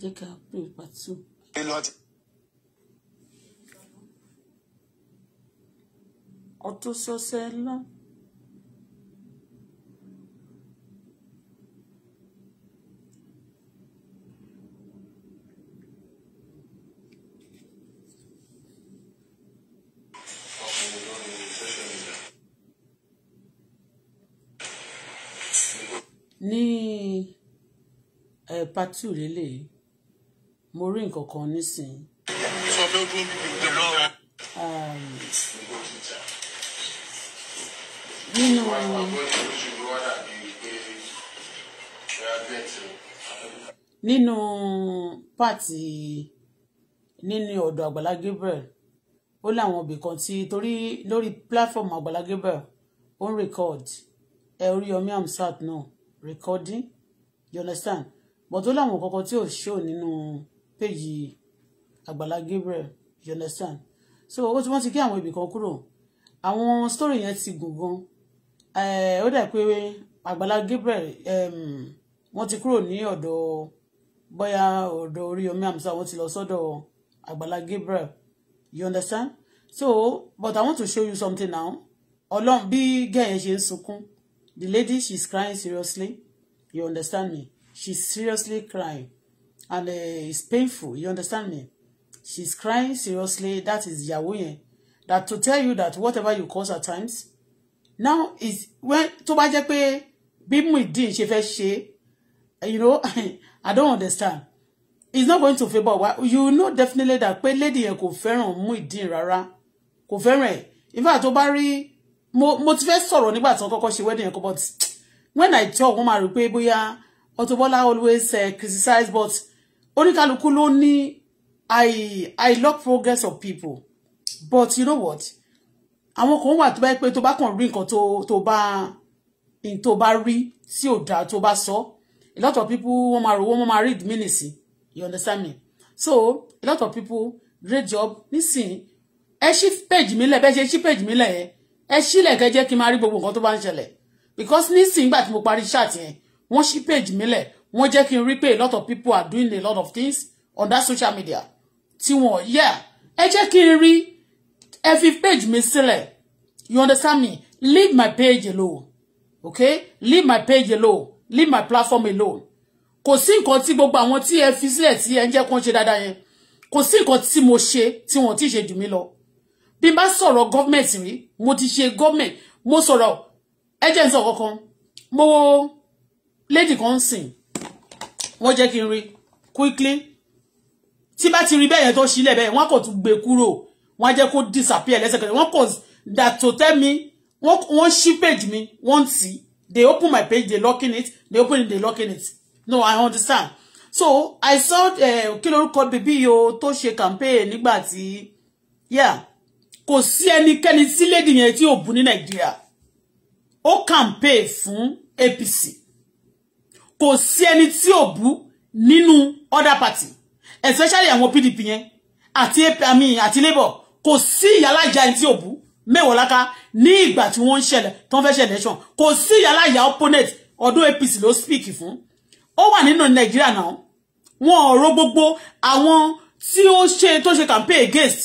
jẹ́ ká pray part two. ọ̀tún ṣọṣẹ́ náà. part two lélẹ̀ mo rí nǹkan kan nísìnyí. sọ fẹ́ dúró bíbí ìjọba nínú nínú pàtì nínú ọ̀dọ̀ Àgbàlá Gabriel ó láwọn ibì kan tí torí lórí platform Àgbàlá Gabriel ó ń record ẹ orí Yomi Amsat náà recording you understand bọ̀tó láwọn kankan tí ò ṣó nínú péjì Àgbàlá Gabriel you understand so ó ti wọ́n ti gé àwọn ibì kan kúrò àwọn story yẹn ti gùn gan eh, ó dà pé Àgbàlá Gabriel wọ́n ti kúrò ní ọ̀dọ̀ bóyá ọ̀dọ̀ Oríyọmí àmì sáà wọ́n ti lọ sọ́dọ̀ Àgbàlá Gabriel you understand so but I want to show you something now ọlọ́run bí gẹ̀yẹ́ ṣe ń sunkún the lady she is crying seriously you understand me she's seriously crying and uh, it's painful you understand me she's crying seriously that is ìyàwó that to tell you that whatever you cause at times now is when tó bá jẹ́ pé bí Muideen you know I don't understand it's not going to favour wa you know definitely that pé lady yẹn kò fẹ́ràn Muideen rárá kò fẹ́ràn in fact tó bá rí mo mo ti fẹ́ sọ̀rọ̀ nígbà tí wọ́n kọ́kọ́ wedding yẹn but when I talk woman máa rí pé bóyá. Auto Bola always uh, criticize but oníkálukú ló ní I I love progress of people but you know what àwọn kan wà tó bá pé tó bá kàn rí nǹkan tó tó bá in tó bá rí tí ò dáa tó bá sọ a lot of people wọ́n máa rò wọ́n máa read minisi you understand me so a lot of people great job nísìnyí ẹ ṣí page mi lẹ̀ bẹ́ẹ̀ ṣe ṣí page mi lẹ̀ yẹn ẹ ṣílẹ̀ kẹ́ jẹ́ kí n máa rí gbogbo nǹkan tó bá ń ṣẹlẹ̀ because nísìnyí gbà tí mo parí ṣáàtì yẹn wọ́n ṣí page mi lẹ̀ wọ́n jẹ́ kí n rí pé a lot of people are doing a lot of things on that social media tí wọ́n yẹ ẹ jẹ́ kí n rí ẹ fi page mi sílẹ̀ you understand me leave my page alone okay leave my page alone leave my platform alone kò sí nǹkan tí gbogbo àwọn tí ẹ fi sílẹ̀ tí ẹ ń jẹ́ kó ń ṣe dáadáa yẹn kò sí nǹkan tí mo ṣe tí wọ́n ti ṣe jù mí lọ bí n bá sọ̀rọ̀ gọ́ọ̀mẹ̀ntì rí mo ti ṣe gọ́ọ̀mẹ̀ntì mo sọ̀rọ̀ ẹ jẹ́ n sọ kankan mo lady kan ń sìn wọ́n jẹ́ kí quickly tí bá ti rí bẹ́ẹ̀ yẹn tó sílẹ̀ bẹ́ẹ̀ wọ́n kò tún gbé kúrò wọ́n á jẹ́ kó disappear lẹ́sẹ̀kẹsẹ̀ wọ́n kò that to tell me wọ́n ṣí shipage me wọ́n ti they open my page they locking it they open it they locking it no i understand so i saw eh, kí lorúkọ bèbí yo to ṣe campaign nígbà tí yeah kò sí ẹnikẹ́ni sí lady yẹn tí ò bú ní nàìjíríà ó campaign fún apc kò sí ẹni tí ò bú nínú other party especially àwọn PDP yẹn àti APM àti labour kò sí ìyálàjà ẹni tí ò bú mẹ́wọ̀ọ́ láká ní ìgbà tí wọ́n ń ṣẹlẹ̀ tó ń fẹ́ ṣẹlẹ̀ nation kò sí ìyálàjà opponent ọdún APC ló speak fún ó wà nínú Nàìjíríà náà wọn ò ró gbogbo àwọn tí ó ṣe tó ṣe campaign against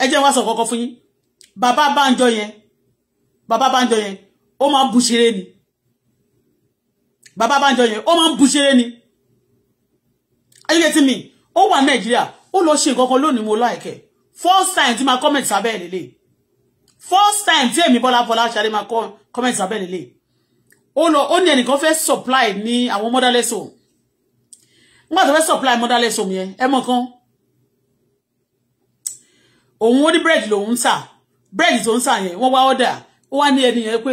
ẹ jẹ́ wá sọ kọ́kọ́ fún yín bàbá Bánjọ yẹn bàbá Bánjọ yẹn ó máa bu ṣeré ni Baba Bánjọ yẹn ó máa ń bu ṣeré ni ayílẹ̀ tí mi ó wà nàìjíríà ó lọ ṣe nǹkan kan lónìí mo láìkẹ́ first time tí ma comment sábẹ́ ẹ̀ first time tí èmi bola bola ṣàlẹ́ ma comment sábẹ́ ẹ̀ lélẹ̀ ó lọ ó ní ẹnìkan supply ni àwọn motherless home nígbà tó fẹ́ supply motherless mi yẹn ẹ mọ̀ kan òun ó ní bírèdì lòun ń tà bírèdì tó ń tà yẹn wa wá ọ́dà ó wá ní ẹni yẹn pé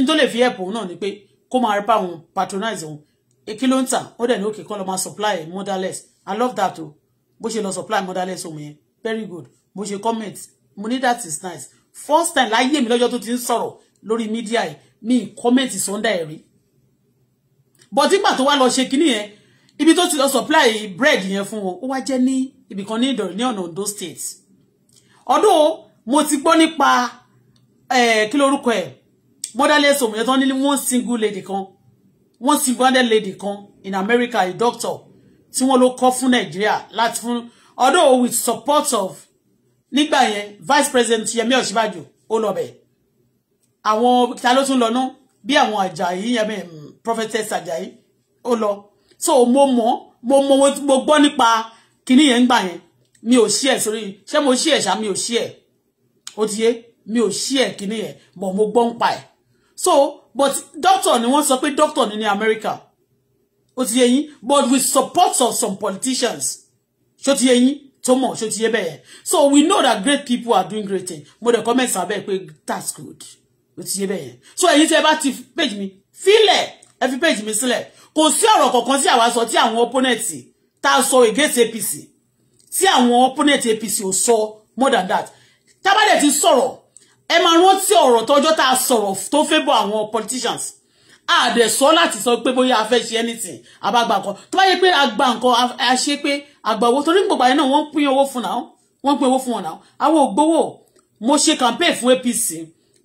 n tó lè fi ẹ̀pù ni pe kó máa bá wọn patronize wọn èkí e ló ń tà ó dẹ̀ ní òkè kan lọ máa supply motherless i love that o bó ṣe lọ supply motherless òun yẹn very good bó ṣe comment mo ní that is nice first time láyé mi lọ́jọ́ tó ti ń sọ̀rọ̀ lórí mídíà yìí mi comment sunday rí but nígbà tó wá lọ ṣe kinní yẹn ibi tó ti lọ supply bread yẹn fún wọn ó wá jẹ́ ní ibìkan ní ìdọ̀rẹ́ ní ọ̀nà Ondo state ọdún mo ti gbọ́ nípa eh, kí lórúkọ ẹ̀ motherless home yẹn tán ní one single lady kan one single lady kan in America a doctor tí wọ́n ló kọ́ fún Nàìjíríà láti fún although with support of nígbà yẹn vice president Yemi Ọ̀ṣínbàjò ó lọ bẹ̀ àwọn ta ló tún lọ ná bí àwọn Àjàyí Yẹmí prophetess Àjàyí ó lọ so mo mọ̀ mo mọ̀ mo gbọ́ nípa kíní yẹn gbà yẹn mi ò share sórí ṣé mo share ṣá mi ò share ó ti yé mi ò share kíní yẹn mọ̀ mo gbọ́ ń pa ẹ̀ so but doctor ni wọ́n sọ pé doctor ni ní America ó ti yé yín but with support of some politicians ṣó ti yé yín tó mọ̀ ṣó ti yé bẹ́ẹ̀ so we know that great people are doing great things mo dẹ̀ comment sábẹ́ pé that's good ó ti yé bẹ́ẹ̀ so èyí tí ẹ bá ti page mi filẹ̀ ẹ fi page mi sílẹ̀ kò sí ọ̀rọ̀ kankan tí àwa sọ tí àwọn opponent ta sọ against APC tí àwọn opponent APC ò sọ more than that tá bá dẹ̀ ti ẹ máa rántí ọ̀rọ̀ tọ́jọ́ tá a sọ̀rọ̀ tó fẹ́ bọ̀ àwọn politicians àdẹ̀sọ́ láti sọ so bóyá a fẹ́ ṣe anything àbágbà kan tó bá yẹ pé àgbà nǹkan a ṣe pé àgbà owó torí gbogbo àyẹ̀ náà wọ́n pín owó fún náà wọ́n pín owó fún wọn náà àwọn ògbówó mo ṣe campaign fún APC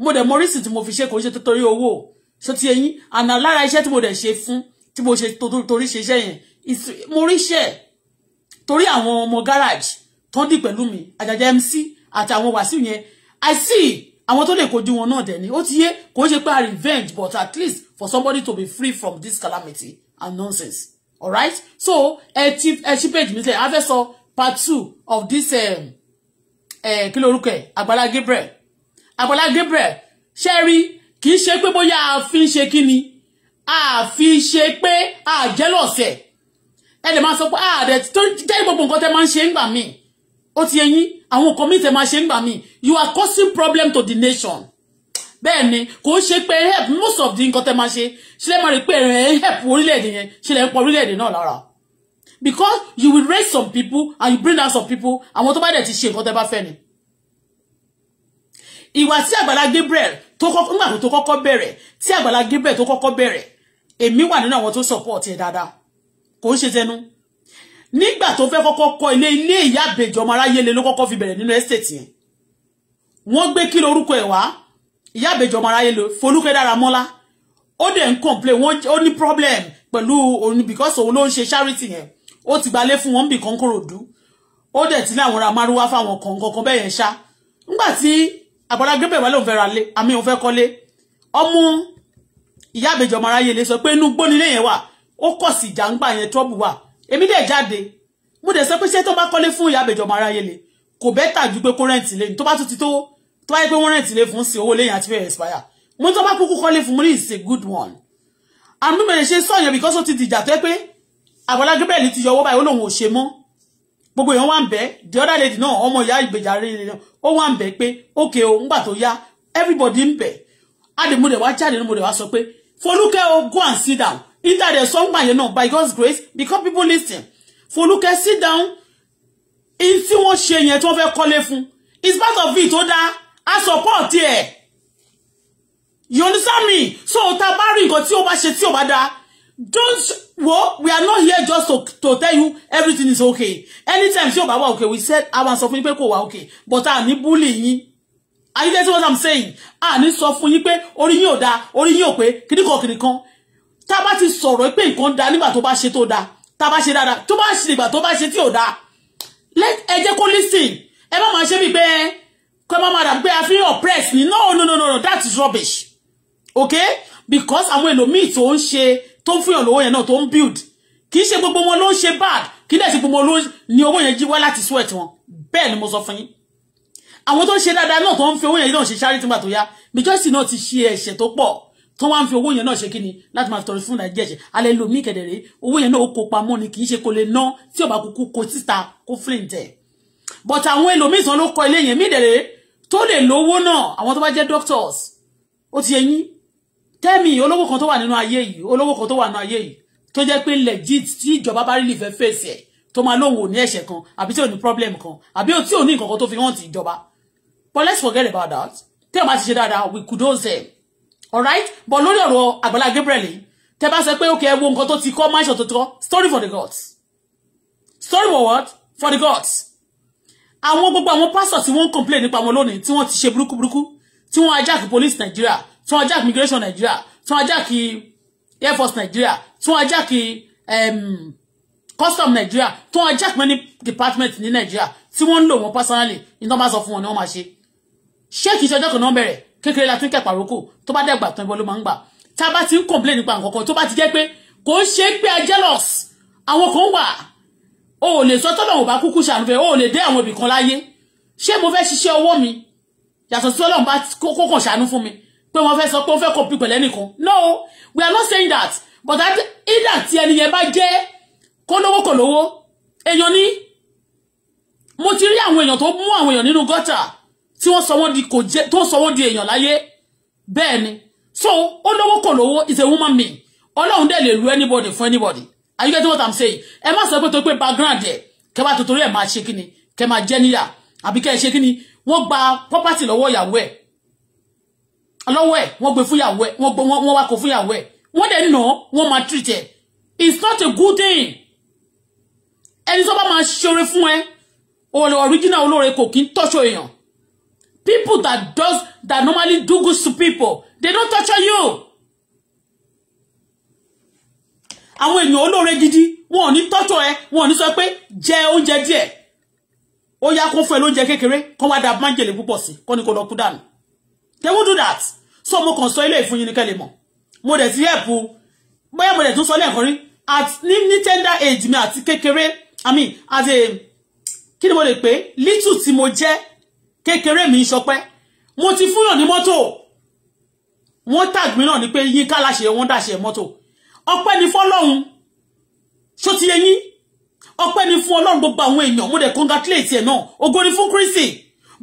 mo dẹ̀ mọ orísìí tí mo fi ṣe kò ṣe Tori Owo. So ti ẹyin àná lára iṣẹ́ tí mo dẹ̀ ṣe fún tí mo ṣe Tori ṣe iṣẹ́ yẹn mo ríṣẹ́ torí àwọn ọmọ garage tó ń dì pẹ̀lú mi àjàjà MC àtàwọn wàsíù yẹn I see àwọn tó lè kojú wọn náà dẹ̀ ni ó ti yé kò ṣe pé a revenge but at least for somebody to be free from this calamity and nonsense alright so ẹ ti ẹ ṣí page mi sẹ a fẹ́ sọ part two of this um, kí lorúkọ ẹ Agbala Gabriel Agbala Gabriel ṣe rí kì í ṣe pé bóyá a fi ń ṣe kí ni a fi ṣe pé a jẹ́ lọ́sẹ̀ ẹ lè máa sọ pé a dẹ̀ tó jẹ́ gbogbo nǹkan tẹ́ máa ń ṣe ń gbà míì ó ti yẹn yín àwọn nǹkan míì tẹ̀ máa ṣe ń you are causing problem to the nation bẹ́ẹ̀ ni kò ń ṣe help most of the nǹkan tẹ́ máa ṣe ṣe lẹ́ máa rí pé help orílẹ̀-èdè yẹn ṣe lẹ́ ń pọ̀ orílẹ̀-èdè náà because you will raise some people and you bring down some people àwọn tó bá dẹ̀ ti ṣe nǹkan tẹ́ bá fẹ́ ni. ìwà tí Àgbàlá Gabriel tó kọ́kọ́ nígbà tó kọ́kọ́ bẹ̀rẹ̀ tí Àgbàlá Gabriel tó kọ́kọ́ bẹ̀rẹ̀ èmi wà nínú àwọn tó support ẹ̀ dáadáa kò ń ṣe nígbà tó fẹ́ kọ́kọ́ kọ́ ilé ilé ìyá àbèjì ọmọ aráyé lé ló kọ́kọ́ fi bẹ̀rẹ̀ nínú estate yẹn wọ́n gbé kí lorúkọ ẹ̀ wá ìyá àbèjì ọmọ aráyé ló Folúkẹ́ Dáramọ́lá ó dẹ̀ ń complain wọ́n ó ní problem pẹ̀lú òun because òun ló ń ṣe charity yẹn ó ti gbalé fún wọn bí Kòǹkòròdú ó dẹ̀ ti ní àwọn ra márúwá fáwọn kọ̀ọ̀kan bẹ́ẹ̀ yẹn ṣá nígbà tí àgbàdo agbébẹ̀ wà lóun fẹ́ ra lé àmì òun fẹ́ kọ́lé ọmọ ìyá àbèjì ọmọ aráyé lè sọ pé inú gbóni yẹn wà ó kọ̀ sí ìjà yẹn trouble wà èmi dẹ̀ jáde mo dẹ̀ sọ pé ṣé tó bá kọ́lé fún ìyá àbẹ̀jọba aráyé lè kò bẹ́tà ju pé kó rẹ́ǹtì lé tó bá tún ti tó tó bá yẹ pé wọ́n rẹ́ǹtì lé fún sí owó lẹ́yìn àti fẹ́ẹ́ expire mo tó bá kúkú kọ́lé fún mo ní is a good one àmì mẹ̀rẹ̀ ṣe sọ yẹn because ó ti dìjà tó yẹ pé Agbala Gabriel ti yọ owó báyìí ó lòun ò ṣe mọ́ gbogbo èèyàn wà ń bẹ́ the other lady náà ọmọ ìyá ìgbèjà rere náà ó wà ń bẹ́ pé ókè o ńgbà tó yá everybody ń bẹ̀ á lè mú rẹ̀ wá jáde ní mo rẹ̀ wá sọ pé Folúkẹ́ o go and sit down either the song by you know by God's grace because people listen For look, Folúkẹ́ sit down in tí wọ́n ṣe yẹn tí wọ́n fẹ́ kọ́lé fún is part of it ó dá a support here. you understand me so tá bá rí nǹkan tí ó bá ṣe tí ó bá dá don't wo we are not here just to to tell you everything is okay anytime tí ó bá wà okay we said àwọn sọ fún yín pé kò okay but a ní bully yín are you getting what i'm saying a ní sọ fún yín pé orí yín ò dá orí yín ò pé kìnnìkan kìnnìkan tá a bá ti sọ̀rọ̀ pé nǹkan da nígbà tó bá ṣe tó da tá a bá ṣe dáadáa tó bá ṣe ìgbà tó bá ṣe tí da ẹ jẹ́ kó listen ẹ má máa ṣe bí pé kọ́ ẹ má máa dà a fi oppress ni no no no no that is rubbish okay because àwọn èlòmíì to ń ṣe tó ń fúnyàn lówó yẹn náà tó build kì í ṣe gbogbo wọn ló ń ṣe bad kì í dẹ̀ ṣe gbogbo wọn ló ní owó yẹn jí wá sweat wọn bẹ́ẹ̀ ni mo sọ fún yín àwọn tó ń ṣe dáadáa náà tó ń fi owó yẹn náà ṣe charity nígbà tó yá because náà ti ṣe ẹ̀ṣẹ̀ tó pọ̀ tó wá ń fi owó yẹn náà ṣe kí ni láti máa tọrọ fún nàìjíríà ṣe alẹ́ lomi kẹ̀dẹ̀rẹ́ owó yẹn náà ó kó pamọ́ ni kì í ṣe kó lè ná tí ó bá kúkú kó síta kó flint ẹ̀ but àwọn ẹlòmíì sàn ló kọ ilé yẹn mídẹ̀rẹ́ tó lè lówó náà àwọn tó bá jẹ́ doctors ó ti yẹ yín tẹ́mi olówó kan tó wà nínú ayé yìí olówó kan tó wà nínú ayé yìí tó jẹ́ pé legit tí ìjọba bá rí lè fẹ́ fèsì ẹ̀ tó máa lóhùn òní ẹ̀ṣẹ̀ kan àbí tí ò ní problem kan àbí tí ò ní nǹkan kan tó fi hàn ti ìjọba but let's forget about that tí ọba ti ṣe dáadáa we kudos them alright but lórí ọ̀rọ̀ Àgbàlá Gabriel yìí tẹ́ bá sọ pé okay ẹ wo nǹkan tó ti kọ́ mansion tó ti kọ́ story for the gods story for what for the gods àwọn gbogbo àwọn pásítọ̀ tí wọ́n ń complain nípa wọn lónìí tí wọ́n ti ṣe burúkú burúkú tí wọ́n ajáàkì police Nigeria tí wọ́n ajáàkì immigration Nigeria tí wọ́n ajáàkì air force Nigeria tí wọ́n ajáàkì um, custom Nigeria tí wọ́n ajáàkì many department ní Nigeria tí wọ́n ń lò wọ́n personally ní tó bá sọ fún wọn ni wọ́n máa ṣe ṣé kìí ṣe ọjọ́ kan náà bẹ̀rẹ̀ kékeré la tún kẹ̀pà rókò tó bá dẹ̀gbà tán ìwọ ló máa ń gbà tá a bá ti ń complain nípa nǹkan kan tó bá ti jẹ́ pé kò ń ṣe pé a jealous àwọn kan wà o ò lè sọ tọ́lọ̀ ò bá kúkú ṣàlùfẹ́ o ò lè dé àwọn ibì kan láyé ṣé mo fẹ́ ṣiṣẹ́ ọwọ́ mi yàtọ̀ sí ọlọ́run bá kó kàn ṣàánú fún mi pé wọ́n fẹ́ sọ pé wọ́n fẹ́ kó pípẹ́ lẹ́nìkan no we are not saying that but that either tí ẹni yẹn bá jẹ́ kó lówó kò lówó èèyàn ní mo ti rí àwọn èèyàn tó mú àwọn èèyàn nínú gọ́tà tí wọ́n sọ wọ́n di kò jẹ́ tó sọ wọ́n di èèyàn láyé bẹ́ẹ̀ ni so ó lówó kò lówó is a woman being ọlọ́run dẹ̀ lè lu anybody fún anybody are you getting what i'm saying ẹ má sọ pé tó pé background ẹ kẹ bá tòtòrí ẹ máa ṣe kíni kẹ máa jẹ níyà àbí kẹ ṣe kíni wọ́n gba property lọ́wọ́ ìyàwó ẹ̀ lọ́wọ́ ẹ̀ wọ́n gbé fún ìyàwó ẹ̀ wọ́n gbé wọ́n wá kó fún ìyàwó ẹ̀ wọ́n dẹ̀ nà wọ́n máa treat ẹ̀ it's not a good thing ẹni tó bá máa ṣoore fún ẹ original olóore kò kí ń tọ́ṣọ èèyàn People that does that normally do good to people, they don't torture you. Àwọn èèyàn olóore gidi, wọn ò ní tọ́jọ́ ẹ, wọn ò ní sọ pé jẹ oúnjẹ díẹ̀. Ó yá kó fún ẹ lóúnjẹ kékeré, kó wá da májèlé púpọ̀ sí, kó ní kó lọ kú They will do that. So mo kàn sọ ilé ìfún yín ní kẹ́lẹ̀ mọ̀. Mo dẹ̀ ti help bóyá mo dẹ̀ tún sọ lẹ́ẹ̀kan rí at ní ní tender age mi àti kékeré I mean as a kí ni mo lè pè little tí mo jẹ́ kékeré mi sọpẹ́ mo ti fúnyàn ní mọ́tò wọ́n tag mi náà ni pé yín káláṣe wọ́n dàṣe mọ́tò ọpẹ́ ni fọ́lọ́run ṣó ti yẹyìn ọpẹ́ ni fún ọlọ́run gbogbo àwọn èèyàn mo dẹ̀ congratulate ẹ̀ náà ògo ni fún Kristi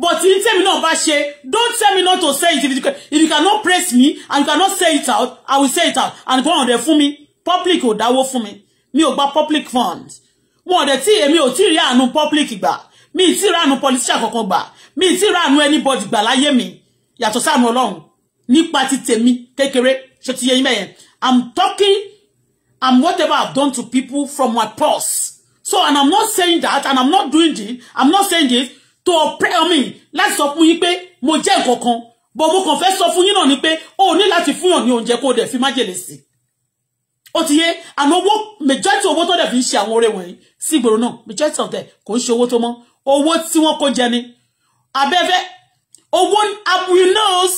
but in tèmi náà bá ṣe don't tell me not to say it if you, if you cannot praise me and you cannot say it out I will say it out and go on dẹ̀ fún mi public ò dáwó fún mi mi ò gba public funds mo dẹ̀ tí èmi ò tí rí àánú public gbà mi ì tí ránu politician kankan gbà mi ì tí ránu anybody gbà láyé mi yàtọ̀ sáànù ọlọ́run nípa ti tèmi kékeré ṣe ti yẹ yín bẹ́yẹn i'm talking i'm whatever i've done to people from my pulse so and i'm not saying that and i'm not doing this i'm not saying this to oppress me Let's sọ fún yín pé mo jẹ́ nǹkan kan bọ̀ mo kàn fẹ́ sọ fún yín náà ni pé o ní láti fúnyàn ní oúnjẹ kó o dẹ̀ fi májèlé sí ó ti yé àná owó majority owó tó dẹ̀ fi ń ṣe àwọn oore wọ̀nyí sí ìgboro náà majority of them kò ń ṣe owó tó mọ́ owó tí wọ́n kó jẹ ni abẹ́fẹ́ owó abuinos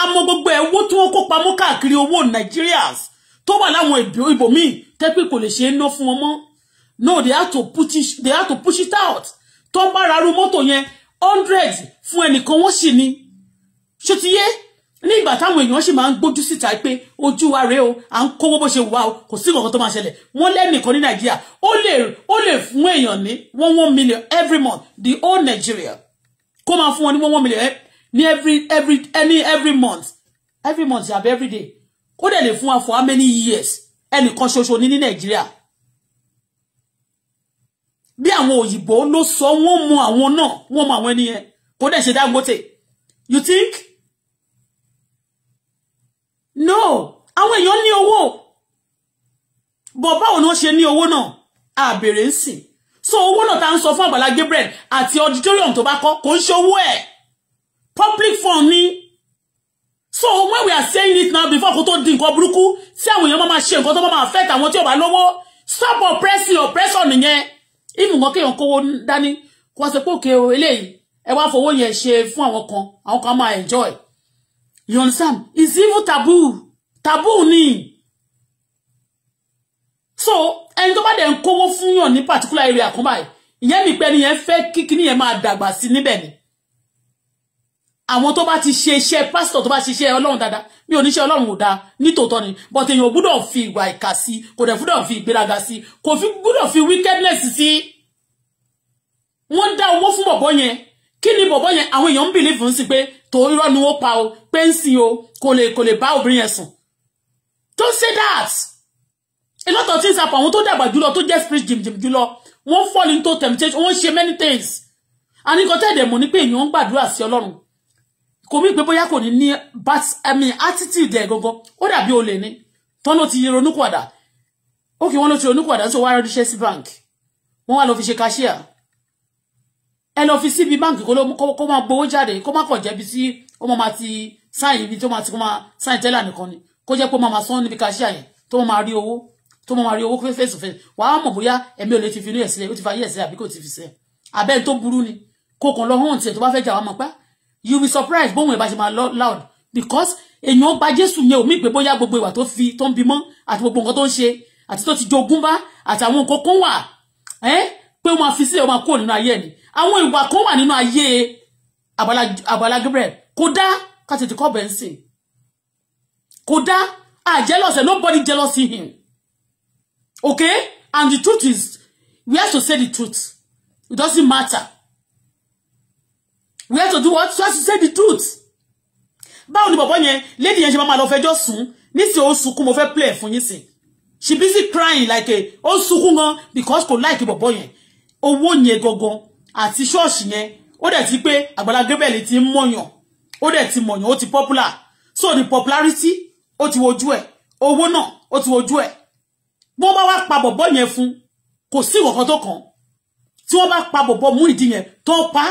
amọ gbogbo ẹ̀wọ́ tí wọ́n kó pamọ́ káàkiri owó Nigerians tó wà láwọn ibòmíì tẹ́pẹ́ kò lè ṣe é ná fún wọn mọ́ no they have to push it, they have to push it out tó ń bá ra ru mọ́tò yẹn hundred fún ẹnìkan wọ́n sì ni ṣó ti yé ní ìgbà táwọn èèyàn sì máa ń gbójú síta pé ojú wa rèé o à ń kówó bó ṣe wà o kò sí nǹkan tó máa ṣẹlẹ̀ wọ́n lẹ́nìkan ní nàìjíríà ó lè ó lè fún èèyàn ní one one million every month the whole nigeria kó máa fún wọn ní one one million eh, ní every every any every month every month àbí every day ó dẹ̀ lè fún wa for how many years ẹnìkan ṣoṣo ní ní nàìjíríà bí àwọn òyìnbó ló sọ wọ́n mọ àwọn náà wọ́n mọ àwọn ẹni yẹn kò dẹ̀ ṣe Dangote you think no àwọn èèyàn ní owó bọ̀ báwo ni wọ́n ṣe ní owó náà àbèrè ń sìn so owó náà ta ń sọ fún Àgbàlá Gabriel àti auditorium tó bá kọ́ kò ń ṣe owó ẹ̀ public fund ni so when we are saying it now before kó tó di nǹkan burúkú tí àwọn èèyàn máa ṣe nǹkan tó máa affect àwọn tí ò bá lówó stop oppressing oppression nìyẹn if nǹkan kéèyàn kówó dání kó wá sọ pé òkè eléyìí ẹ wá fowó yẹn ṣe fún àwọn kan àwọn kan máa enjoy You understand? It's even taboo. Taboo ni. So, ẹni tó bá dẹ̀ ń kówó particular area kan báyìí, ìyẹn mi pẹ́ nìyẹn fẹ́ kí kíní yẹn máa dàgbà ni. Àwọn tó bá ti ṣe iṣẹ́ pásítọ̀ tó bá ṣe iṣẹ́ Ọlọ́run dáadáa, mi oni ní ṣe Ọlọ́run ò dáa ni, but èèyàn ò gbúdọ̀ fi ìwà ìkà sí, kò dẹ̀ gbúdọ̀ fi ìgbéraga sí, kò fi fi wickedness sí. Wọ́n dá owó fún bọ̀bọ́ yẹn, bonye ni bọ̀bọ́ yẹn àwọn èèyàn ń bìlífù ń tó irọ́ ni wọ́n pa o pé ń sìn o kò lè kò lè bá obìnrin yẹn sùn don't say that a lot of things happen àwọn tó dàgbà jùlọ tó jẹ́ spirit jìmjìm jùlọ wọ́n fall into temptation wọ́n ṣe many things àní nǹkan tẹ̀dẹ̀ mọ̀ ní pé èèyàn ń gbàdúrà sí ọlọ́run kò mí pé bóyá kò ní ní but i mean attitude ẹ̀ gangan ó dàbí olè ni tọ́nà ti ronúkúwàdà ó kì wọ́n ló ti ronúkúwàdà tó wá rẹ́díṣẹ́ sí bank wọ́n wá lọ fi ṣe cashier ẹ lọ fi síbi báǹkì kó ló kó máa gbowó jáde kó má kàn jẹ́bi sí kó máa máa ti sáyìn ibi tó máa ti kó máa sáyìn tẹ́lá nìkan ni kó jẹ́ pé máa sán níbi kàṣíà yẹn tó máa rí owó tó máa rí owó pé face to face wàá mọ̀ bóyá ẹ̀mí ò lè ti fi inú ẹ̀ sílẹ̀ ó ti fa ayé sílẹ̀ àbí kò ti fi sílẹ̀ abẹ́ni tó burú ni kó kàn lọ hàn tiẹ̀ tó bá fẹ́ jà wá mọ̀ pé you be surprised bóun ẹ̀ bá ṣe máa loud because èèyàn gba Jésù yẹn òmí pé bóyá gbogbo ìwà tó fi tó ń bímọ àti gbogbo nǹkan tó ń ṣe àti tó ti jogún bá àti àwọn nǹkan kan wà pé ó fi sílẹ̀ ó kúrò nínú ayé ẹ̀ ni àwọn ìwà kan wà nínú ayé Agbala Gabriel kò dá ká tètè kọ́ bẹ́ẹ̀ sìn kò dá ah jealous and nobody jealous in him okay and the truth is we have to say the truth it doesn't matter we have to do what we have to say the truth báwo ni bọ̀bọ̀ yẹn lady yẹn ṣe máa lọ fẹjọ́ sùn nísìnyí ó sunkún mo fẹ́ play fún yín sìn she busy crying like a ó sunkún gan because kò like bọ̀bọ̀ yẹn owó yẹn gangan àti ṣọ́ọ̀ṣì yẹn ó dẹ̀ ti pé Àgbàlá Gabriel ti ń mọ̀yàn ó dẹ̀ ti mọ̀yàn ó ti popular so the popularity ó ti wojú ẹ̀ owó náà ó ti wojú ẹ̀ bí wọ́n bá wá pa bọ̀bọ́ yẹn fún kò sí ìwọ̀kan tó kàn tí wọ́n bá pa bọ̀bọ́ mú ìdí yẹn tó pa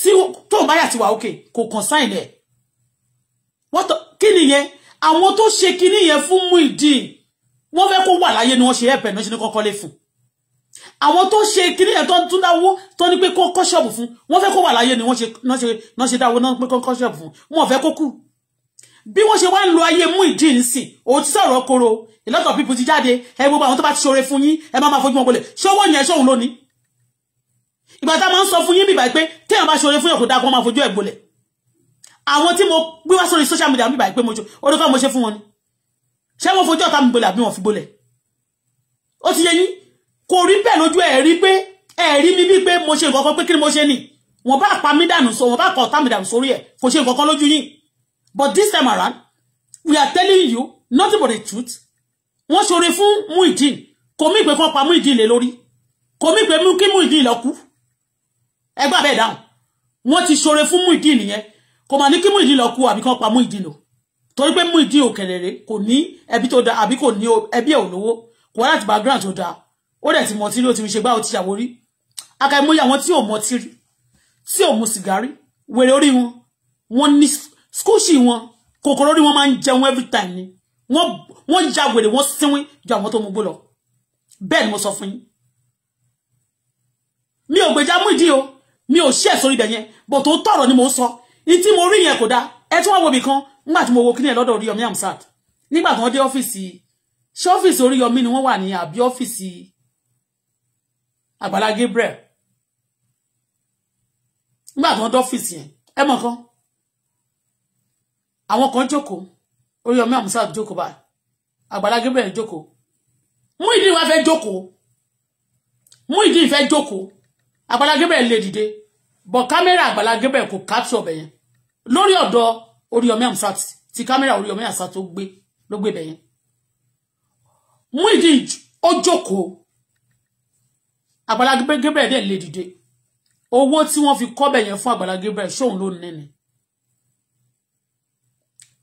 tí tó bá yà ti wà òkè kò kàn sáìn ẹ̀ kí nìyẹn àwọn tó ṣe kinní yẹn fún mú ìdí wọ́n fẹ́ kó wà láyé ni wọ́n ṣe ẹ̀pẹ̀ náà ṣe ní kọ́kọ́ lé fún un àwọn tó ṣe kíní ẹ̀ tó ń tún dáwó tó ní pé kó kọ́ ṣọ́ọ̀bù fún wọ́n fẹ́ kó wà láyé ni wọ́n ṣe dáwó náà pé kó kọ́ ṣọ́ọ̀bù fún wọn fẹ́ kó kú bí wọ́n ṣe wá ń lo ayé mú ìdí nsìn ó ti sọ̀rọ̀ koro a lot of people ti jáde ẹ gbogbo àwọn tó bá ti ṣoore fún yín ẹ má máa fojú wọn gbolẹ̀ ṣọwọ́ yẹn ṣọ́hun lónìí ìgbà tá a máa ń sọ fún yín bíbáyìí pé téèyàn bá ṣoore fún yàn kò dáa kó máa fojú ẹ̀ gbolẹ̀ àwọn tí mo gbé wá sórí social media bíbáyìí pé mo ṣe orí kan mo ṣe fún wọn ni ṣé wọ́n fojú ọ̀tá mi gbolẹ̀ àbí wọ́n fi gbolẹ̀ ó ti yẹ yín kò rí bẹ́ẹ̀ lójú ẹ̀ rí pé ẹ̀ rí mi bí pé mo ṣe nǹkan kan pé kí mo ṣe nì wọ́n bá pa mí dànù so wọ́n bá kọ̀ ọ̀tá mi dànù sórí ẹ̀ kò ṣe nǹkan kan lójú yín but this time around we are telling you nothing but the truth wọ́n ṣoore fún Muideen kò mí pé kọ́ pa Muideen lé lórí kò mí pé kí Muideen lọ kú ẹgbẹ́ àbẹ́ ìdáhùn wọ́n ti ṣoore fún Muideen nìyẹn kò mà ní kí Muideen lọ kú àbí kọ́ pa Muideen lọ torí pé Muideen òkèlèrè kò ní ẹbí tó da àbí kò ní ẹbí ẹ̀ òlówó kò wá láti background tó dáa ó dẹ̀ ti mọtí rí ó ti fi ṣe gbá ó ti ṣàwó rí akáìmọye àwọn tí ò mọtí rí tí ò mu sìgárì wèrè orí wọn wọn ní skúùsì wọn kòkòrò orí wọn máa ń jẹun every time ni wọn wọn ja wèrè wọn sínwín ju àwọn tó mú gbó lọ bẹ́ẹ̀ ni mo sọ fún yín mi ò gbèjà mú ìdí o mi ò ṣí ẹ̀sọ́ ibẹ̀ yẹn bò tó tọ̀rọ̀ ni mo ń sọ ní tí mo rí yẹn kò dáa ẹ tún wá wo ibìkan nígbà tí mo wo kíní ẹ lọ́dọ̀ Oríyọmí Hamzat nígbà tí wọ́n dé ọ́fíìsì ṣé ọ́fíìsì Oríyọmí ni wọ́n wà ní àbí ọ́fíìsì Àgbàlá Gabriel nígbà tí wọ́n dọ́fíìsì yẹn ẹ mọ̀ kan àwọn kan jókòó Oríyọmí Àmúsà jókòó báyìí Àgbàlá Gabriel jókòó Muyideen wá fẹ́ jókòó Muyideen fẹ́ jókòó Àgbàlá Gabriel lè dìde bọ̀ kámẹ́rà Àgbàlá Gabriel kò capture ọbẹ̀ yẹn lórí ọ̀dọ̀ Oríyọmí Àmúsà ti kámẹ́rà Oríyọmí Àmúsà tó gbé ló gbé bẹ̀ yẹn Muyideen ó jókòó Àgbàlá Gabriel dẹ̀ lè dìde owó tí wọ́n fi kọ́ bẹ̀yẹn fún Àgbàlá Gabriel ṣóun ló ní ni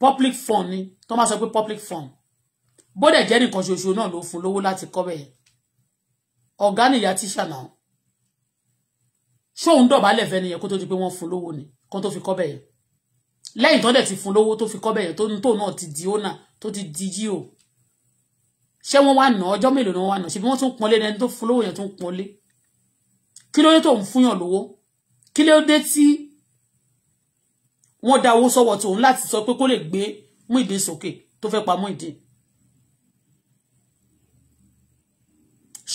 public fund ni tó máa sọ pé public fund bó dẹ̀ jẹ́ nìkan ṣoṣo náà ló fún lówó láti kọ́ bẹ̀yẹn ọ̀gá nìyá tíṣà náà ṣóun dọ̀bálẹ̀ fẹ́ nìyẹn kó tó di pé wọ́n fún lówó ni kó tó fi kọ́ bẹ̀yẹn lẹ́yìn tó dẹ̀ ti fún lówó tó fi kọ́ bẹ̀yẹn tó ń tò náà ti di owner tó ti di gio ṣé wọ́n wá nà ọjọ́ mélòó ni wọ́n wá nà ṣe bí wọ́n tún pọ́nlé ẹni tó fún lówó yẹn tún pọ́nlé kí ló dé tó ń fúnyàn lówó kí ló dé tí wọ́n da owó sọ́wọ́ tòun láti sọ pé kó lè gbé mú ìdí sókè tó fẹ́ pa mú ìdí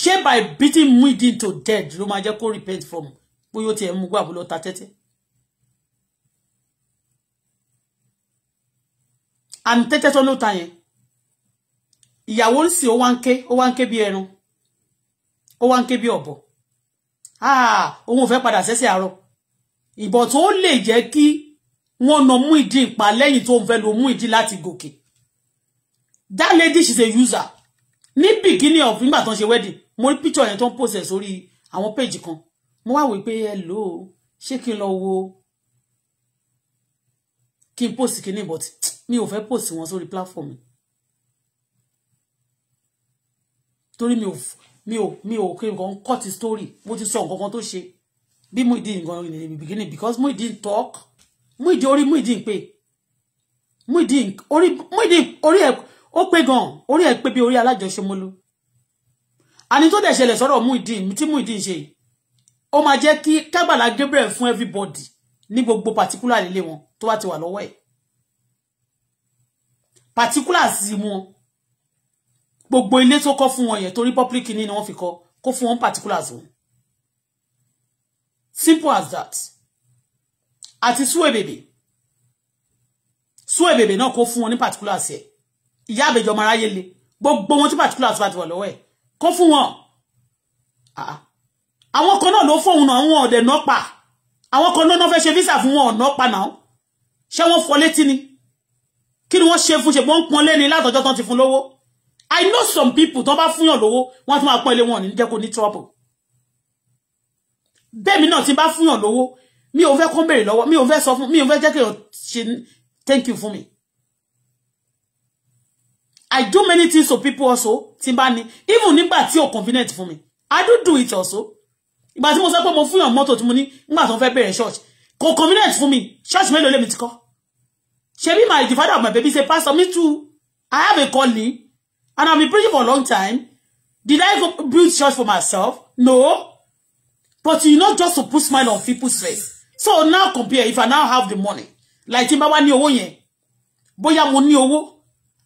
ṣé by beating mú ìdí to dead ló máa jẹ́ kó repent from bóyá ó tiẹ̀ mú gbàgbó lọ ta tẹ́tẹ́. àmì tẹ́tẹ́ tó ló ta yẹn ìyàwó ń sìn ó wá ń ké ó wá ń ké bí ẹran ó wá ń ké bí ọ̀bọ ah, òun ò fẹ́ padà sẹ́sẹ̀ àárọ̀ ìbọn tó lè jẹ́ kí wọ́n na mú ìdí ìpa lẹ́yìn tó ń fẹ́ lo mú ìdí láti gòkè that lady she's a user ní bìkínì of nígbà tó ń ṣe wedding mo rí picture yẹn tó ń post sórí àwọn page kan mo wá wí pé hello ṣé kí n lọ wo kí n post kíní but mi ò fẹ́ post wọn sórí platform torí mi ò mi ò mi ò kí nǹkan cut the story mo ti sọ nǹkan kan tó ṣe bí Muyideen nǹkan in the beginning because Muyideen talk Muyideen orí Muyideen pé Muyideen orí Muyideen orí ẹ̀ ó pé gan orí ẹ̀ pé bí orí alájọṣemolu àní tó dẹ̀ ṣẹlẹ̀ sọ́rọ̀ Muyideen tí Muyideen ṣe ó máa jẹ́ kí kábàlà Gabriel fún everybody ní gbogbo particular ilé wọn tó bá ti wà lọ́wọ́ ẹ̀ particulars wọn gbogbo ilé tó kọ́ fún wọn yẹn torí public ni wọ́n fi kọ́ kó fún wọn particular zone simple as that àti Suebebe Suebebe náà kó fún wọn ní particular sí ẹ ìyá àbẹjọ ọmọ aráyé le gbogbo wọn tí particular sí bá ti wà lọ́wọ́ ẹ kó fún wọn ah, ah. àwọn kan náà ló fóun náà wọn ọdẹ náà pa àwọn kan náà fẹ́ ṣe visa fún wọn ọ̀nà pa náà ṣé wọ́n fọ létí ni kí ni wọ́n ṣe fún ṣe wọ́n pọn lẹ́ni látọjọ́ tán ti fún lówó I know some people tó bá fún yàn lówó wọ́n tún máa pọ́n ilé wọn ní jẹ́ kó ní trouble. Bẹ́ẹ̀ mi náà tí n bá fún yàn lówó mi ò fẹ́ kó béèrè lọ́wọ́ mi ò fẹ́ sọ fún mi ò fẹ́ jẹ́ thank you for me. I do many things to people also tí n bá ní even nígbà tí ò convenient for me. I do do it also. Ìgbà tí mo sọ pé mo fún yàn mọ́tò tí mo ní nígbà tó fẹ́ bẹ̀rẹ̀ church kò convenient fún mi church mélòó lèmi ti kọ́. Ṣebí my the father of my baby say pastor me too I have a calling And I've been preaching for a long time. Did I go build church for myself? No. But you know, just to put smile on people's face. So now compare if I now have the money. Like tí n bá wà ní owó yẹn. Bóyá mo ní owó.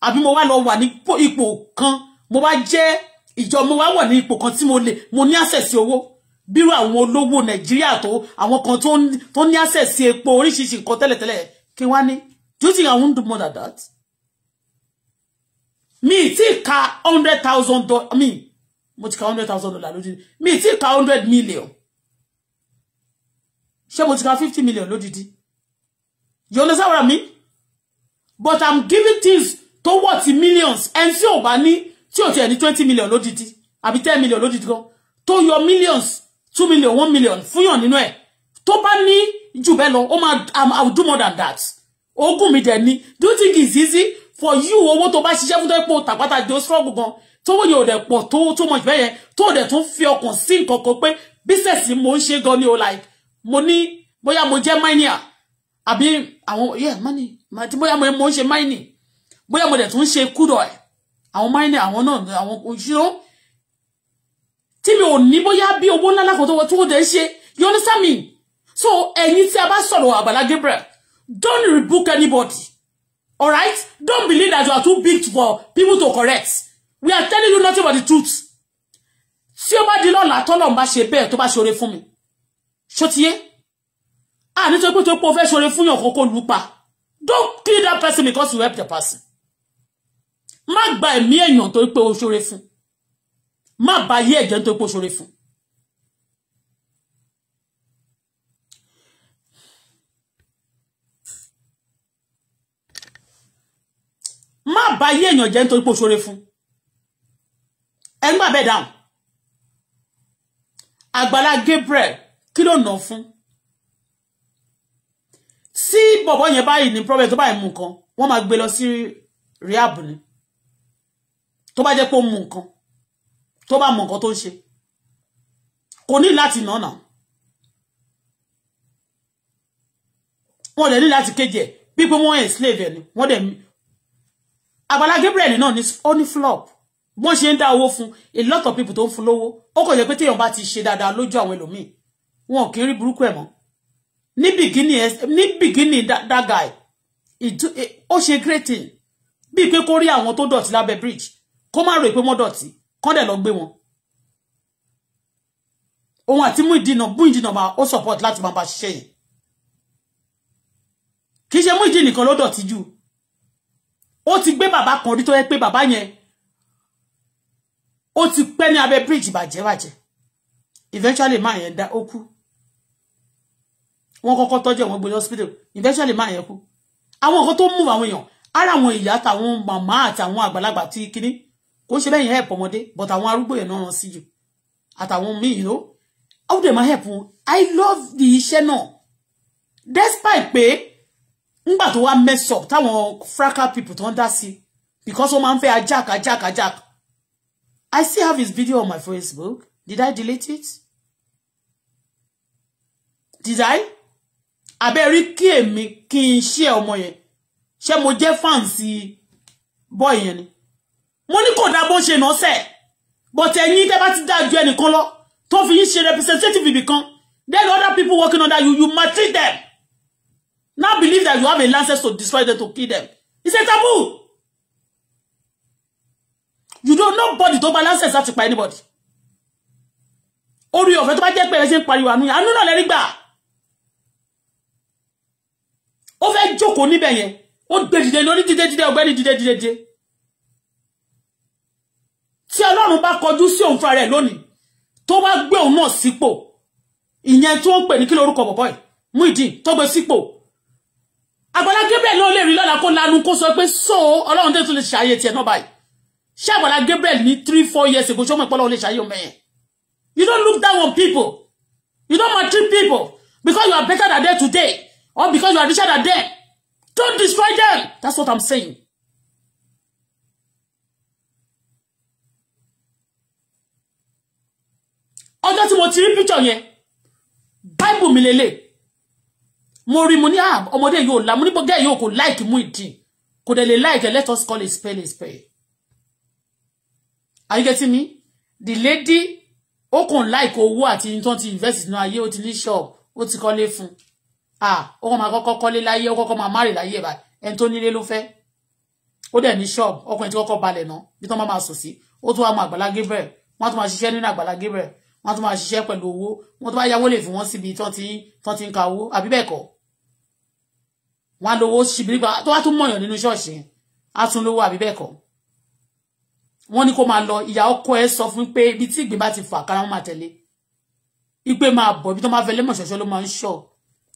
Àbí mo wá lọ wà ní ipò kan. Mo wá jẹ́ ìjọ mo wá wà ní ipò kan tí mo lè mo ní access sí owó. Bírú àwọn olówó Nàìjíríà tó àwọn kan tó ní access sí epo oríṣiríṣi nǹkan tẹ́lẹ̀tẹ́lẹ̀ kí wá ní. Do you think I won't do more than that? mi ti ka hundred thousand dollar mi mo ti ka hundred thousand dollar lódìdí mi ti ka hundred million ṣé mo ti ka fifty million lódìdí you understand what I mean but I'm giving things to wọ̀ ti millions ẹni tí ò bá ní tí ò tiẹ̀ ní twenty million lódìdí àbí ten million lódìdí kan to your millions two million one million fúnyàn nínú ẹ̀ tó bá ní jù bẹ́ẹ̀ lọ ó máa um, I will do more than that ogún mi dẹ̀ ni do you think it's easy for you owó tó bá ṣiṣẹ́ fún tó pọ̀ tàpátá jọ struggle gan tówó yóò dẹ̀ pọ̀ tó tó mọ̀ bẹ́yẹn tó dẹ̀ tún fi ọkàn sí nǹkan kan pé business mo ń ṣe gan ni o like mo ní bóyá mo jẹ́ miner àbí àwọn yeah money àti bóyá mo mo ń ṣe mining bóyá mo dẹ̀ tún ṣe kúrò ẹ̀ àwọn mining àwọn náà àwọn òṣìṣẹ́ tí mi ò ní bóyá bí owó ńlá lákòótó wọ́n tí wọ́n dẹ̀ ń you understand me so ẹ̀yin tí a bá sọ̀rọ̀ Agbala don't rebuke anybody All right? Don't believe that you are too big for people to correct. We are telling you nothing but the truth. Tí ó bá di lo tọ́lọ́run bá ṣe bẹ́ẹ̀ tó bá ṣoore fún mi. Ṣó ti yé? Ah, nítorí pé tó pé o fẹ́ ṣoore fún yàn kókó lù pa. Don't kill that person because you help the person. Ma gba ẹ̀mí èèyàn torí pé o ṣoore fún. Má ba ye ẹ̀jẹ̀ nítorí pé o ṣoore fún. Ma bà ayé èèyàn jẹ́ nítorí pé o ṣoore fún ẹ ń gbà bẹ́ẹ̀ dáhùn àgbàlá Gabriel kí ló nà fún tí bọ̀bọ̀ yẹn báyìí ní problem tó báyìí mú nǹkan wọ́n máa gbé lọ sí rehab ni tó bá jẹ́ pé ó mú nǹkan tó bá mọ nǹkan tó ń ṣe kò ní láti nà náà wọn lè ní láti enslave ni wọ́n dẹ̀ Agbala Gabriel náà ní ó flop wọ́n ṣe ń dá owó fún a lot of people tó ń fún lówó ó kò jẹ́ pé téèyàn bá ti ṣe dáadáa lójú àwọn ẹlòmíì wọn kì í rí burúkú ẹ̀ mọ́ ní bìgínì ní bìgínì that guy ó ṣe great thing bíi pé kó rí àwọn tó dọ̀tí lábẹ́ bridge kó má rò pé wọ́n dọ̀tí kán dẹ̀ lọ gbé wọn òun àti mú ìdínà bú ìdínà máa ó support láti máa bá ṣiṣẹ́ yìí kì í ṣe mú ìdí nìkan ló dọ̀tí jù ó ti gbé bàbá kan rí tó yẹ pé bàbá yẹn ó ti pẹ́ ní abẹ́ bíríìjì bàjẹ́ bàjẹ́ eventually máa yẹn dá ó kú wọ́n kọ́kọ́ tọ́jú ẹ̀ hospital eventually máa yẹn kú àwọn nǹkan tó mú àwọn èèyàn ara àwọn ìyá àtàwọn màmá àtàwọn àgbàlagbà tí kínní kò ṣe bẹ́yìn help ọmọdé but àwọn arúgbó yẹn náà ràn sí jù àtàwọn míì yìí ó ó dẹ̀ help I love the iṣẹ́ náà despite pé ńgbà tó wá mess up táwọn fracker people to ń dá sí because wọ́n máa ń fẹ́ ajak ajak I still have his video on my Facebook did I delete it did I abẹ́ rí kí èmi kí n ṣe ọmọ yẹn ṣé mo jẹ́ fáǹsì bọ́ọ̀ yẹn ni mo ní kò dá bó ṣe nà sẹ̀ but ẹ̀yin tẹ́ bá ti dá ju ẹnìkan lọ tó fi ń ṣe representative ibìkan then other people working under you you maltreat them. Now believe that you have a license to destroy them, to kill them. It's a taboo. You don't know body tó bá license láti pa anybody. Orí ọ̀fẹ́ tó bá jẹ́ pé ẹ ṣe ń pariwo not yẹn, àánú náà lẹ́rí gbà. Ó fẹ́ jókòó níbẹ̀ yẹn, ó gbé dìde did they? Did they? dìde dìde dìde. Tí Ọlọ́run bá kọjú sí òun fúnra rẹ̀ lónìí, tó bá gbé òun náà sípò, ìyẹn tí wọ́n ń pè ní kí lórúkọ bọ̀bọ̀ yìí, Muideen tó gbé Àgbàlá Gabriel náà lè rí lọ́la kó lanu kó sọ pé so ọlọ́run tó tún lè ṣàyè tiẹ̀ náà báyìí ṣé Àgbàlá Gabriel ní three four years ago ṣé ọmọ ìpọ́nlọ́run lè ṣàyè ọmọ yẹn you don't look down on people you don't treat people because you are better than them today or because you are richer than them don't destroy them that's what I'm saying. ọjọ́ tí mo ti rí píkṣọ̀ yẹn báìbù mi lélẹ̀ mo rí mo ní ah, ọmọdé yóò la mo ní bọ́gẹ́ yóò kò láìkì Muyideen kò dẹ̀ lè láìkì let us call a spade a spade are you getting me the lady ó kàn láìkì owó àti tó ti invest nínú ayé ó ti ní shop ó ti kọ́lé fún ah ó kàn máa kọ́kọ́ kọ́lé láyé ó kọ́kọ́ máa márì láyé ẹ̀ bá ẹni tó nílé ló fẹ́ ó dẹ̀ ní shop ọkùnrin ti kọ́kọ́ balẹ̀ náà bí tó máa máa sùn sí ó tún wá mọ Àgbàlá Gabriel wọ́n tún máa ṣiṣẹ́ nínú Àgbàlá Gabriel wọ́n tún máa ṣiṣẹ́ pẹ̀lú owó wọ́n tún máa yáwó lè fi wọ́n síbi tó ti ń ka owó àbí bẹ́ẹ̀ kọ́ wọn lówó ṣìbìrì gba tó wá tún mọ̀yàn nínú ṣọ́ọ̀ṣì á tún lówó àbí bẹ́ẹ̀ kọ́ wọ́n ní kó máa lọ ìyá ọkọ ẹ̀ sọ fún pé ibi tí ìgbín bá ti fà kára wọn máa tẹ̀lé ipe máa bọ̀ ibi tó máa fẹ́ lẹ́mọ̀ ṣọ̀ṣọ́ ló máa ń ṣọ̀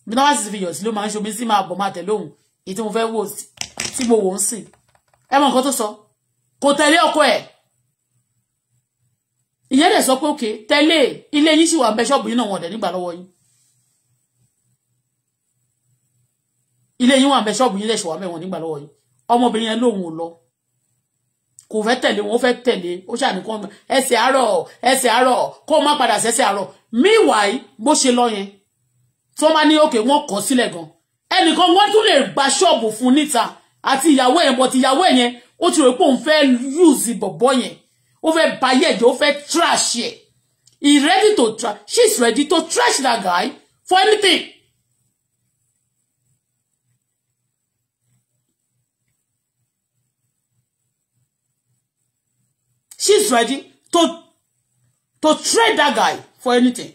ibi tó máa sì ti fi yọ̀ sí ló máa ń ṣomi sí máa bọ̀ máa tẹ̀lé òun èyí tí mo fẹ́ wò tí mo wò ń sìn ẹ mọ nǹkan tó sọ kò tẹ̀lé ọkọ ẹ̀ ìyẹn dẹ̀ sọ pé òkè tẹ̀lé ilé yín sì wà ń bẹ ṣọ́ọ̀bù yín náà wọn dẹ̀ nígbà lọ́wọ́ yín ilé yín wà ń bẹ ṣọ́ọ̀bù yín lẹ́ṣọ̀ wà mẹ́wọ̀n nígbà lọ́wọ́ yín ọmọbìnrin yẹn lòun ò lọ kò fẹ́ tẹ̀lé wọn ó fẹ́ tẹ̀lé ó ṣàní kó ẹsẹ̀ àárọ̀ ẹsẹ̀ àárọ̀ kó má padà sẹ́sẹ̀ àárọ̀ meanwhile bó ṣe lọ yẹn tó máa ní òkè wọn kọ̀ sílẹ̀ gan ẹnìkan wọn tún lè gba ṣọ́ọ̀bù fún níta àti ìyàwó yẹn bọ̀ ti ìyàwó yẹn ó ti rò pé òun fẹ́ use bọ̀bọ̀ yẹn ó fẹ́ bayé ẹ̀jẹ̀ ó fẹ́ trash yẹ he ready to trash she ready to trash that guy for anything she's ready to to trade that guy for anything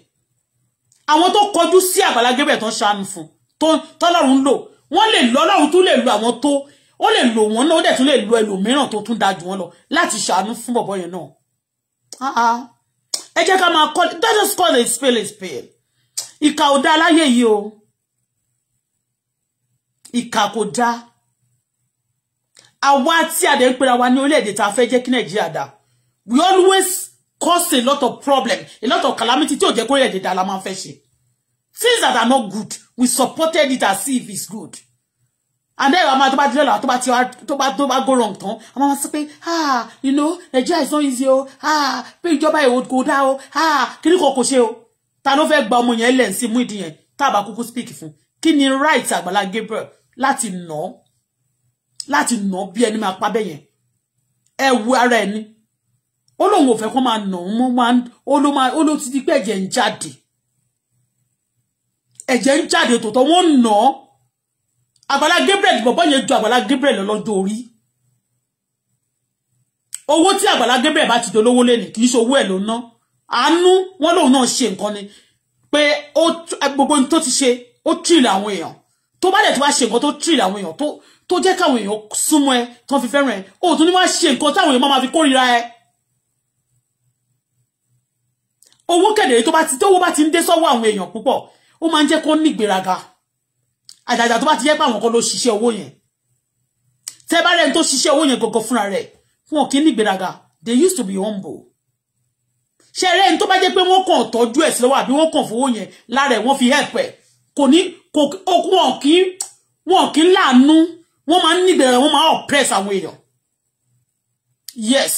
àwọn tó kọjú sí Agbala Gabriel tó ń ṣàánú fún tó tọ́lọ́run lò wọ́n lè lọ Ọlọ́run tún lè lo àwọn tó ó lè lò wọ́n náà ó dẹ̀ tún lè lo ẹlòmíràn tó tún dájú wọn lọ láti ṣàánú fún bọ̀bọ̀ yẹn náà ah, ah. ẹ jẹ́ ká máa kọ́ that just call a spade a spade ìkà ò dá láyé yìí o ìkà kò dá àwa tí a dẹ̀ ń pera wa ní orílẹ̀-èdè tá a fẹ́ jẹ́ kí Nàìjíríà dáa we always cause a lot of problem a lot of calamity tí ò jẹ́ kó yẹ dèdà la máa fẹ́ ṣe things that are not good we supported it as if it's good and then àwọn tó bá dílé lọ tó bá ti tó bá tó bá go wrong tán àwọn máa sọ pé ah you know Nigeria is not easy o ah pé ìjọba èwo kò dá o ah kí ni kò kò ṣe o ta ló fẹ́ gba ọmọ yẹn lẹ̀ sí mú ìdí yẹn tá a bá kúkú speak fún kí ni right Àgbàlá Gabriel láti nà láti nà bí ẹni máa pa bẹ́yẹn ẹ wu ara ẹni ó lóun ò fẹ́ kó máa nà òun máa ó ló máa ó ló ti di pé ẹ̀jẹ̀ ń jáde ẹ̀jẹ̀ ń jáde tòótọ́ wọ́n ń nà án Àgbàlá Gabriel bọ̀bọ́ yẹn ju Àgbàlá Gabriel lọ́jọ́ orí owó tí Àgbàlá Gabriel bá ti dolówó lé ní kì í ṣe owó ẹ̀ ló ná àánú wọn lòun náà ṣe nǹkan ni pé ó gbogbo ohun tó ti ṣe ó tìrì àwọn èèyàn tó bá dẹ̀ tó bá ṣe nǹkan tó tìrì àwọn èèyàn tó jẹ́ káwọn èèyàn súnmọ́ ẹ tó fi fẹ́ràn ẹ òtún ni wọ́n á ṣe nǹkan táwọn èèyàn máa fi kórìíra ẹ owó kẹ̀dẹ̀ tó bá ti tówó bá ti ń dé sọ́wọ́ àwọn èèyàn púpọ̀ ó máa ń jẹ́ kó ní ìgbéraga àjàjà tó bá ti jẹ́ pé àwọn kan ló ṣiṣẹ́ owó yẹn tẹ́ bá rẹ́ni tó ṣiṣẹ́ owó yẹn gọ́gọ́ fúnra rẹ̀ wọn kì í they used to be humble ṣe rẹ́ni tó bá jẹ́ pé wọ́n kàn tọ́jú ẹ̀ sí lọ́wọ́ àbí wọ́n kàn fowó yẹn lára ẹ̀ wọ́n fi help ẹ̀ kò ní wọn kì í wọn kì í láàánú wọ́n máa ń nígbèrè wọ́n máa oppress àwọn èèyàn yes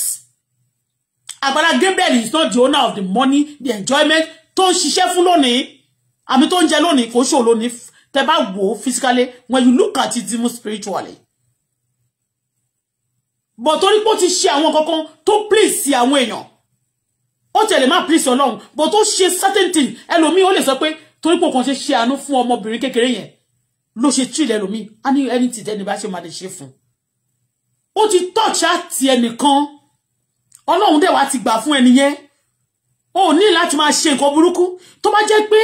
Agbala Gabriel is not the owner of the money, the enjoyment tó ń ṣiṣẹ́ fún lónìí. Àmì tó ń jẹ lónìí kò ṣò lónìí. Tẹ́ bá wò physically when you look at it even spiritually. But torí pé ó ti ṣe àwọn kankan tó please sí àwọn èèyàn. Ó tẹ̀lé má please Ọlọ́run but ó ṣe certain thing ẹlòmíì ó lè sọ pé torí pé kàn ṣe ṣe àánú fún ọmọbìnrin kékeré yẹn ló ṣe tú ilẹ̀ lómi á ní ẹni tí tẹ́ni bá ṣe máa lè ṣe fún un ó ti touch àti ẹnìkan ọlọ́run dẹ̀ wá ti gbà fún ẹni yẹn o ní láti máa ṣe nǹkan burúkú tó bá jẹ́ pé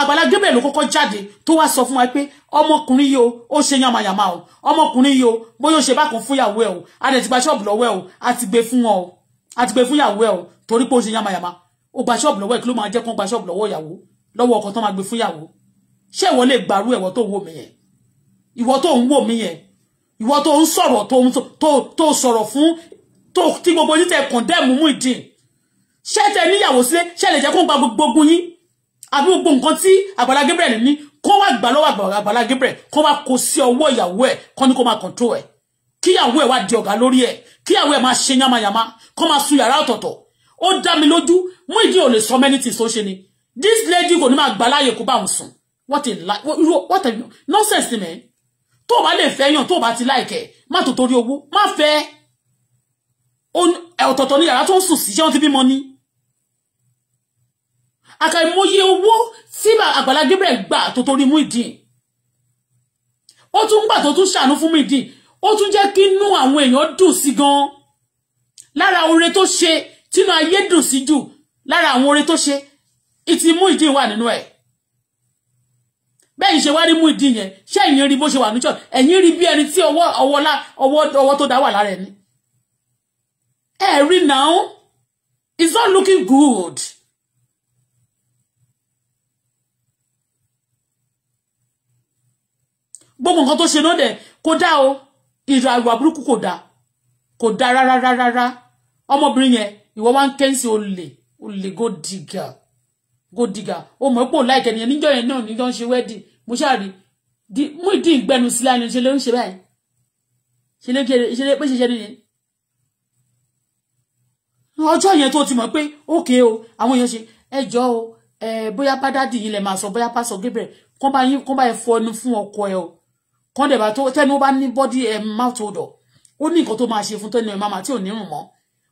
Àgbàlá Gabriel ló kọ́kọ́ jáde tó wá sọ fún wa pé ọmọkùnrin yìí o ó ṣe yamayama o ọmọkùnrin yìí o bóyá ó ṣe bákan fún ìyàwó ẹ o a dẹ̀ ti gba ṣọ́ọ̀bù lọ́wọ́ ẹ o a ti gbé fún wọn o a ti gbé fún ìyàwó ẹ o torí pé ó ṣe yamayama ó gba ṣọ́ọ̀bù lọ́wọ́ ẹ kí ló máa jẹ́ kó gba ṣọ́ọ̀bù lọ́wọ́ ìyàwó lọ́wọ́ ọkọ tó máa gbé fún ìyàwó ṣé ìwọ lè gbàrú ẹ̀wọ̀ tó wò mí yẹn ìwọ tó ń wò mí yẹn ìwọ tó ń sọ̀rọ̀ tó ń sọ̀rọ̀ fún tó tí gbogbo yín tẹ condemn Muyideen ṣé tẹ níyàwó sílé ṣé lè jẹ́ kó gba gbogbo yín àbí gbogbo nǹkan tí Àgbàlá Gabriel ní kó wá gbà lọ́wọ́ Àgbàlá Gabriel kó wá kó sí ọwọ́ ìyàwó ẹ̀ kó ní kó máa control ẹ̀ kíyàwó ẹ̀ wá di ọ̀gá lórí ẹ̀ kíyàwó ẹ̀ máa ṣe yánmayànmá kó máa sun yàrá ọ̀tọ̀ọ̀tọ̀ ó dá mi lójú Muyideen ò lè sọ many things ó ṣe ni this lady kò ní máa gbà láàyè kó bá òun sùn what a lie what a nonsense ni mẹ́ tó o bá lè fẹ́ yàn tó o bá ti láìkẹ́ má tòtórí owó má fẹ́ ọ̀tọ̀ọ̀tọ̀ ní yàrá tó ń sùn sí jẹ́ wọ́n ti bímọ ni àkàìmọye owó tí Àgbàlá Gabriel gbà tó torí Muyideen ó tún gbà tó tún ṣàánú fún Muyideen ó tún jẹ́ kí inú àwọn èèyàn dùn sí gan lára oore tó ṣe tínú ayé dùn sí jù lára àwọn oore tó ṣe ìtì Muyideen wà nínú ẹ̀ bẹ́ẹ̀ ṣe wá rí Muyideen yẹn ṣé ẹ̀yin rí bó ṣe wà ní church rí bí ẹni tí ọwọ́ ọwọ́ tó dá wà lára ẹni ẹ now it's not looking good. gbogbo nǹkan tó ṣe náà dẹ̀ kò dáa o ìrà ìwà burúkú kò dáa kò dáa rárá rárá rárá ọmọbìnrin yẹn ìwọ wá ń kẹ́ńsì olè olè go digger go digger o mọ̀ pé o láìkẹ́ nìyẹn níjọ́ yẹn náà níjọ́ ń ṣe wedding mo ṣáàrí mú ìdí ìgbẹ́nu sílẹ̀ ni ṣe ló ń ṣe báyìí ṣe ló pé ṣe ṣe nìyẹn ọjọ́ yẹn tó ti mọ̀ pé ókè o àwọn èèyàn ṣe ẹjọ́ o bóyá pádádì yìí lẹ̀ máa sọ bóyá pásọ Gabriel kán bá yín kán bá ẹ fọnu fún ọkọ ẹ o kán dẹ̀ bá tó tẹ́nu ó bá ní bọ́dí ẹ eh, mouth odor ó ní nǹkan tó máa ṣe fún tẹ́nu ẹ máma tí ò ní rùn mọ́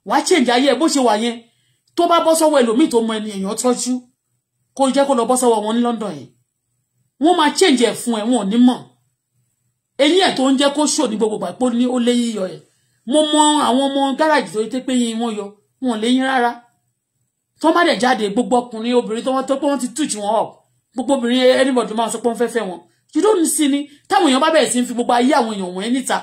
wàá change ayé ẹ bó ṣe wà yẹn tó bá bọ́ sọ́wọ́ ẹlòmíì tó mọ ẹni èèyàn tọ́jú kó jẹ́ kó lọ bọ́ sọ́wọ́ wọn ní London yẹn wọ́n máa change ẹ̀ fún ẹ wọn ò ní mọ̀ eyín ẹ̀ tó ń jẹ́ kó ṣò ní gbogbo pàpọ̀ ní ó lé yíyọ ẹ̀ mo mọ àwọn ọmọ gáràjì tó yẹ pé yín wọ́n yọ wọn ò lè yín rárá tó má dẹ̀ jáde gbogbo ọkùnrin obìnrin tó wọ́n tó pé wọ́n ti tùjú wọn up gbogbo obìnrin anybody máa sọ pé wọ́n fẹ́ fẹ́ wọn you don't see ni táwọn èèyàn bá bẹ̀rẹ̀ sí fi gbogbo ayé àwọn èèyàn wọ̀nyí níta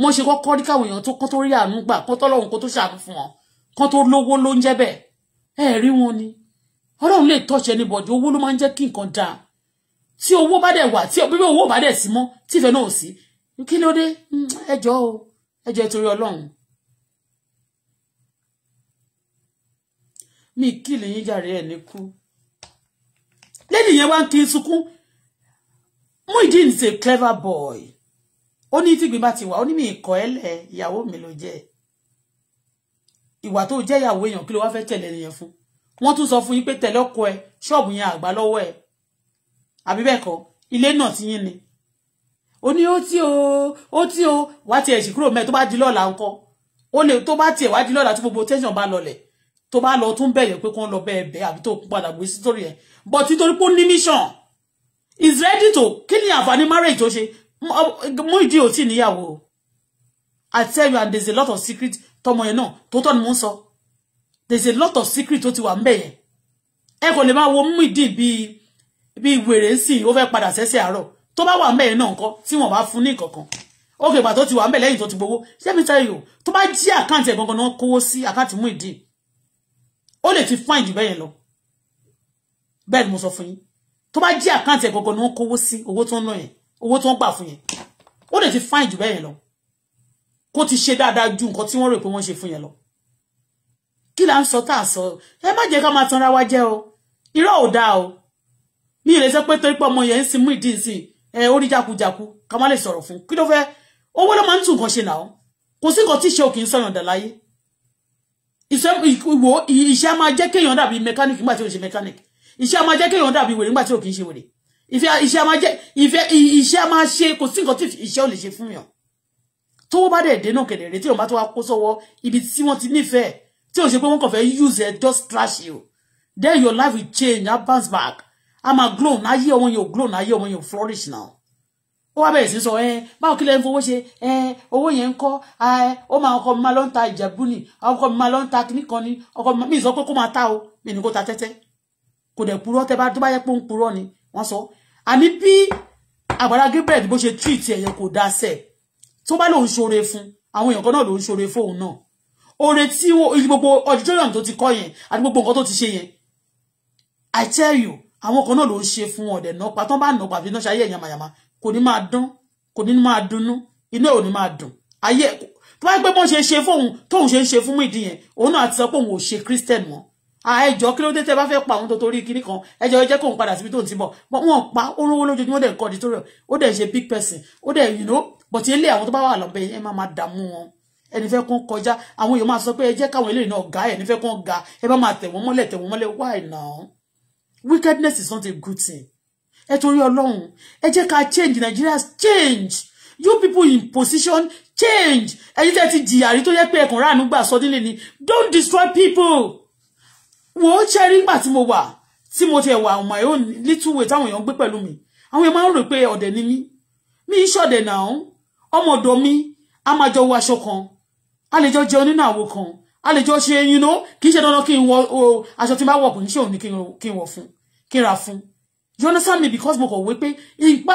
wọ́n ṣe kọ́kọ́ rí káwọn èèyàn tó kọ́ tó rí àánú gbà kọ́ tọ́lọ́run kó tó ṣàánú fún wọn kọ́ tó lówó ló ń jẹ́ bẹ́ẹ̀ ẹ rí wọn ni ọlọ́run lè tọ́ṣẹ anybody owó ló máa ń jẹ́ kí nǹkan dáa tí owó bá dẹ̀ wà tí bíbí owó bá dẹ̀ sí mọ́ tífẹ̀ náà ò sí kí ló dé ẹjọ́ o ẹjọ́ ìtorí ọlọ́run mi kílì yín jàre ẹ̀ ní kú lẹ́yìn yẹn wá ń kí sunkún Muyideen is a clever boy ó ní tí gbígbà ti wà ó ní mi ìkọ́ ẹlẹ̀ ìyàwó mi ló jẹ́ ìwà tó jẹ́ ìyàwó èèyàn kí ló wá fẹ́ tẹ̀lé nìyẹn fún wọ́n tún sọ fún yín pé tẹ̀lé ọkọ ẹ ṣọ́ọ̀bù yẹn àgbà lọ́wọ́ ẹ àbí bẹ́ẹ̀ kọ́ ilé náà ti yín ni ó ní ó tí o ó tí o wá tiẹ̀ sì kúrò mẹ́ẹ̀ tó bá di lọ́la ńkọ́ ó lè tó bá tiẹ̀ wá di lọ́la tí gbogbo tẹ́sán bá lọlẹ̀ To bá lọ tún bẹ̀yẹ̀ pé kó ń lọ bẹ́ẹ̀ bẹ́ẹ̀ àbí tó padà gbé sítórí but nítorí pé ó ní mission is ready to kill your family marriage tó ṣe mú ìdí ò tí níyàwó I tell you and there's a lot of secret tọmọ yẹn náà tó tọ́ ni So there's a lot of secret tó ti wà ń bẹ̀yẹ̀ ẹ kò lè máa wo mú ìdí bíi bíi wèrè sí ó fẹ́ padà sẹ́sẹ̀ àárọ̀ tó bá wà ń bẹ̀yẹ̀ náà nǹkan tí wọ́n bá fún ní kankan ókè ìgbà tó ti wà ń bẹ̀ lẹ́yìn ti gbowó ṣé mi tell you tó bá jí àkáǹtì ẹ̀ gangan náà kówó sí àkáǹtì mú ìdí ó lè ti find ju bẹ́yẹn lọ bẹ́ẹ̀ ni mo sọ fún yín tó bá jí àkáǹtì e gọ́gọ́ ni wọ́n kówó sí owó tó ń ná yẹn owó tó ń gbà fún yẹn ti find ju bẹ́yẹn lọ kó ti ṣe dáadáa ju nǹkan tí wọ́n rò pé wọ́n ṣe fún yẹn lọ kí là ń sọ tá à sọ ẹ má jẹ́ ká máa wa jẹ́ o irọ́ ò dáa o mi ì lè sọ pé torí pé ọmọ yẹn ń sin mú ìdí ìsìn ẹ orí jákujàku ká má lè sọ̀rọ̀ fún kí ló fẹ́ owó ló máa ń tún nǹkan ṣe náà kò sí nǹkan tí ṣe òkè ń sọ̀yàn dà láyé iṣẹ́ máa jẹ́ kéèyàn dàbí mechanic nígbà tí ò ń ṣe mechanic iṣẹ́ máa jẹ́ kéèyàn dàbí wèrè nígbà tí ò kì í ṣe wèrè ìfẹ́ iṣẹ́ máa jẹ́ ìfẹ́ iṣẹ́ máa ṣe kò sí nǹkan tí iṣẹ́ ò lè ṣe fún yàn tó bá dẹ̀ dé náà kẹ̀dẹ̀ rètí òun bá tó wá kó sọ́wọ́ ibi tí wọ́n ti nífẹ̀ẹ́ tí ò ṣe pé wọ́n kàn fẹ́ use it just trash you then your life will change and bounce back a máa glow náà ayé ọmọ yẹn ò glow náà ayé ọmọ yẹn ò flourish now ó wá bẹ̀rẹ̀ sí sọ ẹ báwo kí lẹ ń fowó ṣe ẹ owó yẹn ń kọ́ ẹ ó máa ọkọ mi máa lọ ń ta ìjẹ̀bú ni ọkọ mi máa lọ ń ta kíní kan ni ọkọ mi sọ pé kó máa ta o mi ní kó ta tẹ́tẹ́ kò dẹ̀ purọ́ tẹ́ bá tó bá yẹ pé ń purọ́ ni wọ́n sọ àní bí Agbala Gabriel bó ṣe treat ẹ̀yẹ kò dá sẹ̀ tó bá lòun ṣoore fún àwọn èèyàn kan náà lòun ṣoore fóun náà oore tí gbogbo auditorium àwọn kan náà ló ń ṣe fún ọ̀dẹ̀ náà pa bá nà pàbí náà ṣayé ẹ̀yàn màyàmá kò ní máa dún kò ní máa dunnú inú ẹ̀ ò ní máa dùn ayé ẹ̀ tó bá gbé bó ṣe ṣe fóun tóun ṣe ń ṣe fún ìdí yẹn òun náà ti sọ pé òun ò ṣe christian mọ́ àìjọ kí ló dé tẹ́ bá fẹ́ pa òun tó torí kinní kan ẹjọ jẹ́ kóun padà síbi tóun ti bọ̀ wọ́n pa olówó lójoojúmọ́ dẹ̀ kọ́ auditorium ó dẹ̀ ṣe big person ó dẹ̀ you know but ilé àwọn tó bá wà lọ́bẹ̀ yẹn máa máa dààmú wọn ẹni fẹ́ kún kọjá àwọn èèyàn máa sọ pé ẹ káwọn eléyìí náà ga ẹni fẹ́ kún ga ẹ bá máa tẹ̀ wọ́n mọ́lẹ̀ tẹ̀ wọ́n mọ́lẹ̀ why now wickedness is not a good thing ẹ torí ọlọ́run ẹ jẹ́ ká change Nigeria change you people in position change ẹ̀yin tẹ́ ti jìyà rí tó yẹ pé ẹ̀kàn ráàánú gbà sọdílé ni don't destroy people wò ó ṣe rí nígbà tí mo wà tí mo ti wà my own little way táwọn èèyàn gbé pẹ̀lú mi àwọn èèyàn máa ń rò pé ọ̀dẹ̀ ni mí mi ń ṣọ̀dẹ̀ náà ọmọ ọ̀dọ̀ mi a máa jọ wọ aṣọ kan a lè jọ jẹun nínú àwo kan a lè jọ ṣe yín ná kì í ṣe dandan kí n wọ aṣọ tí n bá wọ̀ kò ní ṣe òun ni kí n wọ̀ fún kí n ra fún you understand me because mo kàn wé pé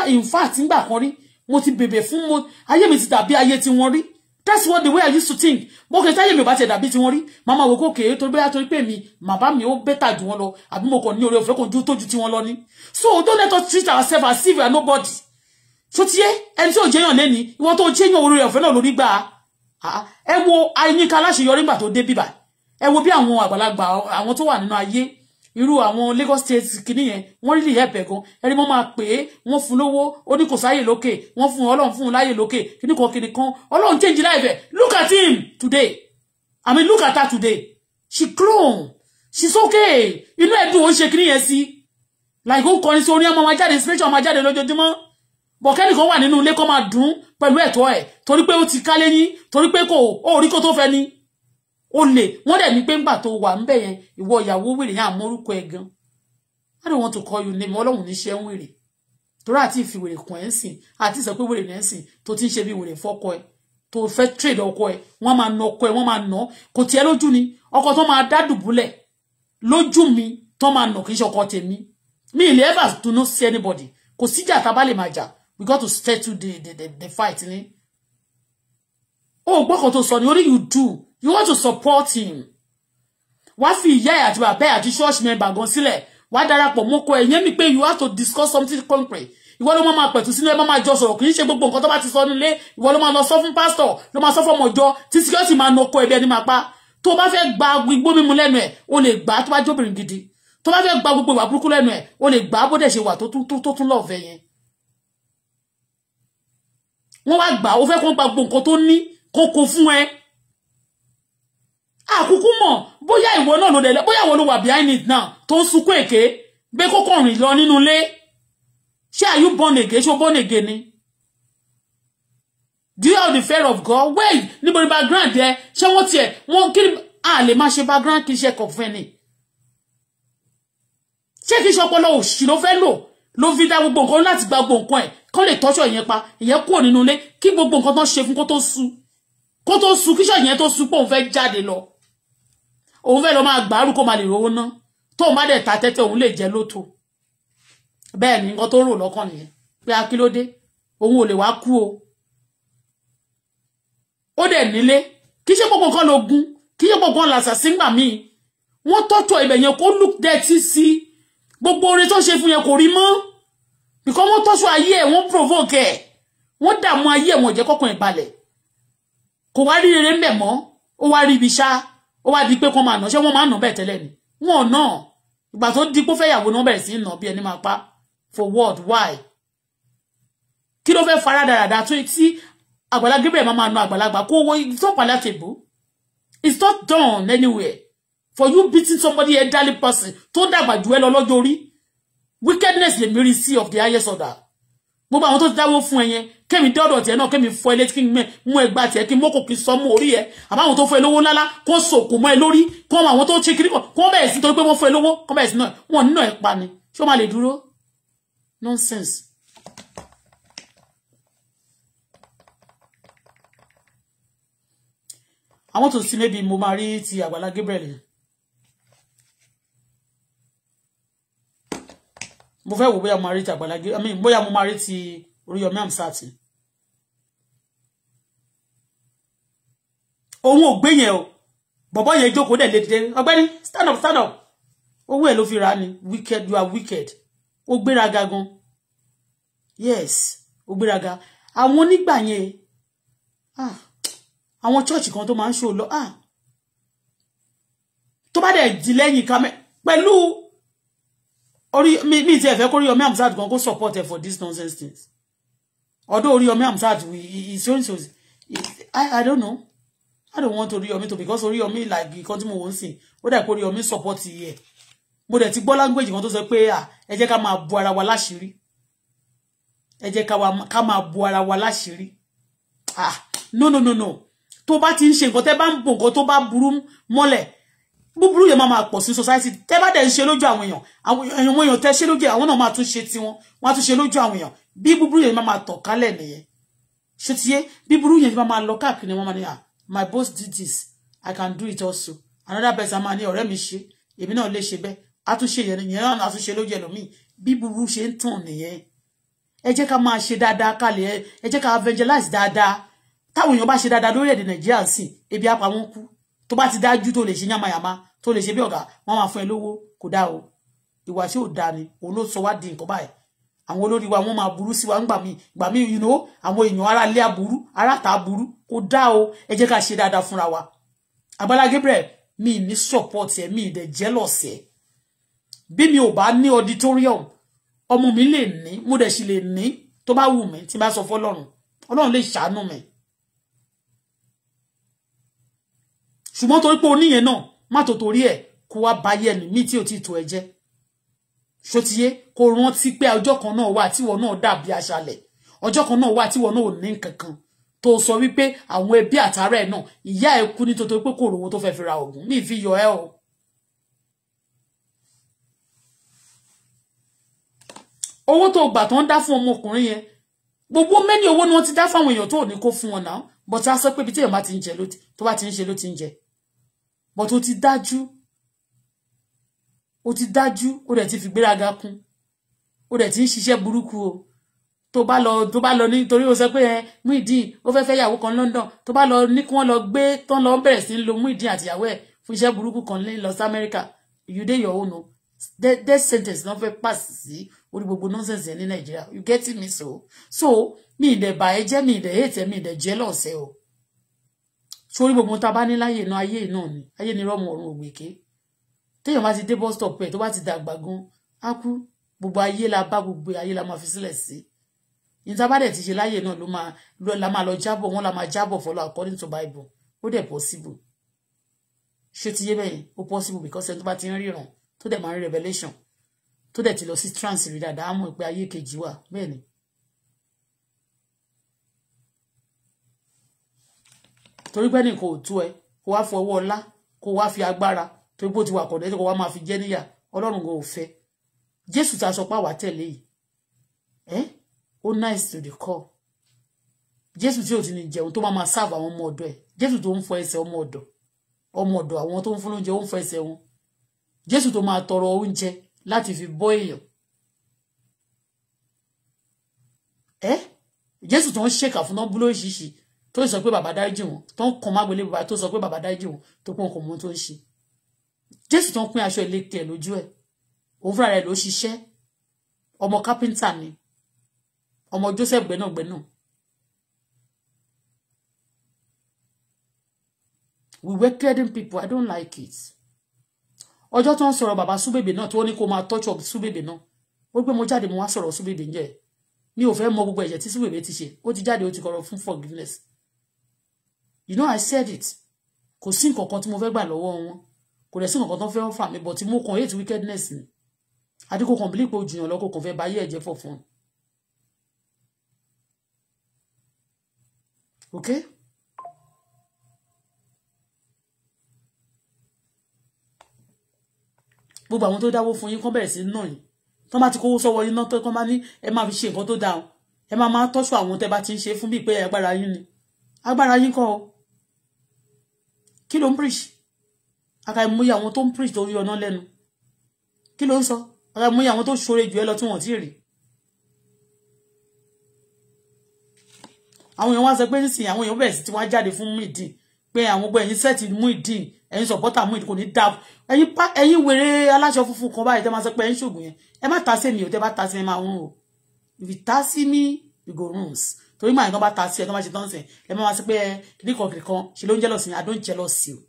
in fact ngbà kan rí mo ti bèbè fún mo ayé mi ti dàbí ayé tí wọ́n rí that's what the way i used to think mo kàn táyé mi ò bá tiẹ̀ dàbí tí wọ́n rí màmá wò kó kèé torí bóyá torí pé mi màbá mi ó bẹ́tà jù wọ́n lọ àbí mo kàn ní oore òfin kò ju tójú tí wọ́n lọ ní so don't let us treat ourselves as if we are nobody so so tiye ẹni tí ò jẹyàn lẹ́ni ìwọ tó jẹyàn oore ọ̀fẹ́ náà lórí gbà ẹ wo ayíníkà aláṣeyọrí gbà tó dé bíbà ẹ wo bí àwọn àgbàlagbà àwọn tó wà nínú ayé irú àwọn Lagos state kìíní yẹn wọ́n rí lè help ẹ̀ gan ẹni wọ́n máa pè é wọ́n fún lówó ó ní kò sáyè lókè wọ́n fún ọlọ́run fún un láyè lókè kíní kan kíní kan ọlọ́run change life ẹ̀ look at him today I mean look at her today she clone she's okay inú ẹ̀dùn òun ṣe kíní yẹn sí like ó kọrin sí orin ọmọ máa jáde inspiration máa jáde lójoojúmọ́ bọ̀kẹ́nì kan wà nínú ilé kó máa dùn pẹ̀lú ẹ̀tọ́ ẹ̀ torí pé ó ti ká léyìn torí pé kò ó rí kó tó fẹ́ ni o lè wọn dẹ̀ ní pé ńgbà tó wà ńbẹ̀ yẹn ìwọ ìyàwó wèrè yẹn àmórúkọ ẹ̀ i don't want to call you name ọlọ́run níṣẹ́ ń wèrè torí àti ìfìwèrè kàn ẹ́ sìn àti ìsọ pé wèrè náà sìn tó ti ń ṣe bí wèrè fọ́kọ ẹ̀ tó fẹ́ trade ọkọ ẹ̀ wọ́n máa na ọkọ ẹ̀ wọ́n máa nà kò tiẹ̀ lójú ni ọkọ tó máa dá dùbúlẹ̀ lójú mi tó máa nà kì í ṣe ọkọ tèmi mi ìlú ever do not see anybody kò síjà tá a bá lè máa we got to settle the the the, the fight ni. o gbọ́kàn tó sọ ni only you do you want to support him wá fi ìyá ẹ̀ àti bàbá ẹ̀ àti church member gan sílẹ̀ wá darapọ̀ mọ́kọ ẹ̀ yẹn ni pé you have to discuss something concrete ìwọ ló máa pẹ̀tù sínú ẹ máa máa jọ sọ̀rọ̀ so í ṣe gbogbo nǹkan tó bá ti sọ nílé ìwọ ló máa lọ sọ fún pásítọ̀ ló máa sọ fún ọmọ ìjọ tí síkírọ́tì máa na ọkọ ẹbí ẹni máa pa tó bá fẹ́ gba igbó mímu lẹ́nu ẹ̀ o lè gbà á tó bá jóbìnrin gidi tó bá fẹ́ gba gbogbo ìwà burúkú lẹ́nu ẹ̀ o lè gbà á bó dẹ̀ ṣe wà tó tún lọ́ọ̀fẹ́ yẹn wọ́n wá gbà ó fẹ́ kó gba gbogbo nǹkan tó ní kó kó fún àkúkú mọ̀ bóyá ìwọ náà ló dẹ̀ bóyá ìwọ ló wà behind it now tó ń sunkún èké gbé kókó rìn lọ nínú ilé ṣé are you born again ṣé born again ni do you have the fear of God Well, níbo background yẹ ṣé wọ́n tiẹ̀ wọ́n kí ni a lè máa ṣe background kì í ṣe kọ̀ fẹ́ ni ṣé kì í ṣe ọpọlọ òṣì ló fẹ́ lò ló fi dá gbogbo nǹkan láti gba gbogbo nǹkan ẹ̀ kán lè tọ́ṣọ̀ ìyẹn pa ìyẹn kúrò nínú ilé kí gbogbo nǹkan tó ṣe fún kó tó sú kó tó sú kíṣọ̀ ìyẹn tó sú pé òun fẹ́ jáde lọ òun fẹ́ lọ máa gbàárù kó máa lè rówó ná tóun bá dẹ̀ ta tẹ́tẹ́ òun lè jẹ́ lóto bẹ́ẹ̀ ni nǹkan tó rò lọ́kàn nìyẹn pé akílódé òun ò lè wá kú o ó dẹ̀ nílé kì í ṣe gbogbo nǹkan ló gun kì ṣe gbogbo nǹkan làṣà sígbà míì wọ́n tọ́jú ibẹ̀ yẹn kó look dirty sí gbogbo oore tó ṣe fún yẹn kò rí mọ́ because wọ́n tọ́jú ayé ẹ̀ wọ́n provoke ẹ̀ wọ́n dààmú ayé ẹ̀ wọ́n jẹ́ kọ́kàn ìbalẹ̀ kò wá rí rere ń bẹ̀ mọ́ ó wá rí ibi ṣáá ó wá di pé kó máa nà ṣé wọ́n máa nà bẹ́ẹ̀ tẹ́lẹ̀ ni wọ́n nà ìgbà tó di pé ó fẹ́ yàwó ni wọ́n bẹ̀rẹ̀ sí í nà bí ẹni máa pa for what why kí ló fẹ́ fara dáradára tó tí Agbala Gabriel máa máa nà àgbàlagbà kó owó it's not palatable it's not done anywhere for you beating somebody elderly person tó dàgbà jù ẹ́ lọ lọ́jọ́ orí wickedness lè mérí sí of the highest order gbogbo àwọn tó ti dáwó fún ẹ yẹn kémi dọ́dọ̀ tiẹ̀ náà kémi fọ ilé kí n mú ẹgbà tiẹ̀ kí n mọ́kò kí n sọ mú orí ẹ̀ àbáwọn tó fọ ẹlówó ńláńlá kó sòkò mọ́ ẹ lórí kó àwọn tó ṣe kiri kọ̀ kó bẹ̀rẹ̀ sí torí pé wọ́n fọ ẹlówó kó bẹ̀rẹ̀ sí náà wọn nínú ẹ̀ pa ni ṣé ó máa lè dúró nonsense. àwọn tó sí níbi mo máa rí ti Àgbàlá Gabriel mo fẹ́ wò bóyá mo máa rí ti Àgbàlá Gabriel bóyá mo máa rí ti. Oríyọmí Amsat òun ò gbé yẹn o bọ̀bọ̀ yẹn jókòó dẹ̀ lédè ọgbẹ́ni stand up stand up owó ẹ̀ ló fi rà ni wicked you are wicked ó gbéraga gan yes ó gbéraga àwọn onígbà yẹn ah àwọn church kan tó máa ń ṣò lọ ah tó bá dẹ̀ di lẹ́yìn kamẹ́ pẹ̀lú orí mi ti ẹ̀fẹ́ kórí Yomi Amsat gan kó support ẹ̀ for these nonsense things although Oriyomi Hamzat is so so I I don't know I don't want Oriyomi to because Oriyomi like the tí won't see. sìn I dà pé support here. mo dẹ̀ ti gbọ́ language kan tó sọ pé ẹ jẹ́ ká máa bu ara wa láṣìírí ẹ jẹ́ ká máa bu ara wa láṣìírí ah no no no no tó bá ti ń ṣe nǹkan ba bá ń bò nǹkan tó bá burú mọ́lẹ̀ búburú yẹn máa máa pọ̀ sí society tẹ́ bá dẹ̀ ń ṣe lójú àwọn èèyàn àwọn èèyàn tẹ́ ṣe lójú àwọn náà máa tún ṣe tiwọn wọ́n á tún ṣe lójú àwọn bí búburú yẹn máa tọ̀ kálẹ̀ nìyẹn ṣé ti yé bí búburú yẹn máa lọ káàkiri wọn máa ní à my boss did this i can do it also another person máa ní ọ̀rẹ́ mi ṣe èmi náà lè ṣe bẹ́ẹ̀ àtúnṣe yẹn nìyẹn náà àtúnṣe lójú ẹlòmíì bí búburú ṣe ń tàn nìyẹn ẹ jẹ́ ká máa ṣe dáadáa kálẹ̀ ẹ jẹ́ ká evangelize dáadáa táwọn èèyàn bá ṣe dáadáa lórí èdè nàìjíríà sí ebi apá kú tó bá ti dájú tó lè ṣe yánmayàmá tó lè ṣe bí ọ̀gá wọn máa fún ẹ lówó kò dáa o ìwà tí ò dáa ni òun ló sọ wá di nǹkan báyìí àwọn olórí wa wọ́n máa burú sí wa ńgbà míì ìgbà míì you know àwọn èèyàn ara ilé aburú ara ta aburú kò dá o ẹ jẹ́ ká ṣe dáadáa fúnra wa Agbala Gabriel mi ní support ẹ mi ìdẹ jealous ẹ bí mi ò bá ní auditorium ọmọ mi lè ní mo dẹ̀ sì lè ní tó bá wù mí tí n bá sọ fọlọ́run ọlọ́run lè ṣàánú mi ṣùgbọ́n torí pé oníyẹn náà má tòtòrí ẹ̀ kó wá báyẹ̀ ní mí tí ò ti tò ẹ jẹ́ ṣòtiyé kò rántí pe ojo kan náà wà tíwọ náà dàbí aṣálẹ̀ ọjọ́ kan náà wà tíwọ náà ò ní kankan tó sọ wípé àwọn ẹbí àtàrà ẹ̀ náà ìyá ẹ̀ kú nítorí pé kò rówó tó fẹ́ fi ra oògùn mi fi yọ ẹ́ o. owó tó gbà tó ń dá fún ọmọkùnrin gbogbo mẹ́ni owó ni wọ́n ti dá fáwọn èèyàn tó ò ní kó fún wọn náà bọ́tà sọ pé ibi tí èèyàn bá ti ń jẹ tó bá ti ń ṣe ló ti ń jẹ ti dájú o ti dájú o dẹ̀ ti fìgbéraga kún o dẹ̀ ti ń ṣiṣẹ́ burúkú o tó bá lọ tó bá lọ nítorí o sọ pé ẹ Muyideen ó fẹ́ fẹ́ yàwó kan London tó bá lọ ní kí wọ́n lọ gbé tán lọ bẹ̀rẹ̀ sí lo Muyideen àtìyàwó ẹ̀ fún iṣẹ́ burúkú kan ní Los America you dey your own o death sentence náà fẹ́ pass sí orí gbogbo nonsense yẹn ní Nàìjíríà you get me so so mi ì dẹ̀ bà jẹ́ mi ì hate ẹ́ mi ì dẹ̀ jealous ẹ o sórí gbogbo tá a bá ní láyé náà ayé náà ni ayé ni rọ́mọ ọ̀run ògbèké téèyàn bá ti dé bus stop ẹ̀ tó bá ti dàgbà gan á kú gbogbo ayé la bá gbogbo ayé la máa fi sílẹ̀ sí níta bá dẹ̀ ti ṣe láyè náà ló máa lọ la máa lọ jábọ̀ wọn la máa jábọ̀ fọlọ́ according to bible ó dẹ̀ possible ṣé ti yé bẹ́yẹn ó possible because ẹni tó bá ti ń ríran tó dẹ̀ máa ń revelation tó dẹ̀ ti lọ sí trance rí dáadáa á mọ̀ pé ayé kejì wà bẹ́ẹ̀ ni. torí pé ní kò tó ẹ kó wá fọwọ́ ọlá kó wá fi agbára torí pé ó ti wà kọ̀dọ̀ ẹ̀ṣẹ̀ kó wá máa fi jẹ́ níyà ọlọ́run kò fẹ́ jésù ta sọ pé àwa tẹ̀lé yìí ẹ́ ó nice to the core jésù tí ò ti ní jẹun tó máa máa sáàbù àwọn ọmọ ọ̀dọ̀ ẹ̀ jésù tó ń fọ ẹsẹ̀ ọmọ ọ̀dọ̀ ọmọ ọ̀dọ̀ àwọn tó ń fún lóúnjẹ ó ń fọ ẹsẹ̀ wọn jésù tó máa tọrọ oúnjẹ láti fi bọ́ èèyàn ẹ́ jésù tó ń ṣèkà fún náà búlọ́ òṣìṣì tó sọ pé bàbá dáríjì wọn tó ń kàn mágbélé bàbá tó sọ pé bàbá dáríjì wọn tó pọ̀ nǹkan mọ́ tó ń ṣe jésù tó ń pín aṣọ ìlékè lójú ẹ̀ òun fúnra rẹ̀ ló ṣiṣẹ́ ọmọ kápẹ́ńtà ni ọmọ joseph gbẹ́nàgbẹ́nà we wicked people i don't like it ọjọ́ tó ń sọ̀rọ̀ bàbá súbèbè náà tó ní kó máa touch up súbèbè náà ó gbé mo jáde mo wá sọ̀rọ̀ súbèbè ń jẹ́ mi ò fẹ́ mọ gbogbo ẹ̀jẹ̀ tí súbèbè ti ṣe ó ti jáde ó ti kọ̀rọ̀ fún forgiveness you know i said it kò sí nǹkan kan tí mo fẹ́ gbà lọ́wọ́ wọn kò dẹ̀ sí nǹkan tó fẹ́ ń fà mí but mo kàn hate wickedness ni àdínkù kàn bílí ojúyàn lọ́kọ̀ kàn fẹ́ ba ẹ̀jẹ̀ fọ̀ fún un. okay. gbogbo àwọn tó dáwó fún yín kán bẹ̀rẹ̀ sí náà yìí tán bá ti kówó sọ́wọ́ yín náà tán bá ní ẹ máa fi ṣe nǹkan tó dáa ẹ máa máa tọ́ṣù àwọn tẹ́ bá ti ń ṣe fún bíi pé agbára yín ni agbára yín kọ́ kí ló ń preach àkàìmọye àwọn tó ń preach tó yọ náà lẹ́nu kí ló ń sọ àkàìmọye àwọn tó ṣoore jù ẹ lọ tí wọ́n ti rí àwọn èèyàn wá sọ pé nísìnyí àwọn èèyàn bẹ̀rẹ̀ sí ti wá jáde fún Muyideen pé àwọn ọgbọ́n ẹ̀yin sẹ́ẹ̀tì Muyideen ẹ̀yin sọ̀pọ́tà Muyideen kò ní dá ẹ̀yin pa ẹ̀yin wèrè aláṣọ funfun kan báyìí tẹ́ máa sọ pé ẹ̀yin ṣògùn yẹn ẹ má ta sí mi ò tẹ́ bá ta sí mi máa rún o if you ta sí mi you go runs torí màá yẹn kan bá ta sí ẹ tó má ṣe tán sẹ ẹ má máa sọ pé kìnnìkan kìnnìkan ṣe ló ń jealousy I don't jealousy o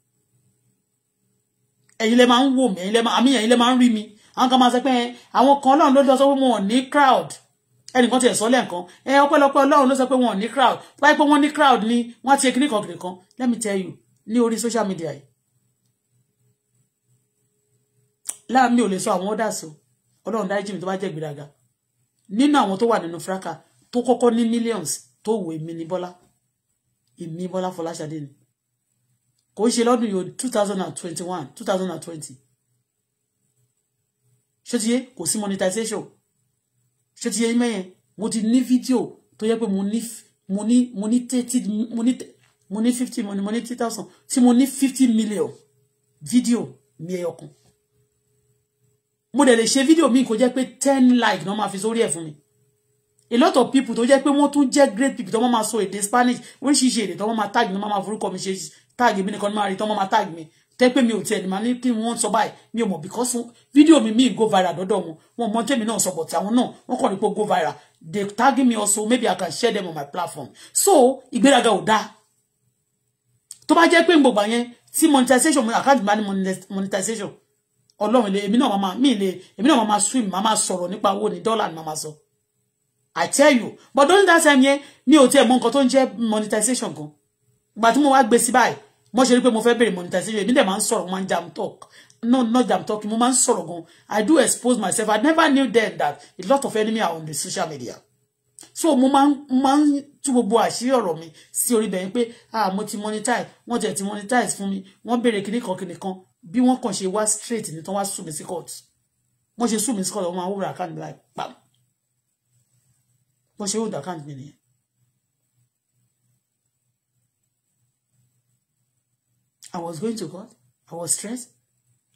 ẹ̀yin lẹ máa ń wò mí ẹ̀yin lẹ máa àmì ẹ̀yin lẹ máa ń rí mi àwọn kan máa sọ pé àwọn kan ọlọ́run ló lọ sọ pé wọn ò ní crowd ẹnìkan ti ẹ̀ sọ lẹ́ẹ̀kan ẹ ọpẹ́lọpẹ́ ọlọ́run ló sọ pé wọn ò ní crowd báyìí pé wọ́n ní crowd ni wọ́n ti kíní kan kìnì kan let me tell you ní orí social media yìí láàmì ò lè sọ àwọn ọ́dà sí ọlọ́run dáríjì mi tó bá jẹ́ ìgbéraga nínú àwọn tó wà nínú fraka tó kọ́kọ́ ní millions tó wò èmi ní bọ́lá èmi bọ́lá fọláṣadé ni kò ń ṣe lọ́dún yìí two thousand and twenty-one two thousand and twenty ṣé ti yé kò sí monetization ṣé ti yé mẹ́yẹn mo ti ní fídíò tó yẹ pé mo ní mo ní mo ní thirty mo ní mo ní fifty mo ní mo ní three thousand tí mo ní fifty million fídíò mi ẹyọ kan mo dẹ̀ lè ṣe fídíò mi kò jẹ́ pé ten like ni wọ́n máa fi sórí ẹ̀ fún mi a lot of people tó jẹ́ pé wọ́n tún jẹ́ great people tó wọ́n máa sọ èdè Spanish oríṣiríṣi èdè tó wọ́n máa tag ni wọ́n máa forúkọ mi ṣe táàgì mi nìkan máa rí tán máa táàgì mi tẹ́ pé mi ò tiẹ̀ ní máa ní kí wọ́n sọ báyìí mi ò mọ̀ because video mi míì go viral dọ́dọ̀ wọn wọn mọ tèmi náà sọ but àwọn náà wọn kàn ní pé go viral they tag me also maybe I can share them on my platform so ìgbéraga ò dáa tó bá jẹ́ pé ń gbogbo àyẹn monetization mi àkáǹtì bá ní monetization ọlọ́run ilé èmi náà mama, mí ilé èmi náà máa swim mama máa sọ̀rọ̀ nípa owó ní dọ́là ni máa máa sọ I tell you but don't that time yẹn mi ò tiẹ̀ mọ nǹkan tó ń jẹ́ monetization gan ìgbà tí mo wá gbé sí báyìí mo ṣe rí pé mo fẹ́ bẹ̀rẹ̀ monetization èmi dẹ̀ máa ń sọ̀rọ̀ jam talk no not jam talk mo máa ń sọ̀rọ̀ gan i do expose myself i never knew then that a lot of enemy are on the social media so mo máa ń máa ń tú gbogbo àṣírí ọ̀rọ̀ mi sí orí bẹ̀yìn pé ah mo ti monetize wọ́n tẹ̀ ti monetize fún mi wọ́n béèrè kinní kan kinní kan bí wọ́n kàn ṣe wá straight ní tán wá sùn mí sí court wọ́n ṣe sùn mí sí court wọ́n máa wúra àkáǹtì mi láì pam wọ́n ṣe wúra àkáǹtì mi nìyẹn I was going to court. I was stressed.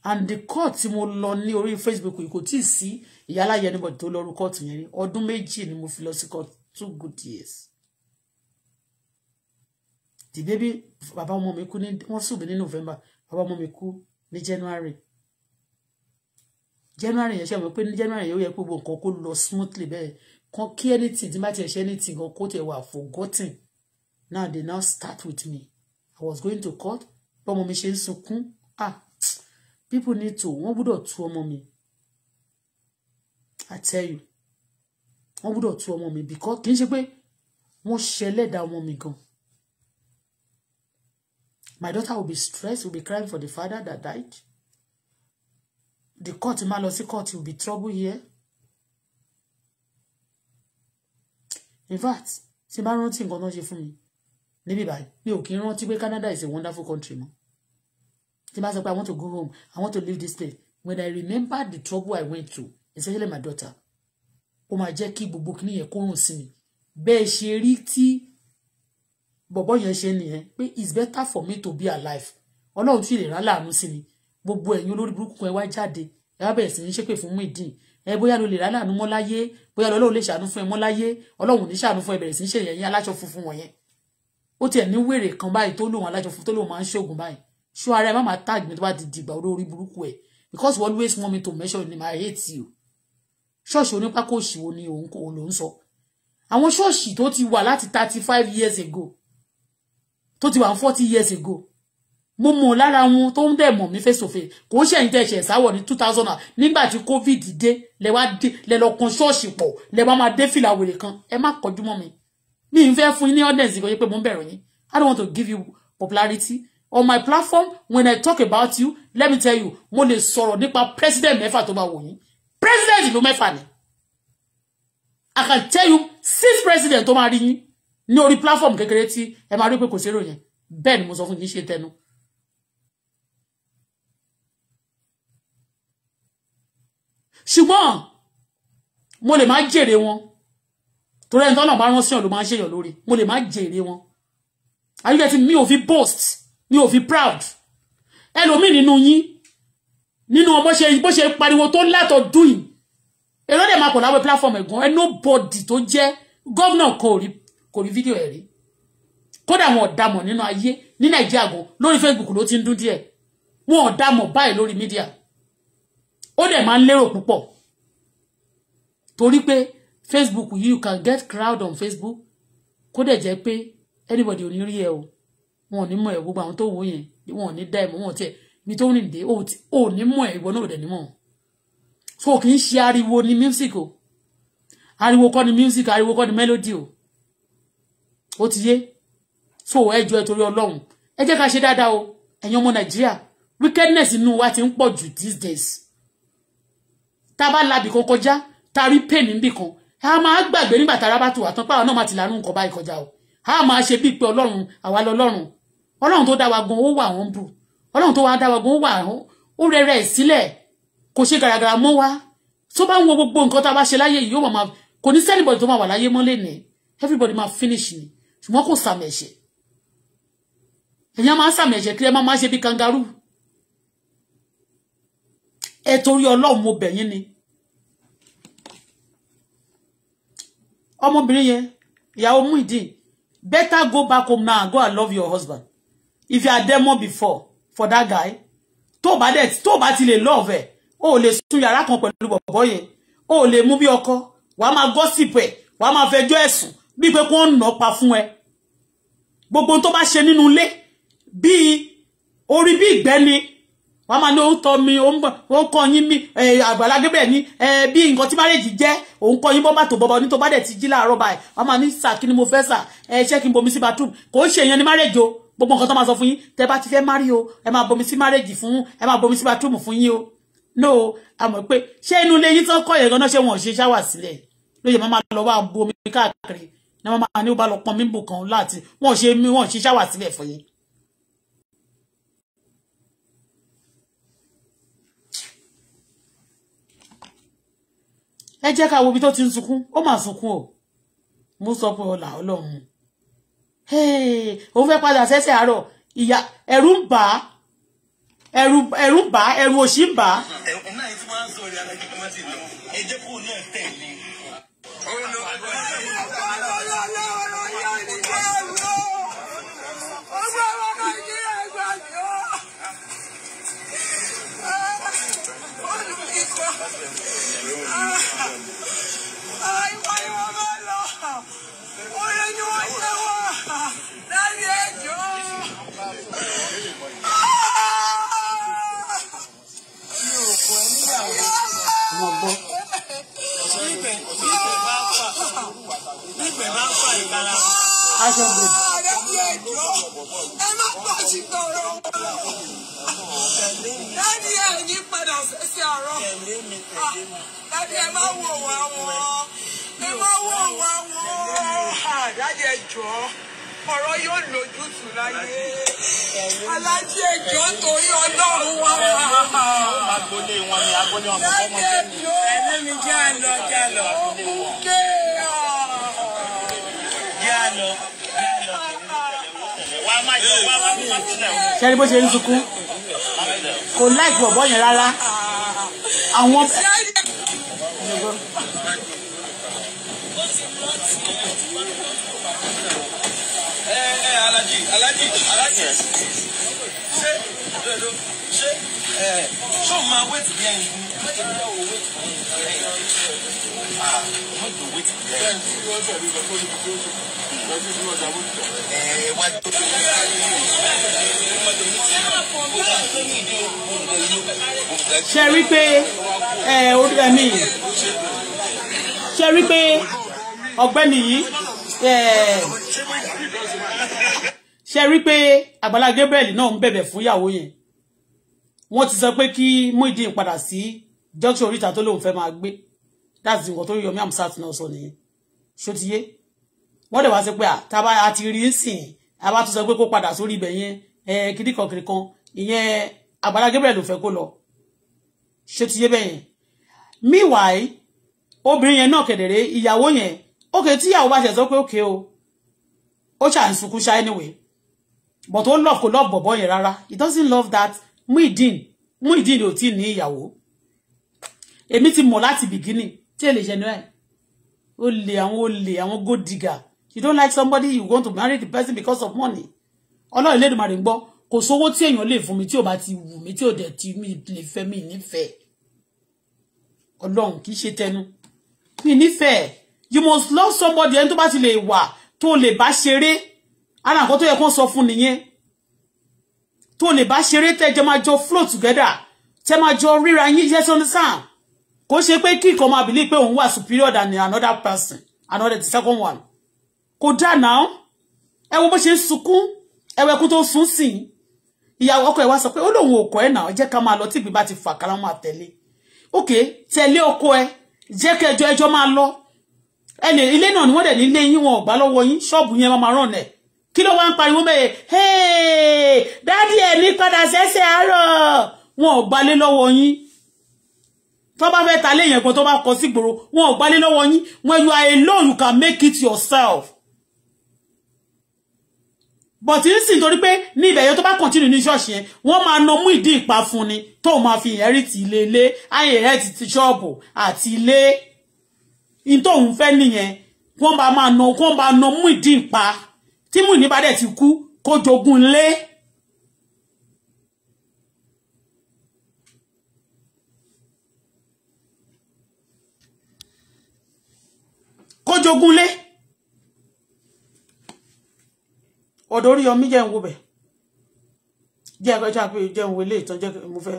And the court tí mo lọ ní orí Facebook yìí kò tí ì sí ìyáláyé anybody to lọ rú court yẹn rí. Ọdún méjì ni mo fi lọ sí court two good years. The baby Baba ọmọ mi kú ní wọ́n sùn mí November. Baba ọmọ mi kú ní January. January yẹn ṣe mọ̀ pé ní January yẹn ó yẹ pé gbogbo nǹkan kó smoothly Be. kan kí anything tí n ti ṣe anything kan kó tẹ̀ wà forgotten now they now start with me I was going to court bọ́mọ mi ṣe ń sunkún ah people need to wọ́n gbọ́dọ̀ tú ọmọ mi I tell you wọ́n gbọ́dọ̀ tú ọmọ mi because kì í ṣe pé wọ́n ṣẹlẹ̀dá ọmọ mi gan my daughter will be stressed will be crying for the father that died the court ma lọ sí court will be trouble here in fact tí n rántí nǹkan tó ń ṣe fún mi níbí báyìí mi ò kí ń rántí pé Canada is a wonderful country mọ́ tí bá sọ pé I want to go home I want to leave this place when I remember the trouble I went through especially my daughter ó máa jẹ́ kí gbogbo kìíní yẹn kó rùn sí mi bẹ́ẹ̀ ṣe rí tí bọ̀bọ́ yẹn ṣe nìyẹn pé it's better for me to be alive ọlọ́run tún lè rán láàánú sí mi gbogbo ẹ̀yin olórí burúkú kan ẹ wá jáde ẹ wá bẹ̀rẹ̀ sí ní ṣépè fún Muideen ẹ bóyá ló lè rán láàánú mọ́ láyé bóyá ọlọ́run lè ṣàánú fún ẹ mọ́ láyé ọlọ́run ò ní ṣàánú fún ẹ bẹ̀rẹ̀ sí ní ṣèyẹn yín aláṣọ funfun wọ̀nyẹn ó tiẹ̀ ní wèrè kan báyìí tó lòun alájọ fún tó lòun máa ń ṣoògùn báyìí ṣó ara ẹ má máa tag mi tó bá ti dìgbà olórí burúkú ẹ because you always want me to measure ni my hate you ṣọ́ọ̀ṣì onípákó òṣìwò ni òun kò ló ń sọ àwọn ṣọ́ọ̀ṣì tó ti wà láti thirty five years ago tó ti wà forty years ago mo mọ̀ lára wọn tó ń dẹ̀ mọ̀ mí face to face kò ń ṣẹ̀yìn tẹ̀ ṣẹ̀ sáwọ̀ ní two thousand and nígbà tí covid dé lẹ wá dé lẹ lọ kan ṣọ́ọ̀ṣì pọ̀ lẹ bá máa dé fìlà wèrè kan ẹ má kọjú mọ́ mi mi ń fẹ́ fún yín ní audience kò yẹ pé mo ń bẹ̀rù yín i don't want to give you popularity on my platform when i talk about you let me tell you mo lè sọ̀rọ̀ nípa president mẹ́fà tó bá wò yín president ló mẹ́fà ni i can tell you six president tó máa rí yín ní orí platform kékeré tí ẹ máa rí pé kò sérò yẹn bẹ́ẹ̀ ni mo sọ fún yín ṣe tẹnu ṣùgbọ́n mo lè má jèrè wọn torí ẹni tọ́nà bá rán sí ọ̀dọ̀ máa ń ṣèyàn lórí mo lè má jèrè wọn are you getting mi ò fi boast mi ò fi proud ẹlòmíì nínú yín nínú bó ṣe bó ṣe pariwo tó látọ̀ dùn èrò dẹ̀ máa pọ̀ láwọn platform ẹ̀gbọ́n ẹ nobody tó jẹ́ gómìnà kò rí kò rí fídíò ẹ̀ rí kódà wọn ọ̀dàmọ̀ nínú ayé ní nàìjíríà gan lórí facebook ló ti ń dún díẹ̀ wọn ọ̀dàmọ̀ báyìí lórí mídíà ó dẹ̀ máa ń lérò púpọ̀ torí pé Facebook you can get crowd on Facebook kó dẹ̀ jẹ́ pé anybody ò ní rí ẹ o wọn ò ní mọ̀ ẹ gbogbo àwọn tó wò yẹn wọn ò ní dá ẹ mọ̀ wọn ò tiẹ̀ mi tó rìn dé ò ní mọ̀ ẹ ìwọ náà ò dẹ̀ ní mọ̀ so kì í ṣe ariwo ni music o ariwo kọ́ ni music ariwo kọ́ ni melody o ó ti yé so ẹ jọ̀ọ́ ẹ torí Ọlọ́run ẹ jẹ́ ká ṣe dáadáa o ẹ̀yin ọmọ Nàìjíríà wickedness inú wa ti ń pọ̀ jù these days tá a bá labì kan kọjá tá rí pain níbì kan a máa gbàgbé nígbà tára bá tu àtọ́pá àwọn náà máa ti lánú nǹkan báyìí kọjá o a máa ṣe bíi pé ọlọ́run àwa lọ́lọ́run ọlọ́run tó dá gan ó wà wọ́n bù ọlọ́run tó wá dá gan ó wà ó rẹ̀rẹ̀ sílẹ̀ kò ṣe gàràgàrà mọ́ wa tó bá ń wo gbogbo nǹkan tá a bá ṣe láyé yìí ó máa kò ní sẹ́nìbọ̀dì tó máa wà láyé mọ́lẹ̀ ní everybody máa finish ni ṣùgbọ́n kò sàmì ẹ̀ṣẹ̀ ẹ̀yàn máa sàmì ẹ̀ṣẹ̀ kí ẹ máa máa ṣe bíi kangaroo ẹ torí ọlọ́run mo bẹ̀ ni ọmọbìnrin yẹn ìyàwó Muideen better go back home now go and love your husband if you had them demo before for that guy tó bá dẹ̀ tó bá ti lè love ẹ̀ o lè sùn yàrá kan pẹ̀lú bọ̀bọ̀ yẹn o lè mú bí ọkọ wàá máa gossip ẹ̀ wàá máa fẹjọ́ ẹ̀sùn bíi pé kó ń nà pa fún ẹ gbogbo tó bá ṣe nínú ilé bíi orí bí ìgbẹ́ni wọ́n máa ní ó ń tọ́ mi ó ń kọ́ yín mi Àgbàlá Gabriel ní bí nǹkan tí márèjì jẹ́ òun kọ́ yín bọ́mbà tó bọ́bọ́ ní tó bá dẹ̀ ti jí láàárọ̀ báyìí wọ́n máa ní sà kí ni mo fẹ́ sà ṣé kí n bomi sí bathroom kò ń ṣèyàn ní márèjì o gbogbo nǹkan tó máa sọ fún yín tẹ́ bá ti fẹ́ márì o ẹ máa bomi sí márèjì fún ẹ máa bomi sí bathroom fún yín o no àmọ́ pé ṣé inú ilé yín tán kọ́ yẹn gan-an ṣé wọn ò ṣe ṣáwà sílẹ̀ lóye máa máa lọ wá bomi káàkiri ní wọ́n máa ní ó bá lọ pọn mímbù kan láti wọ́n ṣe wọ́n ṣe ṣáwà sílẹ̀ fún yín ẹ jẹ́ ká wo ibi tó ti ń sunkún ó mà sunkún o mo sọ pé ọlà ọlọ́run òun fẹ́ padà sẹ́sẹ̀ àárọ̀ ìyá ẹ̀rù ń bà á ẹ̀rù ẹ̀rù ń bà á ẹ̀rù òṣì ń bà á. Thank you. Ay, wọ́n ni wọ́n máa lọ. Ó lé ní wọ́n ṣe wọ́n. Láti ẹjọ́. Mi ò kọ ẹ níyàwó. Mo gbọ́. Nígbẹ̀ bá fà aṣọ bò. ààrẹ bí ẹjọ́ ẹ má pàṣẹ tọrọ dáàdi ẹ yí padà sẹsẹ ọ̀rọ̀ ah, dáàdi ẹ má wò wá wọn ẹ má wò wá wọn ah, dáàdi ẹ jọ ọ̀rọ̀ yóò lójútùú mi jẹ́ àlọ́ jẹ́ àlọ́. ó mú kéèyàn. Ah. ṣe ni bó ṣe ń sunkún kò láìpẹ́ ọ̀bọ yẹn rárá àwọn. Alaji, Alaji, Alaji ṣé o máa wéètì bí ẹyin kú. mọ́tò wéètì bí ẹyin kú. wá tó bí ẹyin. ṣe rí pé orí ṣe rí pé ọ̀gbẹ́ni yìí ṣe rí pé Àgbàlá náà ń bẹ̀bẹ̀ fún ìyàwó yẹn wọ́n ti sọ pé kí Muyideen padà sí junction oríta tó lóun fẹ́ máa gbé that's nǹkan tó Yomi Amsat náà sọ nìyẹn ṣó ti yé wọ́n dẹ̀ wá sí pé àtàbá àti rí sìn àbá tó sọ pé kó padà sórí ibẹ̀ yẹn ẹ̀ kíríkan kíríkan ìyẹn Agbala Gabriel ló fẹ́ kó lọ ṣó ti yé bẹ́yẹn meanwhile obìnrin yẹn náà kẹ̀dẹ̀rẹ́ ìyàwó yẹn ókè tí ìyàwó bá ṣe sọ pé ókè o ó ṣà ń sunkún ṣá anyway but ó love kò love bọ̀bọ̀ yẹn rárá he doesn't love that Muideen Muideen ò tí ní ìyàwó èmi ti mọ̀ láti bìgínì tí èlè ṣẹnu ẹ̀ ó lè àwọn olè àwọn gold digger you don't like somebody you want to marry the person because of money ọlọ́run Elédùmarè ń gbọ́ kò sówó tí èèyàn lè fún mi tí ò bá ti wù mí tí ò dẹ̀ ti mi lè fẹ́ mi nífẹ̀ẹ́ ọlọ́run kì í ṣe tẹnu mi nífẹ̀ẹ́ you must love somebody ẹni to bá ti lè wà tó lè bá ṣeré ara nǹkan tó yẹ kó sọ fún nìyẹn tó lè bá ṣeré tẹ́jọ máa jọ flow together tẹ́ máa jọ ríra yín yes understand kò ṣe pé kí nǹkan máa believe pé òun wà superior than another person another the second one kò dáa náà ẹ wo bó ṣe ń sunkún ẹwẹ kú tó sùn sí ìyàwó ọkọ ẹ wá sọ pé ó lóun ò kọ ẹ náà jẹ́ ká máa lọ tí ìgbín bá ti fà kára máa tẹ̀lé ok tẹ̀lé ọkọ ẹ jẹ́ kẹjọ ẹjọ́ máa lọ ẹ lè ilé náà ni wọ́n dẹ̀ nílé yín wọn ò gbá lọ́wọ́ yín ṣọ́ọ̀bù yẹn máa ràn ẹ̀ kí ló wá ń pariwo bẹ́ẹ̀ hey dádì ẹ̀ ní padà sẹ́sẹ̀ àárọ̀ wọn ò gbalé lọ́wọ́ yín tó bá fẹ́ ta léèyàn kan tó bá kọ sígboro wọn ò gbalé lọ́wọ́ yín when you are alone you can make it yourself but n sì torí pé ní ibẹ̀ yẹn tó bá continue ní ṣọ́ọ̀ṣì yẹn wọ́n máa na mú ìdí ìpa fún ni tó máa fi inherit ilé ilé ayé inherit ti ṣọ́ọ̀bù àti ilé in tóun fẹ́ nìyẹn wọ́n bá máa na wọ́n bá na mú ìdí ìpa tí Muyini bá dẹ̀ ti kú kó jogún lé kó jogún lé ọ̀dọ̀ Oríyọmí jẹ́ ń wo bẹ̀ jẹ́ ẹgbẹ́ tí jẹ́ ń wo ilé ìtọ́jẹ́ mo fẹ́.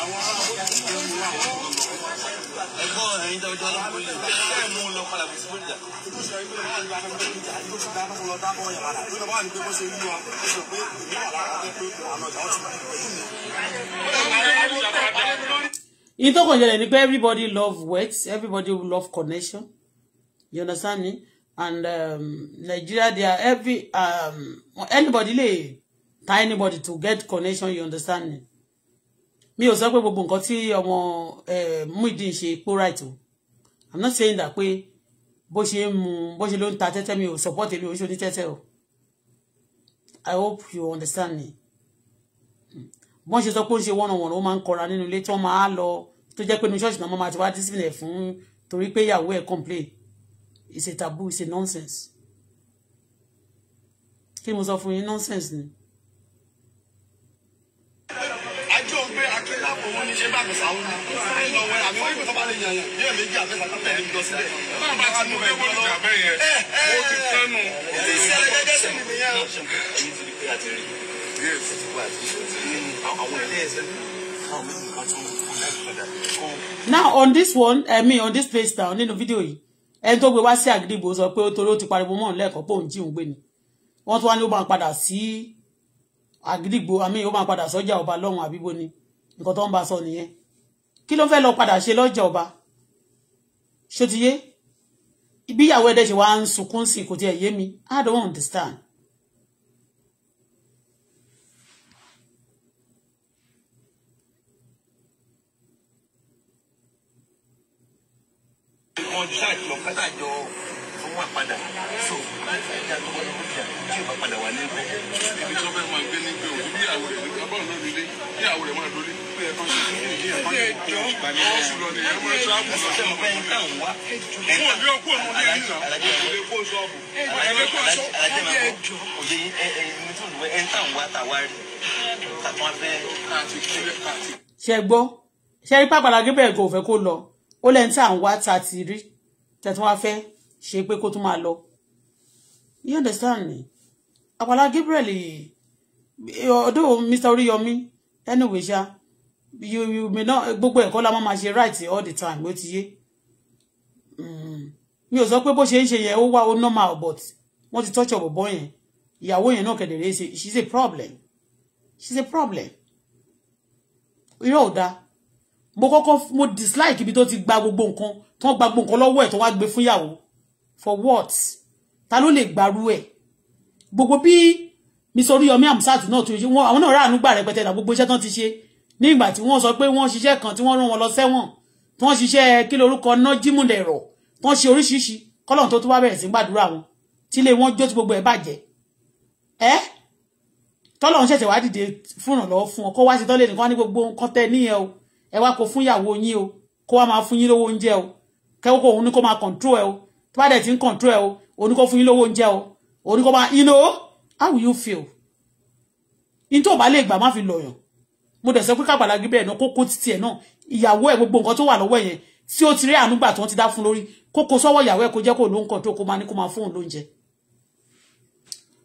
ẹ̀gbọ́n ẹ̀yin tẹwọjọ in tó kàn ṣẹlẹ̀ ni pé everybody love words everybody love connection you understand me and um, Nigeria they are every um, anybody lè tie anybody to get connection you understand me mi ò sọ pé gbogbo nǹkan tí ọmọ Muideen ṣe pó right o i'm not saying that pé bó ṣe ń mu bó ṣe ló ń ta tẹ́tẹ́ mi ò support mi ò ṣe onítẹ́tẹ́ o i hope you understand me wọ́n ṣe sọ pé ó ń ṣe wọ́nàwọ̀nà ó máa ń kọra nínú ilé tí wọ́n máa lọ tó jẹ́ pé inú ṣọ́ọ̀ṣì náà máa ti wá discipline ẹ̀ fún torí pé ìyàwó ẹ̀ complain it's a taboo it's a nonsense kí ni mo sọ fún yín nonsense ni. òun ni ṣé bàbá sáwọn ni ìlọ wẹ àmì wọn ìgbésọ lè yàn yàn bí ẹ méjì àbẹ́ta tó tẹ̀lé lọ síbẹ̀. náà bá ti mú pé wọ́n ti gbà bẹ́ẹ̀ yẹn ó ti fẹ́ nù. sí mi nìyẹn. now on this one i mean on this place now nínú fídíò yìí ẹni tó gbé wá sí àgídìgbò sọ pé ó torí ó ti pariwo mọ́ lẹ́ẹ̀kan pé òun jí òun gbé ni wọ́n tún wá ní ó máa padà sí àgídìgbò àmì ó máa padà sọ́jà ọba lọ́hùn àbíbó ni nǹkan tó ń bá sọ nìyẹn kí ló fẹ́ lọ padà ṣe lọ́jà ọba ṣó ti yé ṣe wá ń sunkún sí kò tiẹ̀ yé mi I don't understand. wọ́n ṣe gbọ́ ṣe rí pàpàlà gébẹ̀rẹ̀ kò fẹ́ kó lọ ó lẹ́ni tí à ń wá ta ti rí tẹ̀tún wá fẹ́ ṣe pé kó tún máa lọ you understand me Àpàlà Gabriel ọdún Mr. Oríyọmí anyway ṣá you you may not gbogbo ẹ̀kọ́ la máa ma ṣe right all the time ló ti yé mm. mi ò sọ pé bó ṣe ń ṣe yẹn ó wá ó normal but wọ́n ti tọ́jú ọ̀bọ̀bọ̀ yẹn ìyàwó yẹn náà kẹ̀dẹ̀rẹ́ ṣe she's a problem she's a problem irọ́ ò dáa mo kọ́kọ́ mo dislike ibi tó ti gba gbogbo nǹkan tó ń gba gbogbo nǹkan lọ́wọ́ ẹ̀ tó wá gbé fún ìyàwó for what ta ló lè gbarú ẹ̀ gbogbo bí mi sọ orí yọmí àmúsáàtì náà tó ṣe wọn àwọn náà ráàánú gbà rẹpẹtẹ náà gbogbo iṣẹ́ tán ti ṣe nígbà tí wọ́n sọ pé wọ́n ṣiṣẹ́ kan tí wọ́n rán wọn lọ sẹ́wọ̀n tí wọ́n ṣiṣẹ́ kí lorúkọ ná jímùdẹ̀rọ̀ tí wọ́n ṣe oríṣiríṣi kọ́lọ̀ tó tún wá bẹ̀rẹ̀ sí gbàdúrà wọn tí ilé wọn jó tí gbogbo ẹ̀ bàjẹ́ ẹ́ tọ́lọ̀ ń ṣẹ̀ṣẹ̀ wá dìde fún ìrànlọ́wọ́ fún ọ kó wá sí tọ́lé nìkan ní gbogbo nǹkan tẹ níyẹn o ẹ wá kó fún ìyàwó yín o kó wá máa fún yín lówó oúnjẹ o kẹ́wọ́ kó òun ní kó máa control ẹ o tó bá dẹ̀ ti ń control ẹ o òun ní kó fún yín lówó oúnjẹ o òun ní kó máa you know how will you feel? in tó bá lè gbà má fi lọ̀yàn mo dẹ̀ sọ pé kàgbàlá gbé bẹ́ẹ̀ na kókó títí ẹ̀ náà ìyàwó ẹ̀ gbogbo nǹkan tó wà lọ́wọ́ ẹ̀ yẹn tí ó ti rí àánú gbà tí wọ́n ti dá fún lórí kókó sọ́wọ́ ìyàwó ẹ̀ kó jẹ́ kó ló ń kọ́ tó kó máa ní kó máa fóun lóúnjẹ.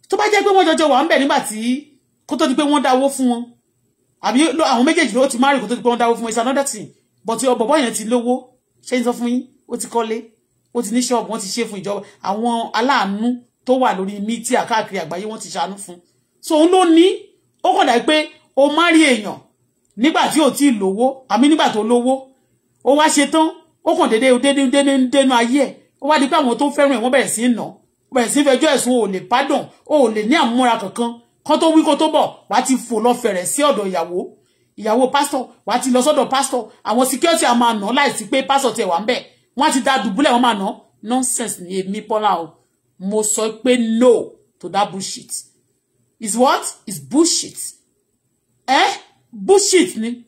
tó bá jẹ́ pé wọ́n jọjọ wà ń bẹ̀ nígbà tí kó di pé wọ́n dáwó fún wọn àbí àwọn méjèèjì ló ti márì kó tó di pé wọ́n dáwó fún wọn another thing but bọ̀bọ̀ yẹn ti lówó ṣé n sọ fún yín ó ti kọ́lé ó ti ní ṣọ́ọ̀bù wọ́n ti ṣe fún ìjọba àwọn aláàánú tó wà lórí mídíà káàkiri àgbáyé wọ́n ti ṣàánú fún so òun ló ní ó kọ̀dà pé o má rí nígbà tí ò tí lówó àmì nígbà tó lówó ó wá ṣe tán ó kàn dédé dénú dénú ayé ẹ̀ ó wá di pé àwọn tó fẹ́ràn ẹ̀ wọ́n bẹ̀rẹ̀ sí í nà bẹ̀rẹ̀ sí í fẹjọ́ ẹ̀sùn ò lè pardon ò lè ní àmúra kankan kan tó wí kó tó bọ̀ wá ti fò lọ fẹ̀rẹ̀ sí ọ̀dọ̀ ìyàwó ìyàwó pásítọ̀ wá ti lọ sọ́dọ̀ pásítọ̀ àwọn security àmà nà láìsí pé pásítọ̀ tiẹ̀ wà ń bẹ̀ wọ́n á ti da dùbúlẹ̀ wọn máa nà nonsense ni èmi Bọ́lá o mo sọ pé no to that bullshit is what is bullshit eh bullshit ni.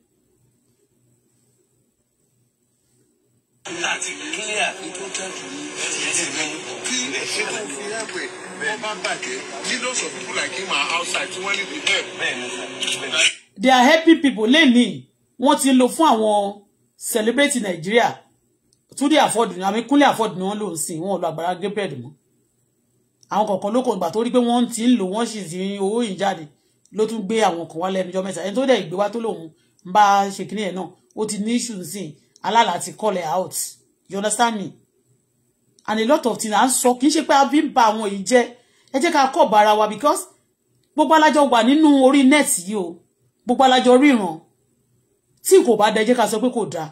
they are happy people lẹ́nìí wọ́n ti lò fún àwọn celebrate Nigeria Túndé Afọ́dù ni àmì Kúnlé Afọ́dù ni wọ́n lò ń sìn wọ́n lọ Agbala Gabriel mọ́ àwọn kọ̀ọ̀kan ló kò gbà tó rí pé wọ́n ti ń lò wọ́n sì ti ń owó ìjáde ló tún gbé àwọn kan wá lẹ́nu ọjọ́ mẹ́ta ẹni tó dẹ̀ gbé wá tó lòun ń bá ṣe kíní ẹ̀ náà ó ti ní issue nsìn alála ti call her out you understand me and a lot of things à ń sọ kì í ṣe pé a fi ń ba àwọn èyí jẹ́ ẹ jẹ́ ká kọ́ bara wa because gbogbo alájọ wà nínú orí net yìí o gbogbo alájọ ríran tí kò bá dá ẹ jẹ́ ká sọ pé kò dáa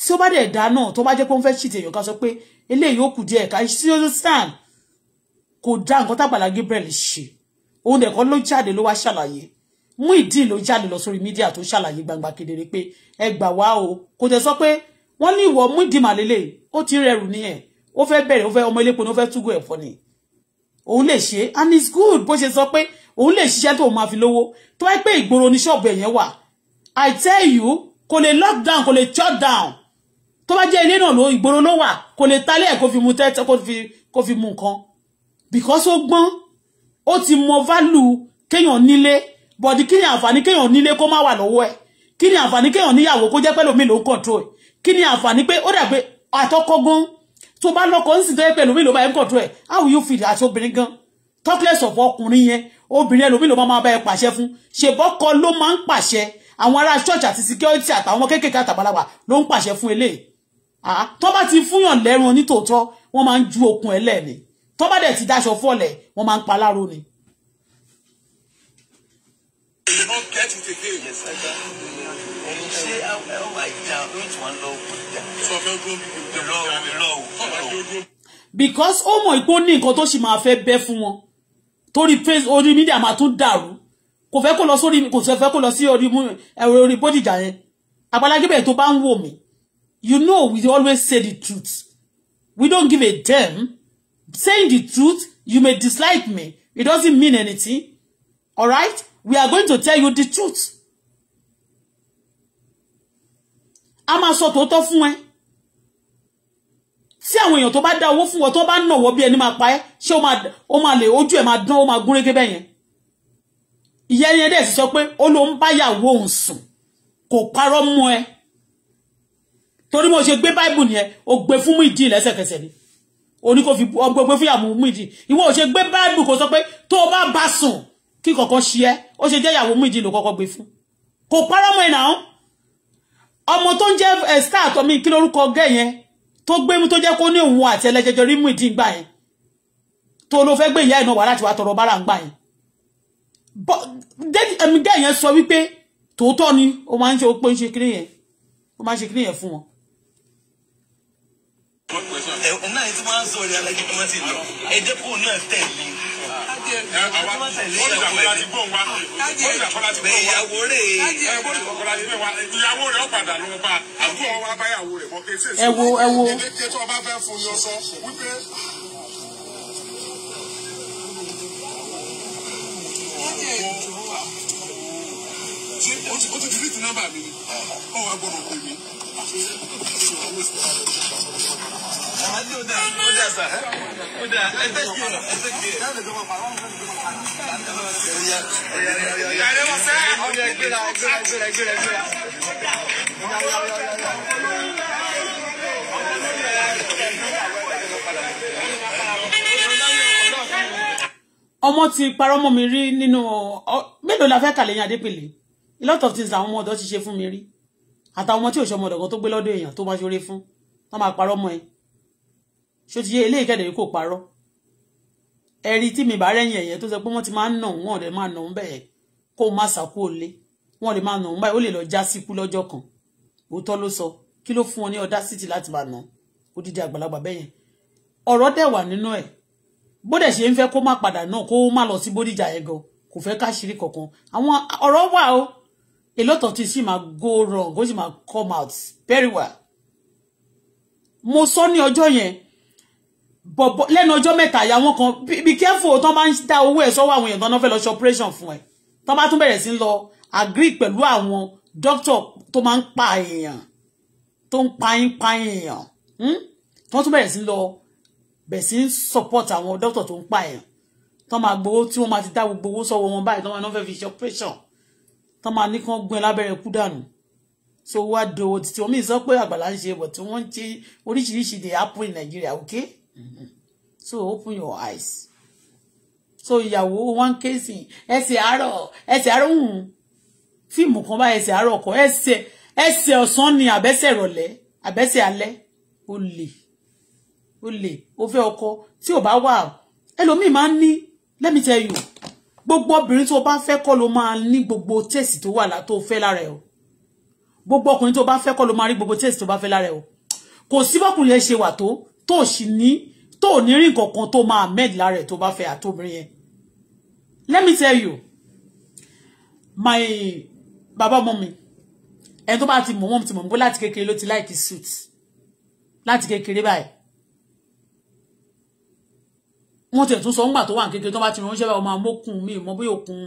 tí ó bá dẹ̀ dá náà tó bá jẹ́ pé ó ń fẹ́ ṣìtì èèyàn ká sọ pé eléyìí ó kù díẹ̀ ká you understand kò dá nǹkan tágbàlá Gabriel ṣe òun nìkan ló jáde ló wá ṣàlàyé Muyideen ló jáde lọ sórí mídíà tó ṣàlàyé gbangba kedere pé ẹ gbà wá o kò tẹ sọ pé wọ́n ní ìwọ Muyideen màlélẹ ó ti rẹrù ní ẹ ó fẹ́ bẹ̀rẹ̀ ó fẹ́ ọmọ elépo ni ó fẹ́ túgò ẹ̀fọ́ ni òun lè ṣe and it's good bó ṣe sọ pé òun lè ṣiṣẹ́ tó máa fi lówó tó wáyé pé ìgboro ní ṣọ́ọ̀bù ẹ̀yẹn wà i tell you kò lè lockdown kò lè shut down tó bá jẹ́ ilé náà ló ìgboro ló wà kò lè talẹ̀ kó fi mu tẹ́tẹ́ kó fi mu nǹkan because ó gbọ́n ó ti mọ value kéèyàn nílé but kí ni àǹfààní kéèyàn nílé kó má wà lọ́wọ́ ẹ̀ kí ni àǹfààní kéèyàn níyàwó kó jẹ́ pẹ́lòmíì ló ń control ẹ̀ kí ni àǹfààní pé ó dà pé tó bá lọ́kọ ń sì tẹ́ pẹ́lòmíì ló bá ń control ẹ̀ how you feel àti obìnrin gan talkless of ọkùnrin yẹn obìnrin ẹlòmíì ló máa bá ẹ pàṣẹ fún ṣèbọ́kọ ló máa ń pàṣẹ àwọn ará church àti security àtàwọn kéékèèké àtàbálàbà ló ń pàṣẹ fún eléyìí ah, tó bá ti fúnyàn lẹ́rùn onítòótọ́ wọ́n máa ń ju okùn ẹlẹ́ẹ̀ni tó bá dẹ̀ ti daṣọ fọ́lẹ̀ wọ́n máa ń pa láro ni. because ó mọ̀ ìpó ní nǹkan tó sì máa fẹ́ bẹ́ fún wọn torí face orí mídíà máa tún dàrú kò fẹ́ kó lọ sórí kò fẹ́ kó lọ sí orí ẹ̀rọ orí bódìjà yẹn àgbàlagbẹ̀ tó bá ń wò mí you know we always say the truth we don't give a damn saying the truth you may dislike me it doesn't mean anything all right we are going to tell you the truth a máa sọ tòótọ́ fún ẹ tí àwọn èèyàn tó bá dá owó fún ọ tó bá nà wọ́ bí ẹni máa pa ẹ́ ṣé ó máa lè ojú ẹ̀ máa dán ó máa gúnrégé bẹ́ẹ̀ yẹn ìyá ẹni ẹdẹ sọ pé ó ló ń báyàwó òun sùn kò parọ́ mú ẹ torí mo ṣe gbé báìbù nìyẹn ó gbé fún mú ìdí lẹ́sẹ̀kẹsẹ̀ ni Oni kò fi gbogbo fún ìyàwó Muyideen ìwọ ò ṣe gbé báìbù kó sọ pé tó o bá bá sùn kí kọ̀ọ̀kan ṣe ẹ́ ó ṣe jẹ́ ìyàwó Muyideen ló kọ́kọ́ gbé fún kò parọ́ mọ́ ìnáwó ọmọ tó ń jẹ́ ẹ̀sítà àtọ́mí kí lórúkọ gẹ̀ yẹn tó gbé mú tó jẹ́ kó ní òun àti ẹlẹ́jẹjọ rí Muyideen gbà yẹn tó ló fẹ́ gbé ìyá ẹ̀ náà wá láti wá tọrọ bára ń gbà yẹn ẹ̀mí gẹ̀ yẹn sọ wípé tòótọ́ ni ó máa ń ṣe ó pé ń ṣe kiri yẹn ó máa ń ṣe kiri ẹ̀hún náà tí wọ́n á sọ ìyá alájú kọ́mọ́ ti lọ ẹ jẹ́ náà tẹ̀lé. Ìyàwó rẹ̀ ìyàwó rẹ̀ ọ̀padà ló bá àbúrò wa báyàwó rẹ̀ mọ́ kéésì. Ẹ wo ẹ wo. Ilé tí ọba fẹ́ fún yọ sọ wípé. Wọ́n ṣé o ti o ti delete nọ́mbà mi ni ọ wà gbọ́dọ̀ pè mí. Àmàdí ó dà ó dà sà ó dà ẹ fẹ́ kí ẹ ẹ fẹ́ kí ẹ. Yàrá wọn sẹ́. Ọ̀gá ẹgbẹ́ra ẹgbẹ́ra ẹgbẹ́ra ẹgbẹ́ra ẹgbẹ́ra. ọmọ ti parọ́ mọ́ mi rí nínú mélòó la fẹ́ kà lẹ́yìn Adépèlé a lot of things àwọn ọmọ ọ̀dọ́ ti ṣe fún mi rí àtàwọn ọmọ tí òṣèlú ọmọdọ̀ kan tó gbé lọ́dọ̀ èèyàn tó máa ṣeré fún tó máa parọ́ mọ́ ẹ ṣó ti yé ilé ìkẹ́dẹ̀ yìí kò parọ́ ẹ̀rí tí mi bá rẹ́yìn ẹ̀yẹ tó sọ pé wọ́n ti máa ń nà wọ́n lè máa nà ń bẹ̀yẹ kó má sàkó lé wọ́n lè máa nà ń báyìí ó lè lọ já síkú lọ́jọ́ kan òótọ́ ló sọ kí ló fún ọ ní ọ̀dá sítì láti máa nà odidi àgbàlagbà bẹ́yẹn ọ̀rọ̀ dẹ̀ wà nínú ẹ̀ bódẹ̀ ṣe ń fẹ́ kó má padà náà kó má lọ sí Bódìjà yẹn kò fẹ́ káṣírí kankan àwọn ọ̀rọ̀ wà o a lot of things might go wrong ó sì máa come out very well mo sọ ní ọjọ́ yẹn bọ̀bọ̀ lẹ́nu ọjọ́ mẹ́ta àyàwọn kan be careful tán bá ń dá owó ẹ̀ sọ́wọ́ àwọn èèyàn tán náà fẹ́ lọ ṣe operation fún ẹ̀ tán bá tún bẹ̀rẹ̀ sí lọ agree pẹ̀lú àwọn doctor tó máa ń pa èèyàn tó ń payín payín èèyàn hmm? tán tún bẹ̀rẹ̀ sin lọ bẹ̀rẹ̀ sí support àwọn doctor tó ń pa èèyàn tán máa gbowó tí wọ́n máa ti dá gbogbo owó sọ́wọ́ wọn báyìí tán máa náà fi operation tán máa ní kán gún lábẹ́rẹ́ kú dànù so wá dòwò títí omi sọ pé àgbàlá ń ṣe bọ̀ wọ́n ń ṣe oríṣiríṣi dey happen in Nigeria okay mm-hmm. so open your eyes so ìyàwó one case ẹsẹ̀ àárọ̀ ẹsẹ̀ àárọ̀ hùn hmm. fíìmù kan bá ẹsẹ̀ àárọ̀ kọ ẹsẹ̀ ẹsẹ̀ ọ̀sán ni àbẹ́sẹ̀ ìrọ̀lẹ́ àbẹ́sẹ̀ alẹ́ ó lè ó lè ó fẹ́ ọkọ tí ò bá wà ẹlòmíì máa ń ní let me tell you gbogbo obìnrin tó bá fẹ́ kọ́ ló máa ní gbogbo tèsì tó wà látó fẹ́ lára ẹ̀ o gbogbo ọkùnrin tó bá fẹ́ kọ́ ló máa rí gbogbo tèsì tó bá fẹ́ lára ẹ̀ o kò sí bọ́kùnrin yẹn ṣe wà tó tó sì ní tó ní rí nǹkan kan tó máa mẹ́ẹ̀dì lára ẹ̀ tó bá fẹ́ àtòbìnrin yẹn let me tell you my Baba ọmọ mi ẹni tó bá ti mọ̀ wọ́n ti mọ̀ bó láti kékeré ló ti láìkí suit láti kékeré báyìí wọ́n tiẹ̀ tún sọ ńgbà tó wà kékeré tó bá ti ránṣẹ́ bá ọmọ amókun mi mọ bí òkun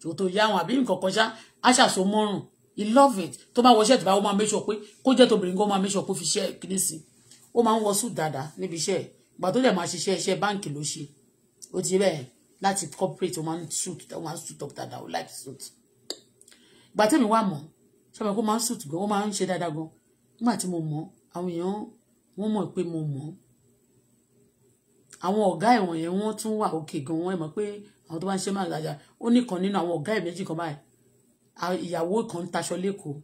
tó tó yá wọn àbí nǹkan kan ṣá aṣàṣọ mọ́rùn he love it tó bá wọ ṣẹ́ẹ̀tì bá ó máa make sure pé kó jẹ́ tóbìnrin kó máa make sure pé fi ṣẹ́ kiri sí i ó máa ń wọ sùn dáadáa níbi iṣẹ́ ẹ̀ gbà tó dẹ̀ máa ṣiṣẹ́ iṣẹ́ báǹkì ló ṣe ó ti bẹ́ẹ̀ láti corporate ó máa ń suit ó máa ń suit up dáadáa ó like suit gbà tẹ́mi wà mọ́ ṣọ́bẹ̀ kó máa ń suit gan ó máa ń ṣe dáadáa gan nígbà tí mo mọ̀ àwọn èèyàn wọ́n mọ̀ pé mo mọ̀ àwọn ọ̀gá ẹ̀wọ̀n yẹn wọ́n tún wà òkè gan wọ́n ẹ̀ mọ̀ pé àwọn tó bá ń ṣe máa dájà ó nìkan nínú àwọn ọ̀gá ẹ̀ méjì kan báyìí ìyàwó kan ń taṣọ lẹ́kọ̀ọ́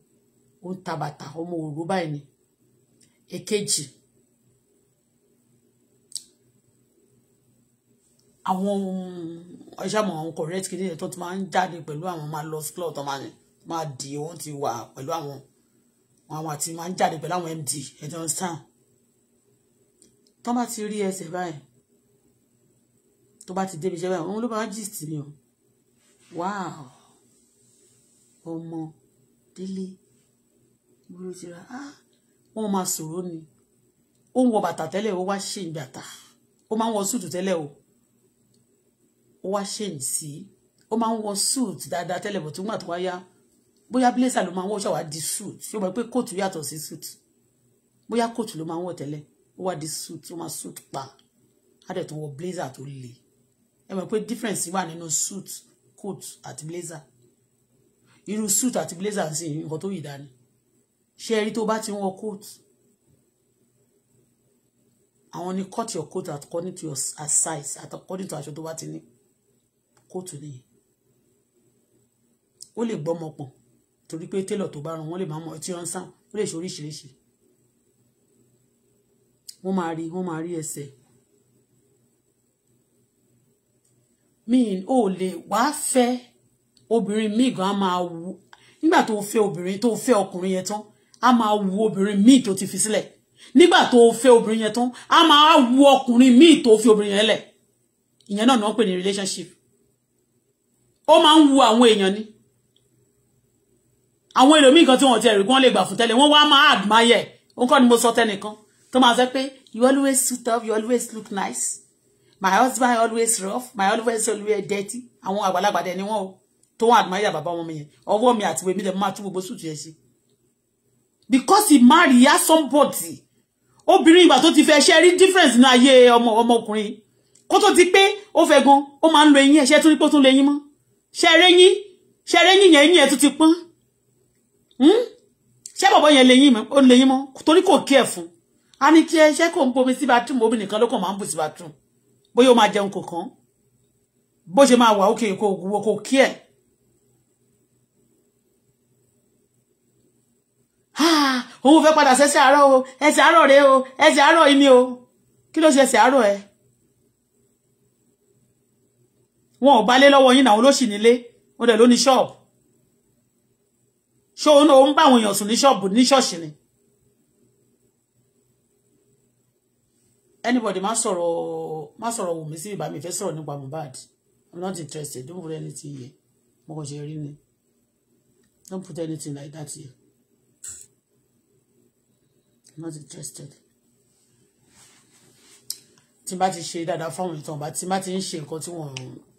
ó ń ta bàtà ọmọ òru báyìí ni èkejì àwọn ọ̀ṣàmọ̀ àwọn correct kìíní ẹ̀ tó ti máa ń jáde pẹ̀lú àwọn máa lọ club tó máa ní máa di wọ́n ti wà pẹ̀lú àwọn àwọn àti máa ń jáde pẹ̀lú àwọn md ẹ̀jọ̀ ń sàn tó bá ti rí ẹsẹ̀ báyìí tó bá ti débi iṣẹ́ báyìí òun ló bá gist mi o wow ọmọ délé ìwúrò ti ra ah wọ́n máa sọ̀rọ̀ ni ó ń wọ bàtà tẹ́lẹ̀ ó wá ṣe ìgbàtà ó máa ń wọ súùtù tẹ́lẹ̀ o ó wá ṣe ń sí ó máa ń wọ súùtù dáadáa tẹ́lẹ̀ bọ̀ tó ń gbà tó bóyá blazer ló máa ń wọ ṣàwá di súùtù ṣé o mọ̀ pé kóòtù yàtọ̀ sí súùtù bóyá kóòtù ló máa ń wọ tẹ́lẹ̀ ó wá di súùtù ó máa súùtù pa á dẹ̀ tó wọ blazer tó le ẹ mọ̀ pé difference wà nínú suit coat àti blazer irú suit àti blazer ń sìn nǹkan tó yìí dání ṣé ẹ rí tó bá ti ń wọ coat àwọn ni cut your coat according to your size according to aṣọ tó bá ti ní coat nìyẹn ó lè gbọ́mọ pọ̀ torí pé télọ̀ tó bá rán wọ́n lè máa mọ ọtí ọ̀hún sàn ó lè ṣe oríṣiríṣi wọ́n máa rí wọ́n máa rí ẹsẹ̀ mi ò le wa fe obìnrin mi, gan á wu. wù nígbà tó fẹ́ obìnrin tó fẹ́ ọkùnrin yẹn tán á máa wù obìnrin míì tó ti fi sílẹ̀ nígbà tó fe obìnrin yẹn tán a máa wù ọkùnrin míì tó fi obìnrin yẹn lẹ̀ ìyẹn náà ni wọ́n pè relationship O máa wu wù àwọn ni àwọn ẹlòmíì kan tí wọ́n ti ẹ̀rí wọ́n lè gbà fún tẹ́lẹ̀ wọ́n wá máa admire òun kọ́ ni mo sọ tẹ́nìkan tó máa sọ pé you always suit up you always look nice my husband always rough my husband always dirty àwọn àgbàlagbà dẹ̀ ni wọ́n o tó wọ́n admire bàbá wọn mi yẹn ọwọ́ mi àti wèmí dẹ̀ máa tún gbogbo sùtù yẹn ṣe because he marry ya somebody obìnrin ìgbà tó ti fẹ́ ṣe rí difference ní ayé ọmọ ọmọkùnrin kó tó ti pé ó fẹ́ gan ó máa ń lo eyín ẹ̀ ṣe tún rí pé ó tún lo eyín mọ́ ṣe rẹ́yìn ṣe rẹ́yìn yẹn eyín ẹ̀ tún ti pọ́n hmm? ṣé bọ̀bọ̀ yẹn lè yín mọ́ ó lè yín mọ́ torí kò kí ẹ̀ fún a ní kí ẹ ṣe kò ń bomi sí bathroom obìnrin kan ló máa ń bù sí bathroom bóyá ó máa jẹun kò kàn bó ṣe máa wà ókè kò wo kò kí ẹ̀. Ah, òun fẹ́ padà sẹ́sẹ̀ àárọ̀ o ẹsẹ̀ àárọ̀ rẹ o ẹsẹ̀ àárọ̀ yìí ni o kí ló ṣe ẹsẹ̀ àárọ̀ ẹ. wọn ò bá lé lọ́wọ́ yín náà olóṣì nílé wọn dẹ̀ ló ní ṣọ́ọ̀bù ṣé ń bá àwọn èèyàn sùn ní ṣọ́ọ̀bù ní ṣọ́ọ̀ṣì ni. Shop, anybody má sọ̀rọ̀ má sọ̀rọ̀ wù mí sí ìbá mi fẹ́ sọ̀rọ̀ nípa Mohbad i'm not interested don't put anything here mo kàn ṣe rí ni don't put anything like that here i'm not interested tí n bá ti ṣe dáadáa fáwọn ìtàn bá tí n bá ti ń ṣe nǹkan tí wọ́n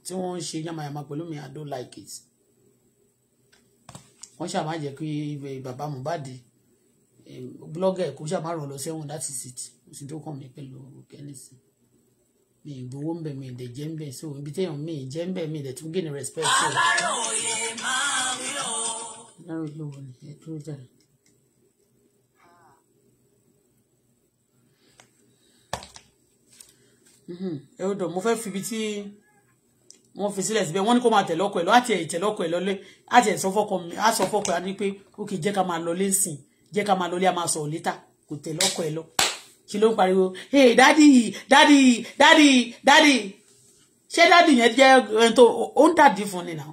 tí wọ́n ń ṣe yàmàyàmà pẹ̀lú mi i don't like it wọ́n ṣàmà jẹ́ kí eh, bàbá Mohbad eh, blogger kò ṣàmà rọ̀ lọ sẹ́wọ̀n that is it kò sí tó kàn mí pẹ̀lú kẹ́nìsì mi ì gbowó ń bẹ̀ mi ìdẹ̀ jẹ́ ń bẹ̀ so ibi téèyàn mi ì jẹ́ ń bẹ̀ mi ìdẹ̀ tún gèdè respect. aláròye máa wí o. aláròye wò ni ẹ dúró jáde. Mm-hmm. ẹ ó dọ̀ mo fẹ́ fi ibi tí wọ́n fi sílẹ̀ síbẹ̀ wọ́n ní kó máa tẹ̀lé ọkọ ẹ̀ lọ àti ẹ̀ tẹ̀lé ọkọ ẹ̀ lọ́lé àti ẹ̀ sọ́fọ́kọ mi á sọ́fọ́kọ ẹ̀ á ní pé ó kì í jẹ́ ká máa lọ lé sìn jẹ́ ká máa lọ lé a máa sọ̀rọ̀ létà kò tẹ̀lé ọkọ ẹ̀ lọ ṣe ló ń pariwo hey daddy, daddy, daddy, daddy. ṣé daddy yẹn jẹ́ ẹni tó ó ń dàdí fún ni náà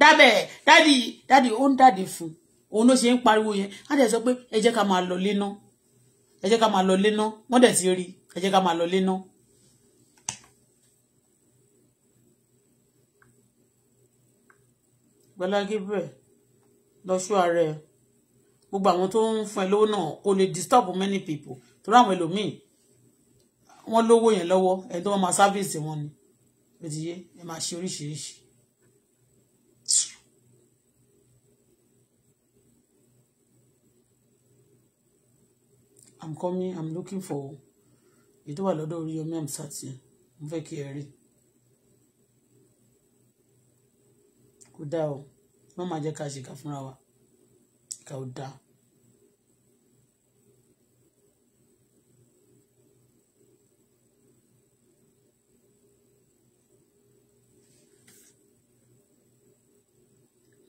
dábẹ̀ dádì dádì ó ń dàdí fún òun ló ṣe ń pariwo yẹn á dẹ̀ sọ pé ẹ jẹ́ ká máa lọ lé ná ẹ jẹ́ ká máa lọ lé ná wọ́n dẹ̀ ti rí ẹ jẹ́ ká máa lọ lé ná. Gbọ́lá Gabriel lọ ṣọ́ gbogbo àwọn tó ń fún ẹ lówó náà kò lè disturb many people torí àwọn ẹlòmíì wọ́n lówó yẹn lọ́wọ́ ẹni tó wọ́n máa sáfíìsì wọn ni ó ẹ máa ṣe oríṣiríṣi. I'm coming I'm looking for èyí tó wà lọ́dọ̀ Oríyọmí Amsat yẹn mo fẹ́ kí ẹ rí kò dáa o wọ́n máa jẹ́ ká ṣèkà fúnra wa kà ó dáa.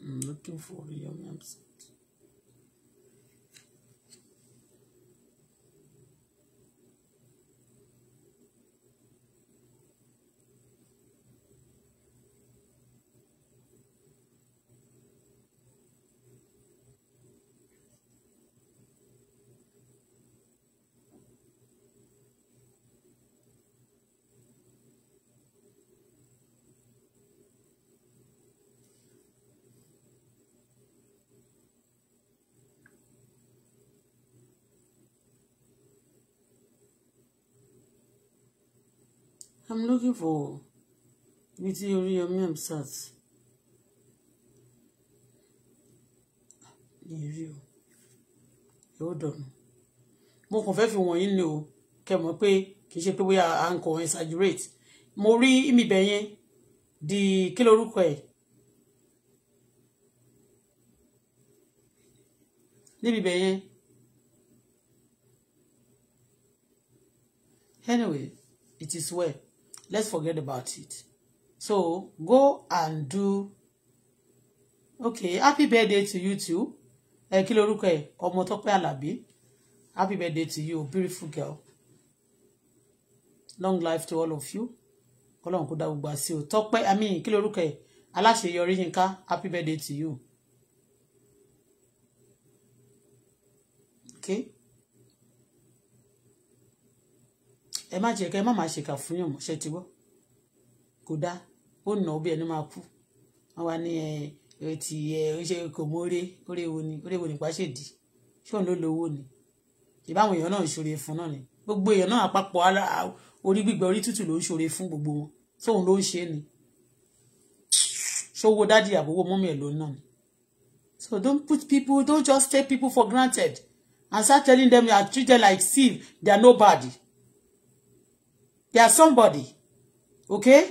looking for the young MC. I'm looking for ibi tí Oríyọmí Hamzat ní rí o yóò dọ̀nù mo kàn fẹ́ fi wọ̀nyí ni o kẹ́ mọ̀ pé kì í ṣe pé bóyá à ń kọ exaggerate mo rí ìmìbẹ̀ yẹn di kí lorúkọ ẹ̀ níbi bẹ̀ anyway it is well let's forget about it so go and do okay happy birthday to you too ẹ kí lorúkọ ẹ ọmọ happy birthday to you beautiful girl long life to all of you Kolo mkuda dá gbogbo àṣẹ o Tọ́pẹ́ i mean kí lorúkọ ẹ aláṣeyọrí Yínká happy birthday to you okay. ẹ má ṣe kẹ ẹ má má ṣèkà fún yàn mọ́ ṣe ti gbọ́ kò dáa ó nà ó bí ẹni máa kú wọn wá ní ẹ ti ẹ ó ṣe kò wo ni órè wo nípa ṣèdí ṣé òun ló lówó ni ìbáwọn èèyàn náà ń fún náà ni gbogbo èèyàn náà àpapọ̀ orí gbígbẹ orí tútù ló ń ṣoore fún gbogbo wọn sóun ló ń ṣe ni ṣówó dádì àbówó mọ́mí ẹ̀ ló ń náà ni so don't put people don't just take people for granted and start telling them you are treated like thief they are nobody they are somebody okay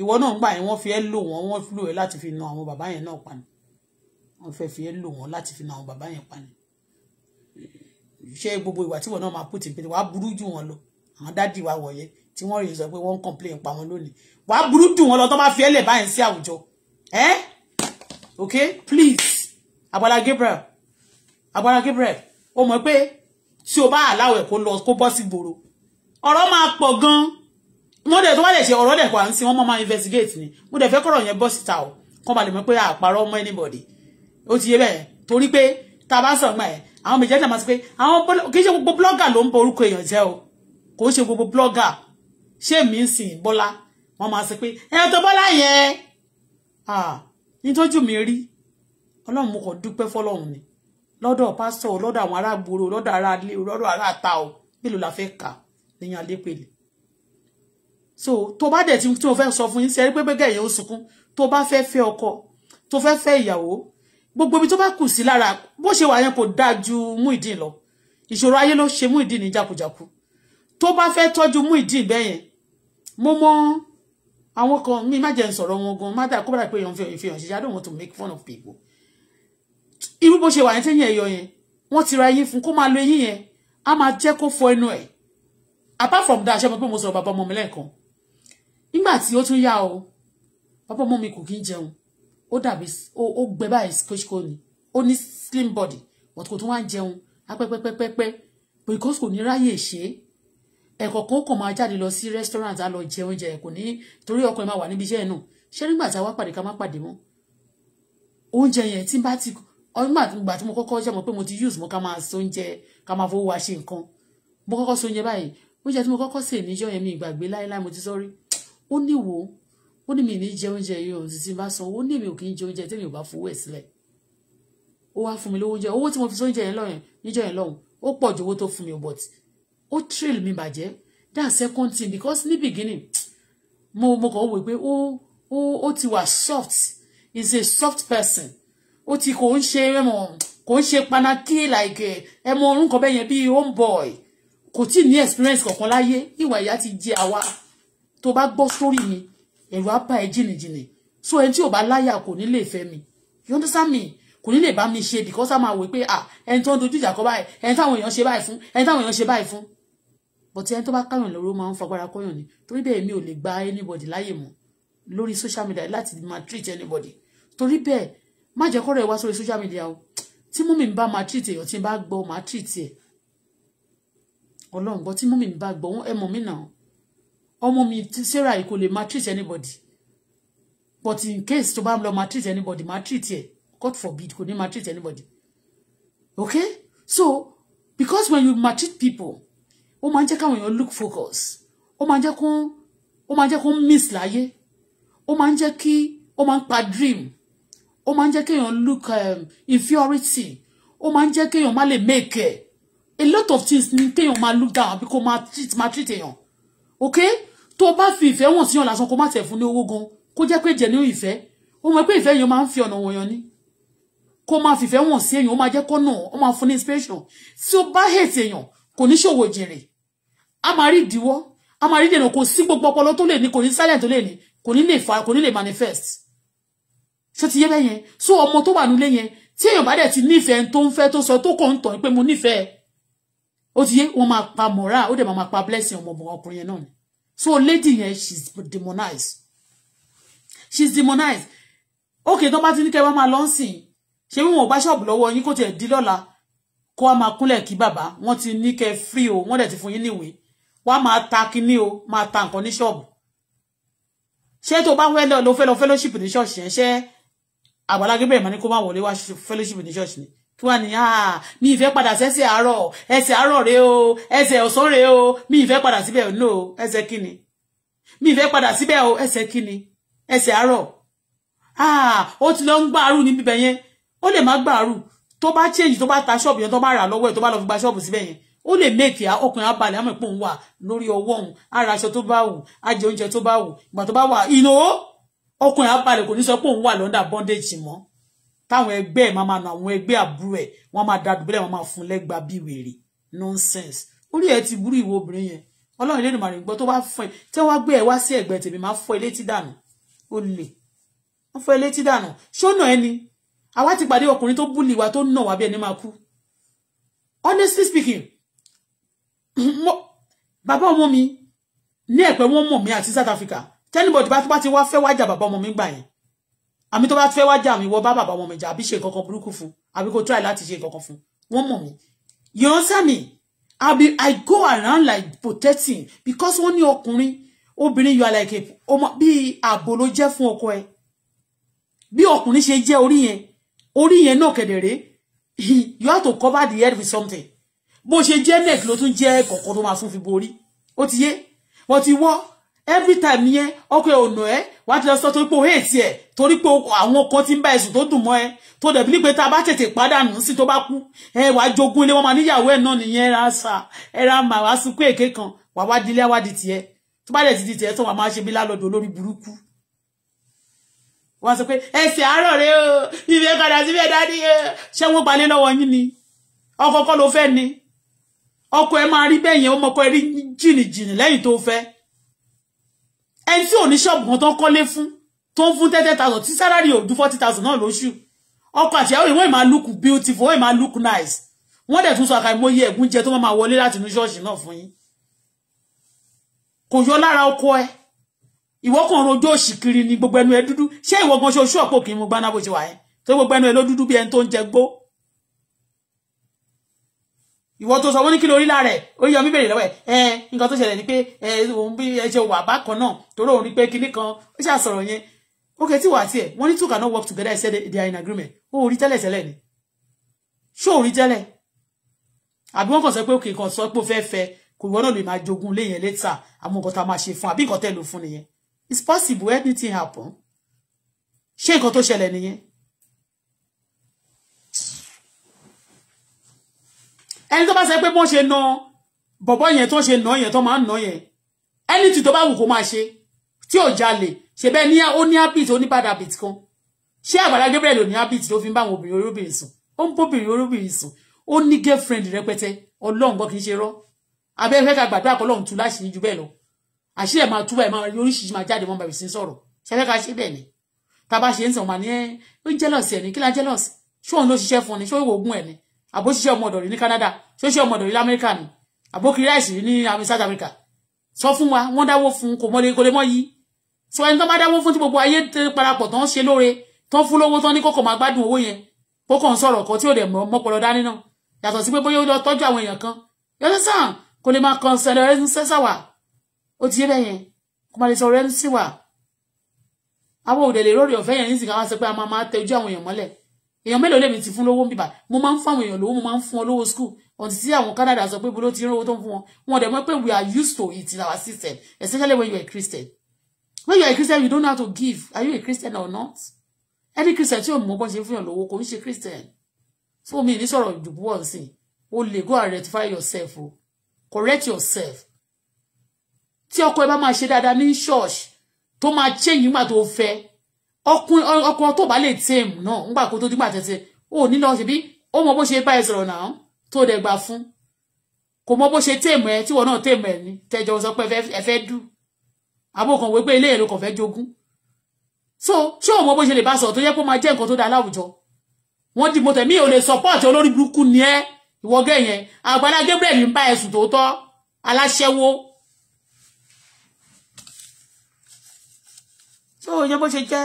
ìwọ náà ń gbà yẹn wọ́n fi ẹ́ lò wọ́n wọ́n lò ẹ́ láti fi na àwọn bàbá yẹn náà pa ni wọ́n fẹ́ fi ẹ́ lò wọ́n láti fi na àwọn bàbá yẹn pa ni ṣé gbogbo ìwà tí ìwọ náà máa put in wàá burú jù wọn lọ àwọn dádì wa wọ̀nyẹn tí wọ́n rìn sọ pé wọ́n ń complain pa wọn lónìí wàá burú jù wọn lọ tó máa fi ẹ́ lẹ̀ báyìí sí àwùjọ ẹ́ okay please Agbala Gabriel Agbala Gabriel ó mọ̀ pé tí o bá àláwẹ̀ kó lọ kó bọ́ sí gbòòrò ọ̀rọ̀ máa pọ̀ gan wọ́n dẹ̀ tó wá lè ṣe ọ̀rọ̀ dẹ̀ wá ń sin wọ́n mọ́ máa investigate ni mo dẹ̀ fẹ́ kọ̀rọ̀ yẹn bọ́ síta o kọ́ ba lè mọ̀ pé àparọ́ mọ́ anybody ó ti yé bẹ́ẹ̀ torí pé tá a bá sọ̀rọ̀ gbà ẹ̀ àwọn méjèèjì àmọ́ sí pé àwọn kì í ṣe gbogbo blogger ló ń bọ orúkọ èèyàn jẹ́ o kò ń ṣe gbogbo blogger ṣé mi ń sìn bọ́lá wọ́n máa sọ pé ẹ̀yàn tó bọ́lá yẹn nítójú mi rí ọlọ́run mo kàn dúpẹ́ fọlọ́run ni lọ́dọ̀ pásítọ̀ lọ́dọ̀ àwọn aráàgbòrò lọ́dọ̀ aráàlé lọ́dọ̀ aráàta o mélòó la fẹ́ kà á lẹ́yìn alépèlè so tó bá dẹ̀ tí mo fẹ́ sọ fún yín ṣe rí pé gbẹ́gẹ́ yẹn ó sunkún tó bá fẹ́ fẹ́ ọkọ tó fẹ́ fẹ́ ìyàwó gbogbo ibi tó bá kù sí lára bó ṣe wà yẹn kò dáa ju Muyideen lọ ìṣòro ayé ló ṣe Muyideen ní jákujàku tó bá fẹ́ tọ́jú Muyideen bẹ́yẹn mo mọ àwọn kan mi má jẹ́ ń sọ̀rọ̀ wọn gan má dà kó bàdà pé èèyàn fi hàn ṣiṣẹ́ I don't want to make fun of people irú bó ṣe wà yẹn tẹ́yìn ẹ̀yọ yẹn wọ́n ti ra eyín fún kó máa lo eyín yẹn á máa jẹ́ kó fọ ẹnu ẹ̀ apart from that ṣe mo pé mo sọ bàbá ọmọ mi lẹ́ẹ̀kan nígbà tí ó tún yá o bàbá ọmọ mi kò kí ń jẹun ó dàbí ó gbẹ báyìí kóṣíkó ni ó ní slim body but kò tún wá ń jẹun apẹ́pẹ́pẹ́pẹ́ because kò ní ráyè ṣe ẹ̀kọ̀ kan kàn máa jáde lọ sí restaurant á lọ jẹ oúnjẹ kò ní torí ọkọ ẹ̀ máa wà níbi iṣẹ́ ẹ̀ náà ṣé nígbà tá a wá pàdé ká má pàdé mọ́ oúnjẹ yẹn tí bá ti ọdún ìgbà tí mo kọ́kọ́ jẹ́ mọ̀ pé mo ti use mo ká máa sóúnjẹ ká máa fowó wa ṣe nǹkan mo kọ́kọ́ sóúnjẹ báyìí oúnjẹ tí mo kọ́kọ́ sè níjọ́ yẹn mi ìgbàgbé láéláé mo ti sọ́rí ó ní wo ó ní mi ní jẹ oúnjẹ yìí òun títí bá sanwó ó ní mi ò kì í jẹ oúnjẹ tèmi ò bá fowó ẹ̀ sílẹ̀ ó wá fún mi lówó oúnjẹ owó tí mo fi sóúnjẹ yẹn lọ́yẹn níjọ́ yẹn lọ́hùn ó pọ̀ ju owó tó fún mi but ó trail mi bàjẹ́ that second thing because ní beginning mo mo kàn wò pé ó ó ó ti wà soft is a soft person ó ti kò ń ṣe ẹmọ kò ń ṣe panaki like ẹmọ orúkọ bẹ́yẹn bíi homeboy kò tí ní experience kankan láyé ìwà ìyá ti jẹ àwa tó bá gbọ́ sórí mi ẹ̀rù á bá ẹ so ẹni tí ò bá láyà kò ní lè fẹ́ mi you understand me kò ní lè bá mi ṣe because a máa pé ah ẹni tó ń dojú ìjà kọ báyìí ẹni táwọn èèyàn ṣe báyìí fún ẹni táwọn èèyàn ṣe báyìí fún but ẹni tó bá káyàn lóró máa ń fagbára kọyàn ni torí bẹ́ẹ̀ mi ò lè gba anybody láyè mọ́ lórí social media láti máa treat anybody torí bẹ́ẹ̀ má jẹ́ kọ́rọ̀ ẹ wá sórí social media o tí mú mi bá máa treat èèyàn tí n bá gbọ́ máa treat ẹ̀ ọlọ́run gbọ́ tí mọ́mí mi bá gbọ́ wọn ẹ mọ̀ mí náà ọmọ mi ti sarah yìí kò lè ma treat anybody but in case tó bá ń lọ ma treat anybody ma treat ẹ god forbid kò ní ma treat anybody okay so because when you ma treat people ó máa ń jẹ́ káwọn èèyàn look focus ó máa ń jẹ́ kó ó máa ń jẹ́ kó miss láyé ó máa ń jẹ́ kí ó máa ń pa dream ó máa ń jẹ́ kéèyàn look um, inferiority ó máa ń jẹ́ kéèyàn má lè make it a lot of things ni téèyàn máa look down àbí kó máa treat máa treat èèyàn ok tó o bá fi ìfẹ́ wọ̀n síyàn lásán kó má tẹ̀ fún ní owó gan kó jẹ́ pé jẹ̀ní ìfẹ́ ó mọ̀ pé ìfẹ́ yẹn máa ń fi ọ̀nà wọ̀nyàn ni kó máa fìfẹ́ wọ̀n sí èèyàn ó máa jẹ́ kọ́nà ó máa fún ní inspiration tí ó bá hate èèyàn kò ní ṣòwò jèrè a máa rí ìdíwọ́ a máa rí dènà kò sí gbogbo ọpọlọ tó lè ní kò ní silent tó lè ní kò ní lè fa kò ní lè manifest ṣé ti yé bẹ́yẹn so ọmọ tó wà nílé yẹn tí èèyàn bá dẹ̀ ti nífẹ̀ẹ́ tó ń fẹ́ tó sọ tó kàn ń tọ̀ pé mo nífẹ̀ẹ́ ó ti yé wọn máa pa moral ó dẹ̀ máa pa blessing ọmọ ọkùnrin yẹn náà ni so lady yẹn she's demonized she's demonized ok tó bá ti ní kẹ́ wá máa lọ sìn ṣé wọn ò bá ṣọ́ọ̀bù lọ́wọ́ yín kó tiẹ̀ di lọ́la kó wá máa kúnlẹ̀ kí bàbá wọ́n ti ní kẹ́ free o wọ́n dẹ̀ ti fún yín níwèé wá máa ta kíní o máa ta nǹkan ní ṣọ́ọ̀bù ṣé tó bá fẹ́ lọ fẹ́ fellowship ní ṣọ́ọ̀ṣì yẹn ṣé àgbàlagé bẹ̀rẹ̀ máa kó má wọlé wá fellowship ní ṣọ́ọ̀ṣì ni tó wà ní à ah, mi ìfẹ́ padà sẹ́sẹ̀ àárọ̀ ẹsẹ̀ àárọ̀ rèé o ẹsẹ̀ ọ̀sán rèé o mi ìfẹ́ padà síbẹ̀ ò no ẹsẹ̀ kíni mi ìfẹ́ padà síbẹ̀ o ẹsẹ̀ kíni ẹsẹ̀ àárọ̀ à ah, ó ti lọ ń gbàrú ní bíbẹ̀ yẹn ó lè má gbàrú tó bá change tó bá ta ṣọ́ọ̀bù yẹn tó bá rà lọ́wọ́ ẹ̀ tó bá lọ fi gba ṣọ́ọ̀bù síbẹ̀ yẹn ó lè méèkì ọkùnrin abalẹ̀ àmọ́ ìpòun wà lórí ọwọ́ òun ara aṣọ tó bá wù á jẹ oúnjẹ tó bá wù ìgbà tó bá wà ìnáwó ọkùnrin abalẹ̀ kò ní sọ pé òun wà lọ́ndà bondage mọ́ táwọn ẹgbẹ́ ẹ̀ máa máa nà àwọn ẹgbẹ́ àbúrò ẹ̀ wọ́n máa da dùbúlẹ̀ wọ́n máa fún lẹ́gba bí nonsense orí ẹ̀ ti burú ìwọ obìnrin yẹn ọlọ́run ilé ìmọ̀ràn gbọ́ tó bá fọ ẹ̀ tí wa gbé ẹ̀ wá sí ẹ̀gbẹ́ tèmi máa fọ ilé tí dànù ó lè wọ́n fọ ilé tí dànù ṣónà ẹni àwa ti pàdé ọkùnrin tó búlì wa tó nà wa bí ẹni máa kú honestly speaking Baba ọmọ mi ní ẹ̀pẹ́ wọ́n mọ̀ mí àti South Africa tẹ́nibọ̀dì bá ti wá wa wájà bàbá ọmọ mi gbà yẹn àmì tó bá fẹ́ wá jà mí wọ bá bàbá ọmọ mi jà àbí ṣe nǹkan kan burúkú fún àbí kò try láti ṣe nǹkan kan fún wọ́n mọ̀ mí you understand me i i go around like protecting because wọ́n ní ọkùnrin obìnrin you are like a ọmọ bíi ààbò ló jẹ́ fún ọkọ ẹ bí ọkùnrin ṣe jẹ́ orí yẹn orí yẹn náà kedere you have to cover the head with something bó ṣe jẹ́ neck ló tún jẹ́ kọ̀ọ̀kan tó máa fún fi borí ó ti yé wọ́n ti wọ́ every time yẹn ọkọ ono ò nà ẹ wá ti lọ sọ torí pé o hate ẹ torí pé àwọn kan ti ń bá ẹsùn tó dùn mọ́ ẹ tó dẹ̀ bí pé tá a bá tètè pàdánù sí tó bá kú ẹ wàá jogún ilé wọn máa níyàwó ẹ náà nìyẹn ra sa ẹ ra mà wá sunkún èké kan wàá wá dilé wá di tiẹ̀ tó bá dẹ̀ ti di tiẹ̀ tó wàá máa ṣe bí lálọ́dọ̀ olórí burúkú wọ́n sọ pé ẹsẹ̀ àárọ̀ rẹ o ìfẹ́ padà síbẹ̀ dání o ṣé wọ́n gbalé lọ́wọ́ yín ni ọkọ kọ́ ló fẹ́ ni ọkọ ẹ máa rí bẹ́ẹ̀ yẹn ó mọkọ ẹ rí jìnnìjìnnì lẹ́yìn tó ẹni tí ò ní ṣọ́ọ̀bù kan tó ń kọ́lé fún tó ń fún thirty thousand tí sálárì ò dún forty thousand náà lóṣù ọkọ àtìyàwó yìí wọ́n ì look beautiful wọ́n ì look nice wọ́n dẹ̀ tún sọ àkàìmọye ẹ̀gún jẹ tó máa wọlé láti inú ṣọ́ọ̀ṣì náà fún yín kò yọ lára ọkọ ẹ ìwọ kan rojọ́ òṣì kiri ni gbogbo ẹnu ẹ dúdú ṣé ìwọ gan ṣoṣù ọ̀pọ̀ kì í mú gbaná bó ṣe wà yẹn tó gbogbo ẹnu ẹ ló dúdú bí ẹni tó ń jẹ ìwọ tó sọ wọ́n ní kí lórí lára ẹ̀ orí yọmí bèrè lọ́wọ́ ẹ̀ ẹ̀ nǹkan tó ṣẹlẹ̀ ni pé ẹ̀ òun bí ẹ ṣe wà bákan náà torí òun rí pé kinní kan ó ṣáà sọ̀rọ̀ yẹn ok tí wàá tiẹ̀ wọ́n ní two cannot work together I said they are in agreement ó orí tẹ́lẹ̀ tẹ́lẹ̀ ni ṣó orí tẹ́lẹ̀ àbí wọ́n kàn sọ pé òkè kan sọ pé ó fẹ́ fẹ́ kò ìwọ náà lè máa jogún lé yẹn later àwọn nǹkan tá a máa ṣe fún àbí nǹkan tẹ́ lò fún nìyẹn it's possible anything happen ṣé nǹkan tó ṣẹlẹ̀ nìyẹn ẹni tó bá sọ pé bọ́n ṣe na bọ̀bọ́ yẹn tó ṣe na yẹn tó máa ń na yẹn ẹni tí tó bá wù kó máa ṣe tí ò jalè ṣe bẹ́ẹ̀ ní ó ní habit ó ní bad habit kan ṣé Àgbàlá Gabriel ò ní habit tó fi ń bá àwọn obìnrin olóbìnrin sùn ó ń bóbìnrin olóbìnrin sùn ó ní girlfriend rẹpẹtẹ ọlọ́run gbọ́ kì í ṣe rọ́ abẹ́fẹ́ ká gbàdúrà kọ́ lọ́run tú láṣìírí ju bẹ́ẹ̀ lọ àṣírí ẹ̀ máa túbọ̀ ẹ̀ máa rí oríṣiríṣi máa jáde wọn bàbí sí sọ̀rọ̀ ṣẹfẹ́ ká ṣe bẹ́ẹ̀ ni tá a bá ṣe ń sàn wà ní ẹ ó jealous ẹ̀ ní kí la jealous ṣé òun ló ṣiṣẹ́ fún ni ṣé òun ẹ̀ ni àbóṣiṣẹ́ ọmọ ọ̀dọ̀ rí ní Canada ṣóṣiṣẹ́ ọmọ ọ̀dọ̀ rí lamẹ́ríkà ni àbókiri ráìsì rí ní South Africa sọ fún wa wọ́n dáwó fún kò mọ́lé kò lè mọ́ yìí sọ ẹni tó bá dáwó fún tí gbogbo ayé parapọ̀ tó ń ṣe lóore tó ń fún lówó tó ní kókò máa gbádùn owó yẹn kókò ń sọ̀rọ̀ kan tí ò dẹ̀ mọ́pọlọ dání náà yàtọ̀ sí pé bóyá ó lọ tọ́jú àwọn èèyàn kan yọtọ̀ sàn kò lè máa kan sẹlẹ̀ rẹ ń sẹ́sà wà ó ti yé bẹ́ẹ̀ yẹn kò máa lè sọ rẹ ń sì wà àwọn òdè lè rọrì ọ̀fẹ́ yẹn nísìnyí káwá sọ pé a máa máa tẹ ojú àwọn èèyàn mọ́lẹ̀ èèyàn mélòó lèmi ti fún lówó bíbà mo máa ń fún àwọn èèyàn lówó mo máa ń fún wọn lówó school ọ̀tí tí àwọn Canada sọ pé bolo ti ń rówó tó ń fún wọn wọn dẹ̀ mọ̀ pé we are used to it in our system especially when you are a Christian when you are a Christian you don't know how to give are you a Christian or not any Christian tí ò mọ̀ bọ́ ṣe fún yàn lówó kò ń ṣe Christian so mi ní sọ̀rọ̀ ìdùbú wọn sí o lè go and rectify yourself o correct yourself tí ọkọ ẹ bá máa ṣe dáadáa ní church tó máa change nígbà tó fẹ́ ọkùn ọkùn tó bá lè tèmù náà ńgbà kó tó dúgbà tẹ̀tẹ̀ ó ní lọ ṣe bí ó mọ bó ṣe bá ẹ sọ̀rọ̀ náà tó dẹ̀ gbà fún kò mọ bó ṣe tèmù ẹ tíwọ náà tèmù ẹ ní tẹjọ sọ pé ẹ fẹ́ dù àbó kan wé pé ilé èrò kan fẹ́ jogún so ṣé òun mọ bó ṣe lè bá sọ̀rọ̀ tó yẹ kó máa jẹ́ nǹkan tó dáa láwùjọ wọ́n dìbò tẹ̀mí ò lè support olórí burúkú ni ẹ́ ìwọ gẹ̀yẹn Àgbàlá Gabriel ń bá ẹ̀sùn tòótọ́ aláṣẹ́wó so ìyẹn bó ṣe jẹ́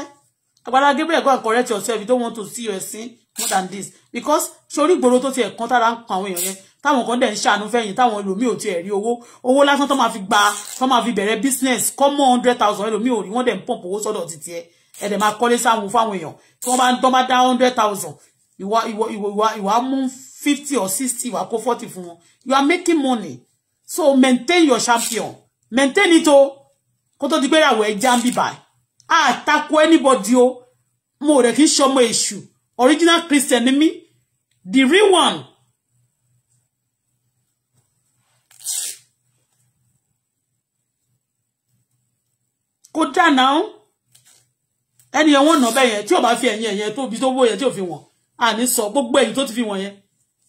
Agbala Gabriel go and correct yourself you don't want to see your sin more than this because sori gboro tó ti ẹ̀ kan tára ń kan àwọn èèyàn yẹn táwọn kan dẹ̀ ń ṣàánú fẹ́yìn táwọn ẹlòmíì ò ti ẹ̀ rí owó owó lásán tó máa fi gba tó máa fi bẹ̀rẹ̀ business common hundred thousand ẹlòmíì ò rí wọ́n dẹ̀ ń pọ̀pọ̀ owó sọ́dọ̀ títí ẹ̀ ẹ̀ dẹ̀ máa kọ́lé sáwọn fáwọn èèyàn tí wọ́n bá ń tọ́ bá dá hundred thousand ìwà ìwà ìwà ìwà mú fifty or sixty ìwà kó forty fún wọn you are making money so maintain your champion maintain it o kó tó di pé ìyàwó ẹ já ń àtakò anybody o mo rẹ̀ kí n ṣọmọ èṣù original christian ni mí the real one. kò now. ẹni yẹn wọ́n nà bẹ́ẹ̀ yẹn tí ò bá fi ẹ̀yìn ẹ̀yẹn tó bí tó wó yẹn tí ò fi wọ̀n àní sọ gbogbo ẹ̀yìn tó ti fi wọ̀n yẹn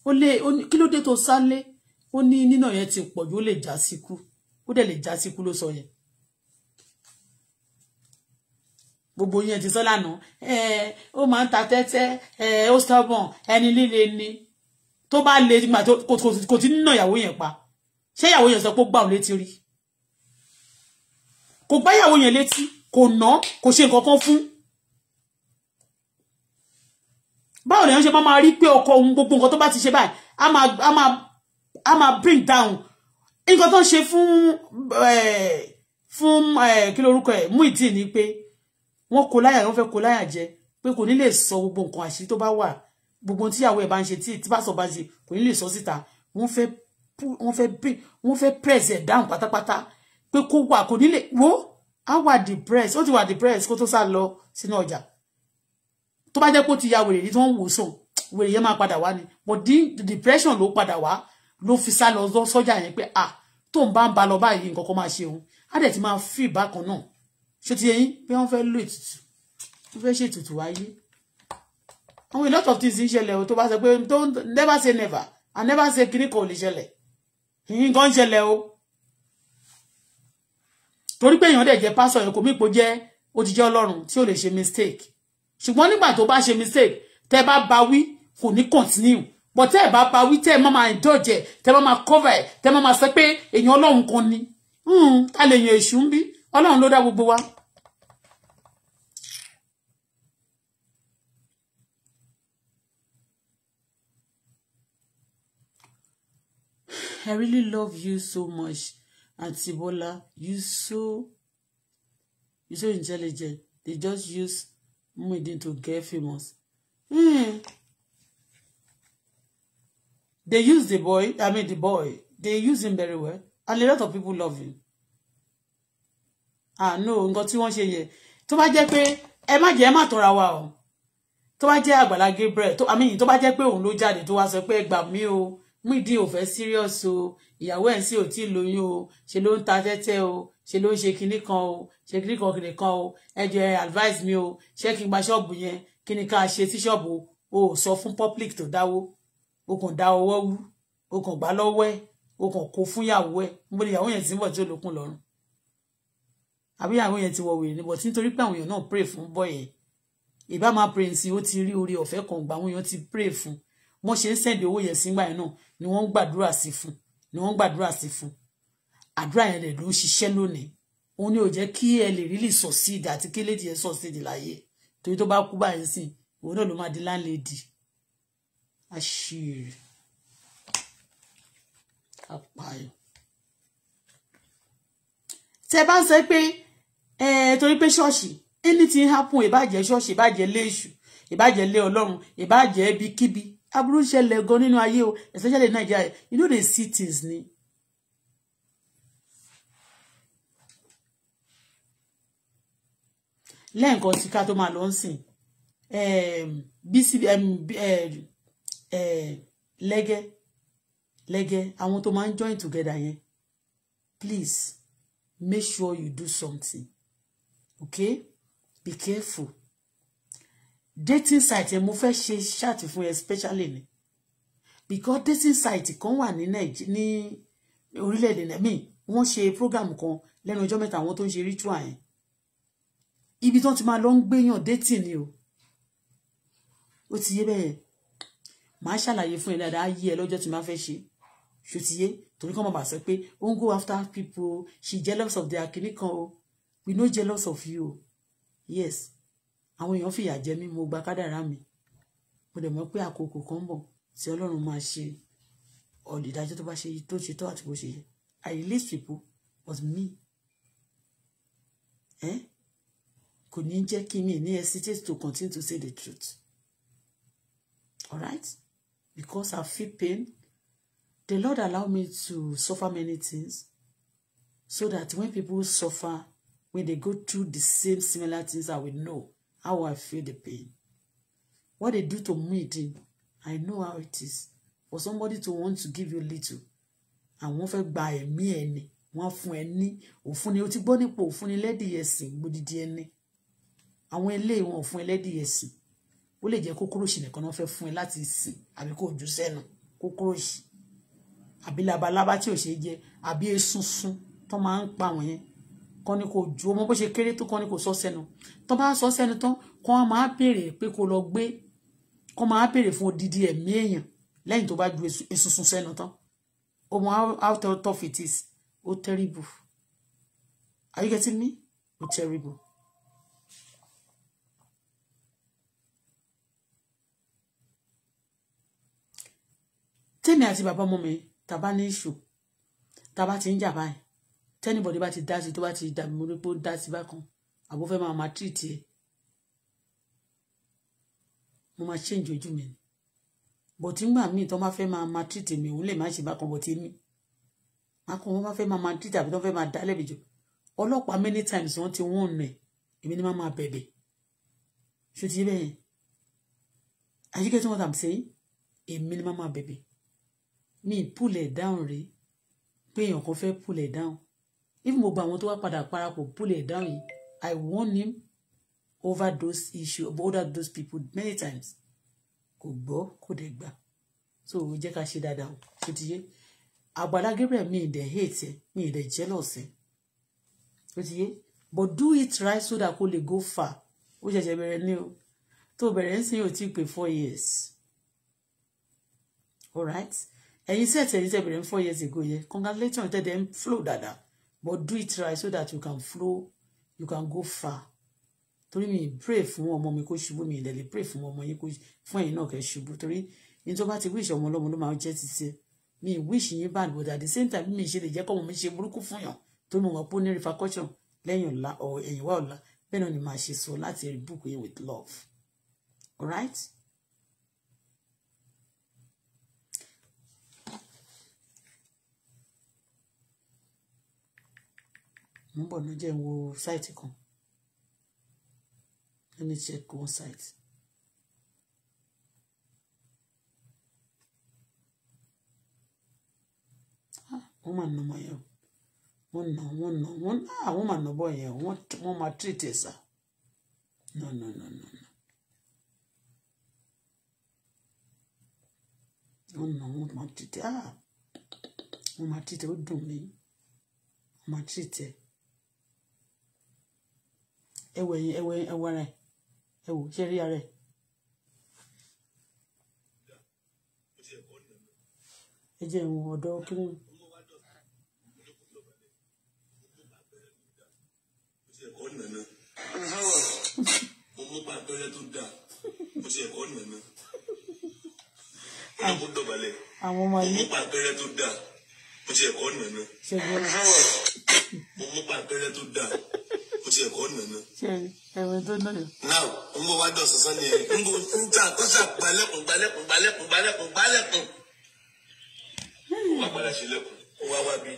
ó lé kí ló dé tó sálé ó ní nínà yẹn ti pọ̀ jù ó lè já síkú ó dẹ̀ lè já síkú gbogbo yẹn ti sọ lánàá ẹ ó máa ń ta tẹ́tẹ́ ẹ ó stubborn ẹni líle ni tó bá le kò tí nínà ìyàwó yẹn pa ṣé ìyàwó yẹn sọ pé ó gbà òun létí rí kò gbá ìyàwó yẹn létí kò ná kò ṣe nǹkan kan fún báwo lèyàn ṣe máa rí pé ọkọ òun gbogbo nǹkan tó bá ti ṣe báyìí a máa a máa a máa bring down nǹkan tó ń ṣe fún fún kí lorúkọ ẹ̀ Muyideen ni pé wọ́n kó láyà wọ́n fẹ́ kó láyà jẹ pé kò ní lè sọ gbogbo nǹkan àṣírí tó bá wà gbogbo tí ìyàwó ẹ̀ bá ń ṣe tí tí bá sọ bá ṣe kò ní lè sọ síta wọ́n fẹ́ wọ́n fẹ́ wọ́n fẹ́ press ẹ̀ down pátápátá pé kó wà kò ní lè wo á wà depressed ó ti wà depressed kó tó sá lọ sínú ọjà tó bá jẹ́ pé ó ti ya wèrè ní tí wọ́n wò sàn wèrè yẹn máa padà wá ni but the depression ló padà wá ló fi sá lọ sọ́jà yẹn pé ah tóun bá ń ba lọ báyìí nǹkan kan máa ṣe òun á dẹ̀ ti máa feel bákan náà ṣé ti yẹn pé wọ́n fẹ́ lò ètùtù wọ́n fẹ́ ṣètùtù ayé àwọn a lot of things in ṣẹlẹ̀ o tó bá sọ pé don't never say never I never say kiri kò lè ṣẹlẹ̀ yìnyín kan ń ṣẹlẹ̀ o torí pé èèyàn dẹ̀ jẹ́ pásọ̀ yẹn kò mí ipò jẹ́ ó ti jẹ́ ọlọ́run tí ò lè ṣe mistake ṣùgbọ́n nígbà tó bá ṣe mistake tẹ́ bá bá wí kò ní continue but tẹ́ ẹ̀ bá bá wí tẹ́ ẹ̀ má indulge ẹ̀ tẹ́ cover ẹ̀ tẹ́ se pe. sọ pé èèyàn ọlọ́run Hmm. ni ta lè yan èṣù ń bí ọlọ́run ló dá gbogbo wa I really love you so much, Auntie Bola. You so, you so intelligent. They just use Muideen to get famous. Hmm. They use the boy, I mean the boy. They use him very well. And a lot of people love him. Ah no, nǹkan tí wọ́n ṣe yẹ. Tó bá jẹ́ pé ẹ má jẹ́ ẹ má tọ́ra wa o. Tó bá jẹ́ Àgbàlá Gabriel, tó I mean tó bá jẹ́ pé òun ló jáde tó wá sọ pé ẹ gbà o. Mídìí ò fẹ́ serious o ìyàwó ẹ̀ sì ò tí ì lóyún o ṣe ló ń ta tẹ́tẹ́ o ṣe ló ń ṣe kinní kan o ṣe kinní kan kinní kan o ẹ jẹ́ advice mi o ṣé kí n gba ṣọ́ọ̀bù yẹn kí ni ká ṣe sí ṣọ́ọ̀bù o ò sọ fún public tó dáwó o kàn dá owó wú o kàn gbá lọ́wọ́ ẹ̀ o kàn kó fún ìyàwó ẹ̀ níbo ni ìyàwó yẹn ti ń bọ̀ tí ó lókun lọ́rùn àbí ìyàwó yẹn ti wọ wèrè níbọ̀ tí nítorí pé àwọn èèyàn náà pray fún bọ́ yẹn ìbá máa pray sí ó ti rí oore ọ̀fẹ́ kan gbà àwọn èèyàn ti pray fún un mo ṣe ń sẹ́ndì owó yẹn sígbà yẹn náà ni wọ́n ń gbàdúrà sí fún ni wọ́n ń gbàdúrà sí fún àdúrà yẹn rẹ̀ ló ń ṣiṣẹ́ lónìí òun ni ò jẹ́ kí ẹ lè rí lè succeed àti kí lady yẹn succeed láyé torí tó bá kú báyìí sìn òun náà ló máa di láńlẹ́dì àṣírí apayọ. tẹ bá ń sọ pé torí pé ṣọ́ọ̀ṣì anything happen ìbàjẹ́ ṣọ́ọ̀ṣì ìbàjẹ́ lé èṣù ìbàjẹ́ lé ọlọ́run ìbàjẹ́ ibikíbi aburú ṣẹlẹ̀ gan nínú ayé o especially Nigeria you know the cities, ni. lẹ́ǹkan sí ká tó máa lọ sìn bc lẹ́gẹ́ lẹ́gẹ́ àwọn tó máa ń join together yẹn please make sure you do something okay be careful dating site yẹn mo fẹ́ ṣe ṣáàtì fún ẹ especially ni because dating site kan wà ní ní orílẹ̀-èdè nàmí wọ́n ṣe program kan lẹ́nu ọjọ́ mẹ́ta àwọn tó ń ṣe ritual yẹn ibi tó ti máa lọ ń gbéyàn dating ni o ó ti yé bẹ́ẹ̀ màá ṣàlàyé fún ẹ dáadáa yí ẹ lọ́jọ́ tí màá fẹ́ ṣe ṣó ti yé torí kọ́ mọ̀ bá sọ pé ó ń go after people she jealous of their kìnnìkan o we no jealous of you o yes àwọn èèyàn fìyà jẹ mí mo gba kádàrá mi mo dẹ̀ mọ̀ pé àkókò kan bọ̀ tí ọlọ́run máa ṣe ọ̀dìdájọ́ tó bá ṣe tó ṣe tó àti bó ṣe yẹ I release people but me eh? kò ní jẹ́ kí mi ní hesitate to continue to say the truth alright because I feel pain the Lord allow me to suffer many things so that when people suffer when they go through the same similar things I will know how I feel the pain. What they do to me, they, I know how it is. For somebody to want to give you little, and wọ́n fẹ́ me, ẹ̀mí ẹni, wọ́n fún ẹni, òfun ni o ti gbọ́ nípò òfun but lẹ́dìí ẹ̀sìn gbòdìdí ẹni. Àwọn lay wọn ò fún ẹ lẹ́dìí ẹ̀sìn. Ó lè jẹ́ kókóróṣì nìkan náà fẹ́ fún ẹ I sìn àbí kò jù I be Àbí labalábá tí ò ṣe jẹ, àbí esunsun tó máa ń pa wọ̀nyẹn kan ni kò ju ọmọ bó ṣe kéré tó kan ni kò sọ sẹ́nu tó bá sọ sẹ́nu tán kó wọn máa béèrè pé kó lọ gbé kó máa béèrè odidi ẹ̀mí èèyàn lẹ́yìn tó bá ju esunsun sẹ́nu tán o mọ how tough it is o terrible are you getting me o terrible. tèmi àti bàbá ọmọ mi tàbá ní ìṣù tàbá ti ń jà báyìí tẹ́nìbọ̀dé bá ti dá sí tó bá ti dàbí mo rí pé ó dá sí bákan àbó fẹ́ máa máa tírì tiẹ̀ mo máa change ojú mi ni bọ̀tí ńgbà míì tó máa fẹ́ máa máa tírì mi òun lè má ṣe bákan bọ̀tí mi akọ wọn bá fẹ́ máa máa tírì tàbí tó fẹ́ máa dá lẹ́bi jù ọlọ́pàá many times wọ́n ti wọ́n nù ẹ̀ èmi ni máa máa bẹ̀bẹ̀ ṣó ti bẹ́ẹ̀ yẹn are you getting what I'm saying èmi ni máa máa bẹ̀bẹ̀ mi pull it down rèé pé èèyàn kan fẹ́ pull it down even gbogbo àwọn tó wá padà parapọ̀ pull it down I warn him over those issues over those people many times kò gbọ́ kò dẹ̀ gbà so jẹ́ ká ṣe dáadáa ṣe ti yé Agbala Gabriel mi ì dẹ̀ hate ẹ mi ì dẹ̀ jealous ẹ ti yé but do it right so that kò lè go far ó ṣẹ̀ṣẹ̀ bẹ̀rẹ̀ ní o tó bẹ̀rẹ̀ ń sìn yóò ti pé four years alright ẹ̀yin sẹ́ẹ̀tì ẹ̀yin tẹ̀ bẹ̀rẹ̀ four years ago yẹ congratulations tẹ̀ dẹ̀ ń flow dáadáa but do it right so that you can flow you can go far torí mi pray fún ọmọ mi kó ṣubú mi ìdẹ̀lẹ̀ pray fún ọmọ yín kó fún ẹ̀yin náà kẹ́ ṣubú torí ní tó bá ti wíṣì ọmọ ọlọ́mọ ló máa jẹ́ títí mi wíṣì yín bá àgbọ̀dà at the same time mi ṣe lè jẹ́ kọ́mọ mi ṣe burúkú fún yàn tó mọ̀ wọ́n pọ́ ní repercussion lẹ́yìn ọ̀la or ẹ̀yìn wá ọ̀la bẹ́ẹ̀ náà ni màá ṣe sọ láti rí book yẹn with love All right. mo ń bọ̀ ní jẹ́ wo sáìtì kan let me check one site. Ah, wọ́n máa nà ọmọ yẹn o wọ́n nà wọ́n nà wọ́n náà ah, wọ́n máa nà ọbọ̀ yẹn o wọ́n máa treat ẹ̀ sá no no no no no wọ́n nà wọ́n máa treat ẹ̀ ah wọ́n máa treat ẹ̀ ó dùn mí wọ́n máa treat ẹ̀ ẹwọ ẹyin ẹwọ ẹyin ẹwọ ara ẹ ẹwọ ṣe rí ara ẹ. ẹ jẹ́ ìwọ̀n ọ̀dọ́ kínní. mo mú pa abẹ́rẹ́ tó dáa mo mú pa tó dáa mo ṣe ẹ̀kọ́ nìyẹn mo mú pa tó dáa mo ti ẹ̀kọ́ nù ẹ̀nà. ẹ̀wẹ̀ tó náà. náà n bọ wá dọ̀sán sọ́ni ẹ̀ n bọ n ta kó sà gbalẹ̀kùn gbalẹ̀kùn gbalẹ̀kùn gbalẹ̀kùn gbalẹ̀kùn. wà á padà sílẹ̀kùn wá wá bí.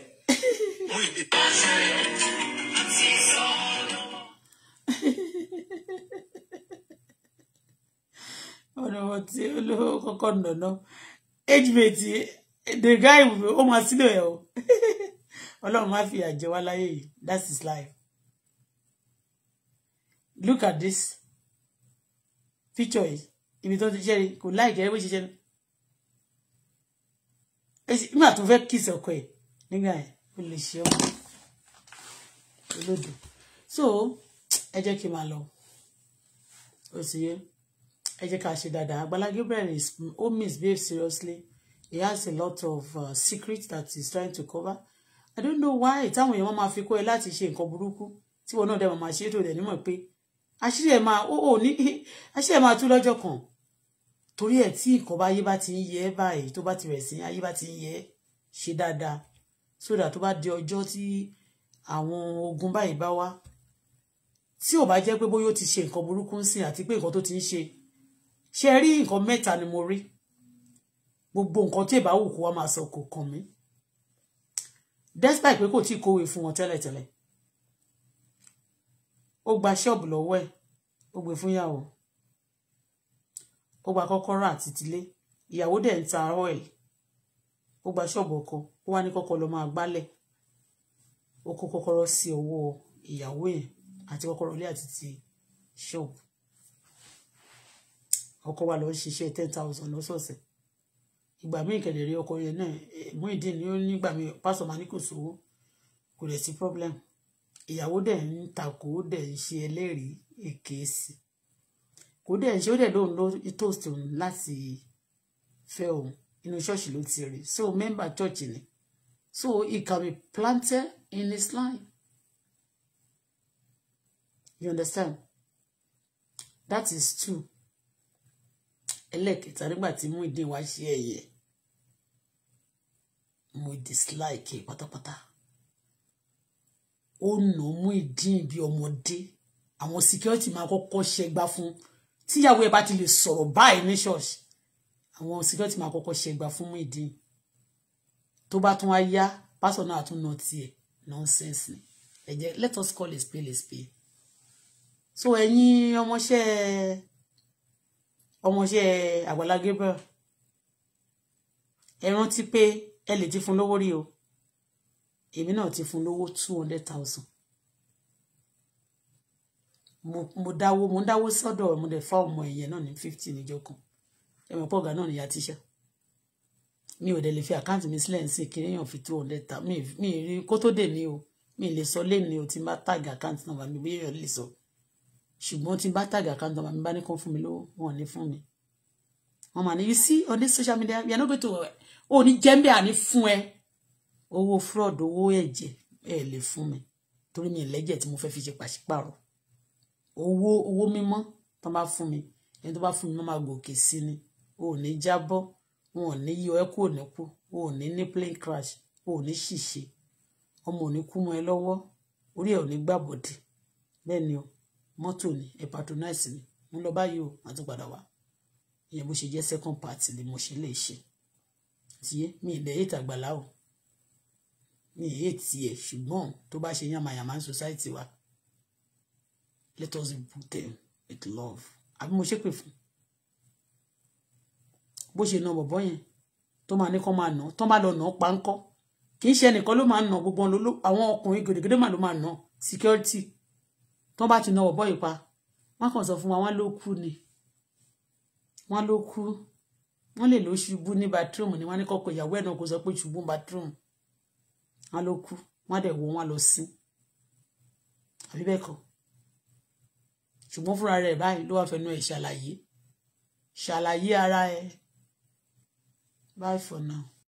ọ̀nà wọn tí olówó kọ́kọ́ nàná age mate the guy ó máa sílẹ̀ ẹ̀ o ọlọ́run má fi àjẹwá láyé yìí that's his life look at this picture yìí ibi tó ti jẹ́rìí kò láìkẹ́ ẹ bó ṣe jẹ́ nígbà tó fẹ́ kíìsì ọkọ ẹ̀ nígbà yẹn ó lè ṣe ọmọ olódò so ẹ jẹ́ kí n máa lọ ó sì yẹ ẹ jẹ́ ká ṣe dáadáa Agbala Gabriel is ó misbehave seriously he has a lot of uh, secrets that he's trying to cover I don't know why táwọn èèyàn máa fi kó ẹ láti ṣe nǹkan burúkú tí wọn náà dẹ̀ máa ṣe é tó dẹ̀ nímọ̀ pé àṣírí ẹ̀ máa ó ò ní àṣírí ẹ̀ máa tú lọ́jọ́ kan torí ẹ̀ tí nǹkan bá yé bá ti ń yẹ báyìí tó bá ti rẹ̀ sí ayé bá ti ń yẹ ṣe dáadáa sódà tó bá di ọjọ́ tí àwọn ogun báyìí bá wá tí ò bá jẹ́ pé bóyá ó ti ṣe nǹkan burúkú ń sìn àti pé nǹkan tó ti ń ṣe ṣe rí nǹkan mẹ́ta ni mo rí gbogbo nǹkan tí ìbáwò kó wa máa sọ kò kàn mí despite pé kò tí ì kówé fún wọn tẹ́lẹ̀tẹ́lẹ̀ ó gba ṣọ́ọ̀bù lọ́wọ́ ẹ̀ ó gbé fún ìyàwó ó gba kọ́kọ́rọ́ àti tilé ìyàwó dẹ̀ ń ta oil ó gba ṣọ́ọ̀bù ọkọ ó wá ní kọ́kọ́ lọ máa gbálẹ̀ ó kó kọ́kọ́rọ́ sí ọwọ́ ìyàwó yẹn àti kọ́kọ́rọ́ ilé àti ti ṣọ́ọ̀bù ọkọ wa lọ ń ṣiṣẹ́ ten thousand lọ́sọ̀ọ̀sẹ̀ ìgbà míì kẹ̀lẹ̀ rí ọkọ yẹn náà mú ìdí ni ó nígbà míì pásọ̀ máa ní kò sówó kò lè sí problem ìyàwó dẹ̀ ń takò ó dẹ̀ ń ṣe ẹlẹ́rìí èké sí kò dẹ̀ ń ṣe ó dẹ̀ lóun ló toast òun láti fẹ́ òun inú ṣọ́ọ̀ṣì ló ti rí so member church ni so it can be planted in his line you understand that is two ẹlẹ́kẹta nígbà tí mú ìdí wa ṣe ẹ̀yẹ mo dislike pátápátá ó nà Muyideen bí ọmọdé àwọn security máa kọ́kọ́ ṣẹgbá fún tíyàwó ẹ bá ti lè sọ̀rọ̀ báyìí ní ṣọ́ọ̀ṣì àwọn security máa kọ́kọ́ ṣẹgbá fún Muyideen tó bá tún wá yá pásọ̀ náà tún nà tiẹ̀ nonsense ni ẹ jẹ́ let us call a spade a spade so ẹ̀yin ọmọọṣẹ́ ọmọọṣẹ́ Àgbàlá Gabriel ẹ rántí pé ẹ lè ti fún lówó rí o èmi náà ti fún lówó two hundred thousand mo dáwó mo ń dáwó sọ́dọ̀ mo dẹ̀ fá ọmọ ẹ̀yẹ náà ní fifty níjọ kan ẹ̀mọ̀ pọ̀gà náà nìyá tíṣà mi ò dẹ̀ lè fi àkáǹtì mi sílẹ̀ ń sìn kí èèyàn fi two hundred thousand mi rí kó tó dè mí o mi lè sọ lẹ́nu o ti bá tag àkáǹtì náà mi bí èèyàn lè sọ ṣùgbọ́n tí bá tag àkáǹtì náà mi bá ní kó fún mi lówó wọn ní fún mi wọn mà ní you see on this social media you are not going to ò ní jẹ́ mbẹ́ àní fún ẹ owó fraud owó ẹ̀jẹ̀ ẹ lè fún mi torí mi ìlẹ́jẹ̀ tí mo fẹ́ fi ṣe pàṣípàrọ̀ owó owó mímọ́ tó bá fún mi ẹni tó bá fún mi ló máa gòkè sí ni o ò ní jábọ́ wọn ò ní yí ọ ẹ kú òní o ò ní ní plane crash o ò ní ṣìṣe ọmọ ò ní kú mọ́ ẹ lọ́wọ́ orí ẹ ò ní gbàbọ̀dì bẹ́ẹ̀ ni o mọ́tò ni ẹ patronize ni mo lọ báyìí o màá tún padà wá ìyẹn bó ṣe jẹ́ second part ni mo ṣe lè ṣe tiye mi ìdẹ̀ yìí tàgbàlá o ní hate yẹ ṣùgbọ́n tó bá ṣe yàmàyàmà ní society wa let us put them with love àbí mo ṣépè fún bó ṣe na bọ̀bọ́ yẹn tó máa ní kán máa nà tán bá lọ nà páńkọ́ kì í ṣe ẹnìkan ló máa ń nà gbogbo àwọn ọkùnrin gèdègèdè mà ló máa nà security tán bá ti na bọ̀bọ́ yìí pa wọ́n kàn sọ fún wa wọ́n ló kú ni wọ́n ló kú wọ́n lè lọ ṣubú ní bathroom ni wọ́n ní kọ́kọ́ ìyàwó ẹ̀ náà kò sọ pé ṣubú bathroom wọn ló kú wọn á dẹ̀ wo wọn lọ sí àbí bẹ́ẹ̀ kọ́ ṣùgbọ́n fúnra rẹ̀ báyìí ló wá fẹnu ẹ̀ ṣàlàyé ṣàlàyé ara ẹ̀ bye for now.